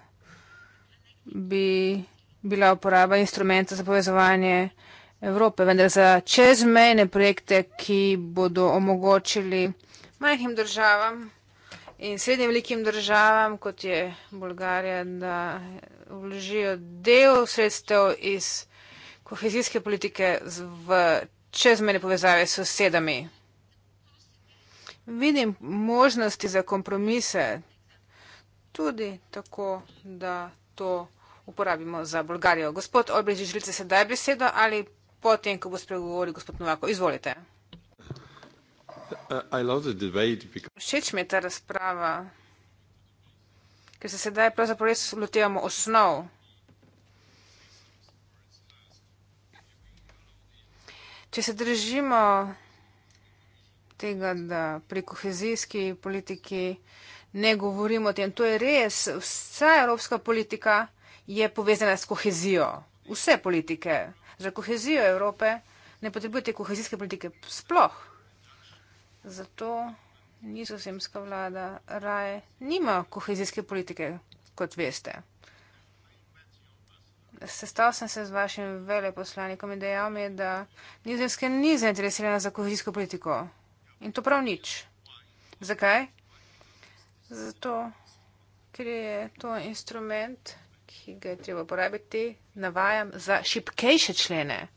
bi bila uporaba instrumenta za povezovanje Evrope, vendar za čezmejne projekte, ki bodo omogočili majhnim državam in srednjim velikim državam, kot je Bolgarija, da vložijo del sredstev iz kohezijske politike v čezmejne povezave s sosedami. Vidim možnosti za kompromise tudi tako, da to uporabimo za Bolgarijo. Gospod Orbič, želite sedaj besedo ali potem, ko bo spregovoril gospod Novako. Izvolite. Uh, Všeč mi je ta razprava, ker se sedaj pravzaprav res lotevamo osnov. Če se držimo tega, da pri kohezijski politiki ne govorimo o tem, to je res, vsa evropska politika je povezana s kohezijo. Vse politike za kohezijo Evrope ne potrebujete kohezijske politike sploh. Zato nizozemska vlada raje nima kohezijske politike, kot veste. Sestal sem se z vašim veleposlanikom in dejal mi je, da nizozemska ni zainteresirana za kohezijsko politiko. In to prav nič. Zakaj? Zato, ker je to instrument ki ga je treba uporabiti, navajam za šipkejše člene.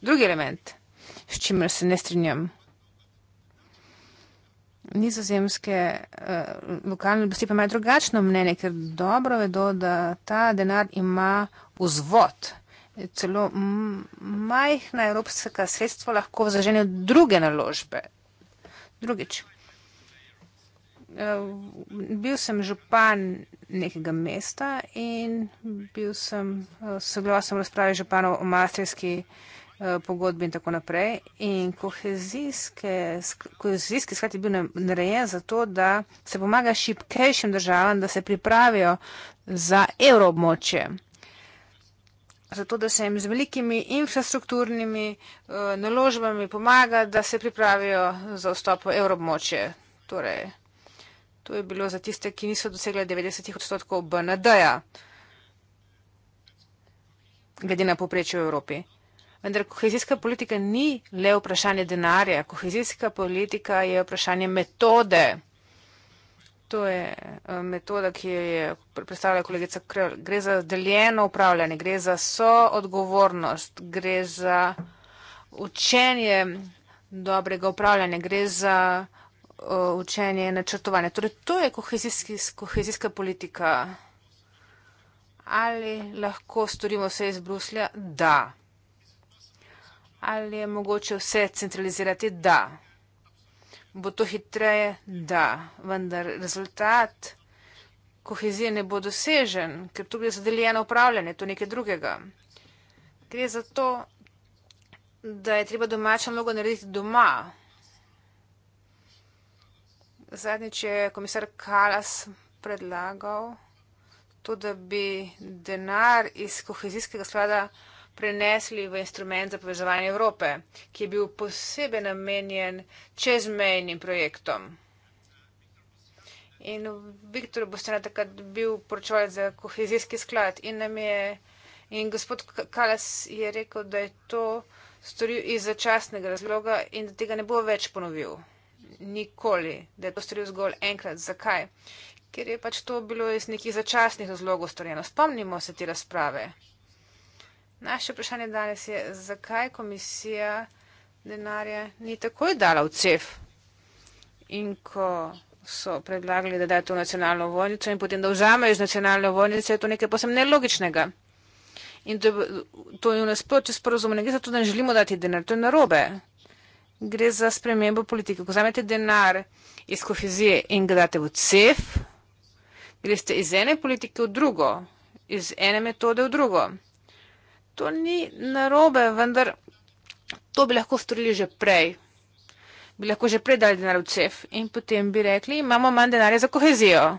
Drugi element, s čimer se ne strinjam. Nizozemske uh, lokalne oblasti pa imajo drugačno mnenje, ker dobro vedo, da ta denar ima vzvod. Celo majhna evropska sredstva lahko zaženejo druge naložbe. Drugič. Eh, bil sem župan nekega mesta in bil sem, eh, sodeloval sem v razpravi županov o masterski eh, pogodbi in tako naprej. In kohezijski sklad je bil narejen zato, da se pomaga šipkejšim državam, da se pripravijo za evroobmočje. Zato, da se jim z velikimi infrastrukturnimi naložbami pomaga, da se pripravijo za vstop v evroobmočje. Torej, To je bilo za tiste, ki niso dosegli 90 odstotkov BND-ja, glede na poprečje v Evropi. Vendar kohezijska politika ni le vprašanje denarja, kohezijska politika je vprašanje metode. To je eh, metoda, ki jo je predstavila kolegica Krl. Gre za deljeno upravljanje, gre za soodgovornost, gre za učenje dobrega upravljanja, gre za učenje in načrtovanje. Torej, to je kohezijska politika. Ali lahko storimo vse iz Bruslja? Da. Ali je mogoče vse centralizirati? Da. Bo to hitreje? Da. Vendar rezultat kohezije ne bo dosežen, ker tu gre za deljeno upravljanje, to je nekaj drugega. Gre za to, da je treba domača mnogo narediti doma zadnjič je komisar Kalas predlagal to, da bi denar iz kohezijskega sklada prenesli v instrument za povezovanje Evrope, ki je bil posebej namenjen čezmejnim projektom. In Viktor Bostena takrat bil poročevalec za kohezijski sklad in nam je in gospod Kalas je rekel, da je to storil iz začasnega razloga in da tega ne bo več ponovil nikoli, da je to storil zgolj enkrat. Zakaj? Ker je pač to bilo iz nekih začasnih razlogov storjeno. Spomnimo se te razprave. Naše vprašanje danes je, zakaj komisija denarja ni takoj dala v cef. In ko so predlagali, da dajo to nacionalno vojnico in potem da vzamejo iz nacionalne vojnice, je to nekaj posebno nelogičnega. In to, to je v nasprotju s porozumom. Ne gre za to, da ne želimo dati denar, to je narobe gre za spremembo politike. Ko vzamete denar iz kohezije in ga date v CEF, greste iz ene politike v drugo, iz ene metode v drugo. To ni narobe, vendar to bi lahko storili že prej. Bi lahko že prej dali denar v CEF in potem bi rekli, imamo manj denarja za kohezijo.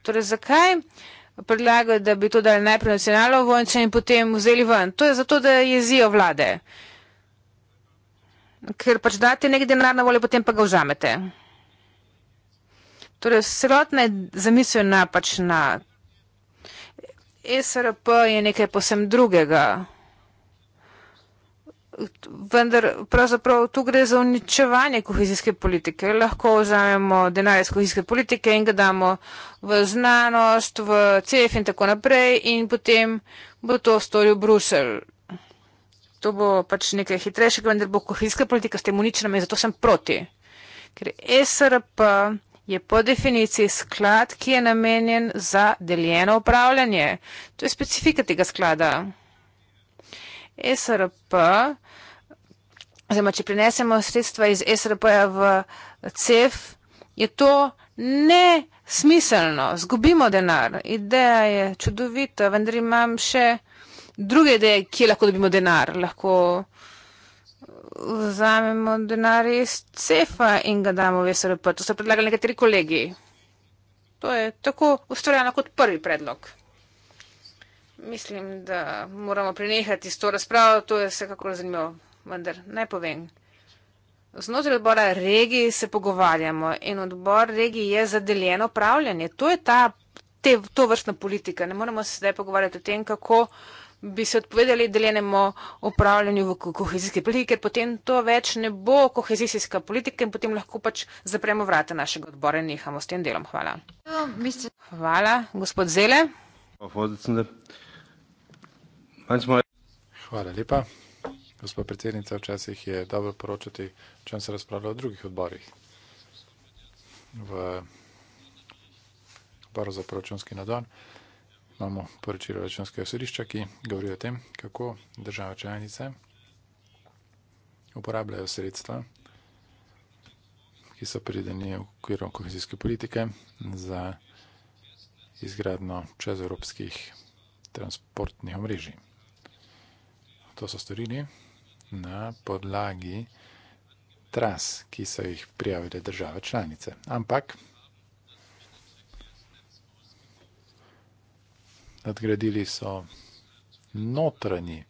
Torej, zakaj predlagajo, da bi to dali najprej nacionalno vojnce in potem vzeli ven? To je zato, da jezijo vlade ker pač date nekaj denarja na voljo, potem pa ga vzamete. Torej, celotna je zamisel napačna. SRP je nekaj posem drugega. Vendar pravzaprav tu gre za uničevanje kohezijske politike. Lahko vzamemo denar iz kohezijske politike in ga damo v znanost, v CF in tako naprej in potem bo to storil Bruselj to bo pač nekaj hitrejšega, vendar bo kohezijska politika s tem uničena in zato sem proti. Ker SRP je po definiciji sklad, ki je namenjen za deljeno upravljanje. To je specifika tega sklada. SRP, oziroma če prinesemo sredstva iz SRP-ja v CEF, je to ne. Smiselno, zgubimo denar. Ideja je čudovita, vendar imam še Druga ideja je, kje lahko dobimo denar. Lahko uh, vzamemo denar iz cefa in ga damo v SRP. To so predlagali nekateri kolegi. To je tako ustvarjeno kot prvi predlog. Mislim, da moramo prenehati s to razpravo, to je vsekakor zanimivo, vendar naj povem. Znotraj odbora regij se pogovarjamo in odbor regij je zadeljeno upravljanje. To je ta, te, to vrstna politika. Ne moramo se zdaj pogovarjati o tem, kako bi se odpovedali deljenemu upravljanju v kohezijski politiki, ker potem to več ne bo kohezijska politika in potem lahko pač zapremo vrata našega odbora in nehamo s tem delom. Hvala. Hvala, gospod Zele. Hvala lepa, gospod predsednica. Včasih je dobro poročati, čem se razpravlja o drugih odborih. V odboru za proračunski nadzor imamo poročilo računskega sodišča, ki govori o tem, kako države članice uporabljajo sredstva, ki so pridani v okviru kohezijske politike za izgradno čezevropskih transportnih omrežij. To so storili na podlagi tras, ki so jih prijavile države članice. Ampak nadgradili so notranji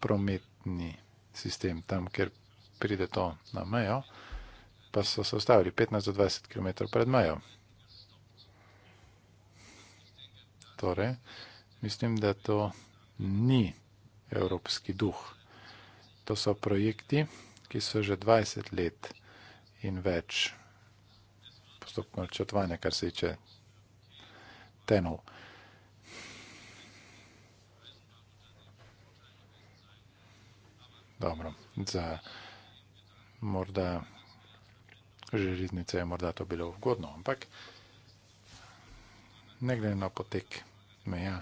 prometni sistem, tam, kjer pride to na mejo, pa so se ustavili 15 do 20 km pred mejo. Torej, mislim, da to ni evropski duh. To so projekti, ki so že 20 let in več postopno odčrtovanja, kar se tiče Tenov. Dobro, za morda železnice je morda to bilo ugodno, ampak ne glede na potek meja,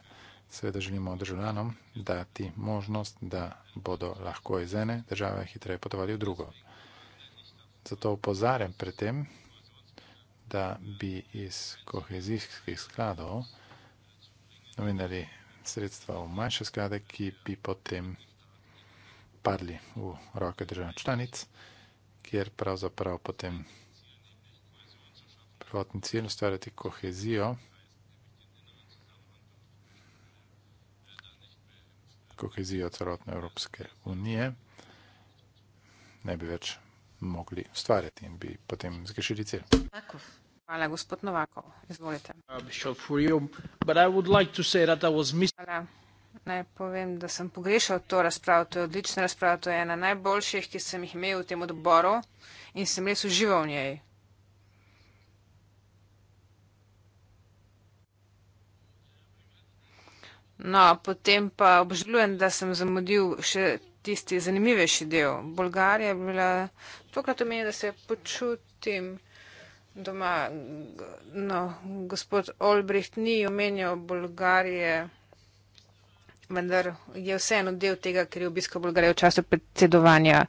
seveda želimo državljanom dati možnost, da bodo lahko iz ene države hitreje potovali v drugo. Zato upozarjam pred tem, da bi iz kohezijskih skladov namenjali sredstva v manjše sklade, ki bi potem padli v roke držav članic, kjer pravzaprav potem prvotni cilj ustvarjati kohezijo, kohezijo celotne Evropske unije, ne bi več mogli ustvarjati in bi potem zgrešili cel. Hvala, gospod Novakov. Izvolite. Uh, Hvala. Naj povem, da sem pogrešal to razpravo. To je odlična razprava. To je ena najboljših, ki sem jih imel v tem odboru in sem res užival v njej. No, potem pa obžalujem, da sem zamudil še tisti zanimivejši del. Bolgarija je bila, tokrat omenja, da se počutim doma. No, gospod Olbricht ni omenjal Bolgarije, vendar je vseeno del tega, ker je obiskal Bolgarijo v času predsedovanja.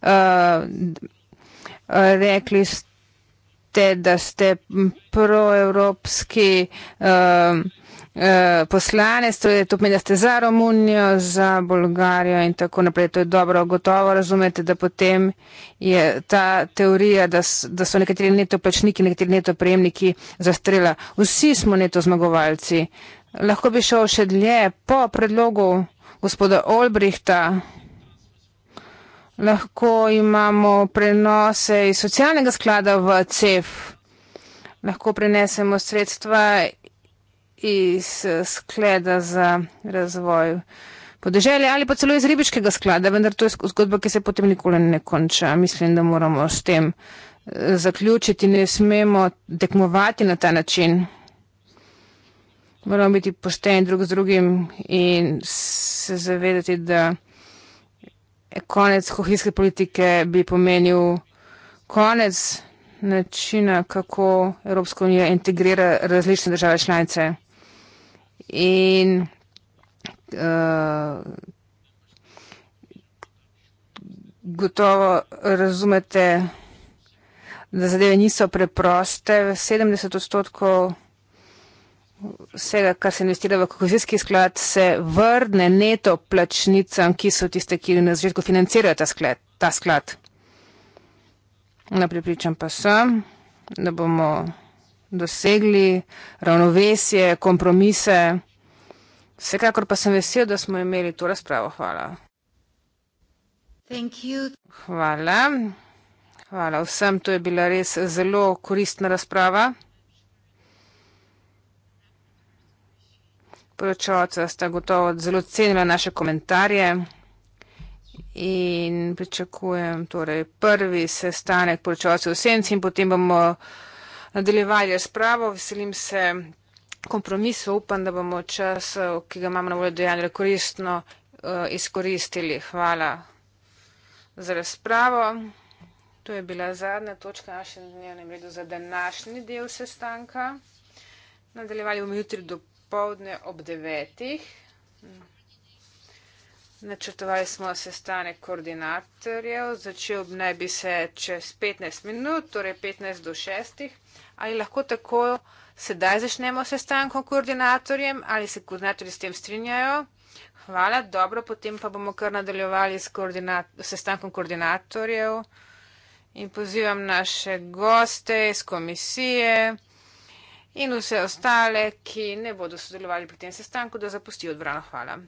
Uh, rekli ste, da ste proevropski. Uh, Eh, poslanec, to je to pomeni, da ste za Romunijo, za Bolgarijo in tako naprej. To je dobro, gotovo razumete, da potem je ta teorija, da, da so nekateri neto plačniki, nekateri neto prejemniki zastrela. Vsi smo neto zmagovalci. Lahko bi šel še dlje po predlogu gospoda Olbrihta. Lahko imamo prenose iz socialnega sklada v CEF, lahko prenesemo sredstva iz eh, skleda za razvoj podeželja ali pa celo iz ribiškega sklada, vendar to je zgodba, ki se potem nikoli ne konča. Mislim, da moramo s tem eh, zaključiti, ne smemo tekmovati na ta način. Moramo biti pošteni drug z drugim in se zavedati, da konec kohijske politike bi pomenil konec načina, kako Evropska unija integrira različne države članice. In uh, gotovo razumete, da zadeve niso preproste. 70 odstotkov vsega, kar se investira v kohezijski sklad, se vrne neto plačnicam, ki so tiste, ki na začetku financirajo ta sklad. Ta sklad. Napripričam pa sem, da bomo dosegli ravnovesje, kompromise. Vsekakor pa sem vesel, da smo imeli to razpravo. Hvala. Hvala. Hvala vsem, to je bila res zelo koristna razprava. Poročalca sta gotovo zelo cenila naše komentarje in pričakujem torej prvi sestanek poročalcev v senci in potem bomo nadaljevali razpravo. Veselim se kompromisu. Upam, da bomo čas, eh, ki ga imamo na voljo, dejansko koristno eh, izkoristili. Hvala za razpravo. To je bila zadnja točka našem dnevnem redu za današnji del sestanka. Nadaljevali bomo jutri do povdne ob devetih. Načrtovali smo sestanek koordinatorjev, začel naj bi se čez 15 minut, torej 15 do 6 ali lahko tako sedaj začnemo s sestankom koordinatorjem, ali se koordinatorji s tem strinjajo. Hvala, dobro, potem pa bomo kar nadaljevali s koordinat sestankom koordinatorjev in pozivam naše goste iz komisije in vse ostale, ki ne bodo sodelovali pri tem sestanku, da zapustijo odbrano. Hvala.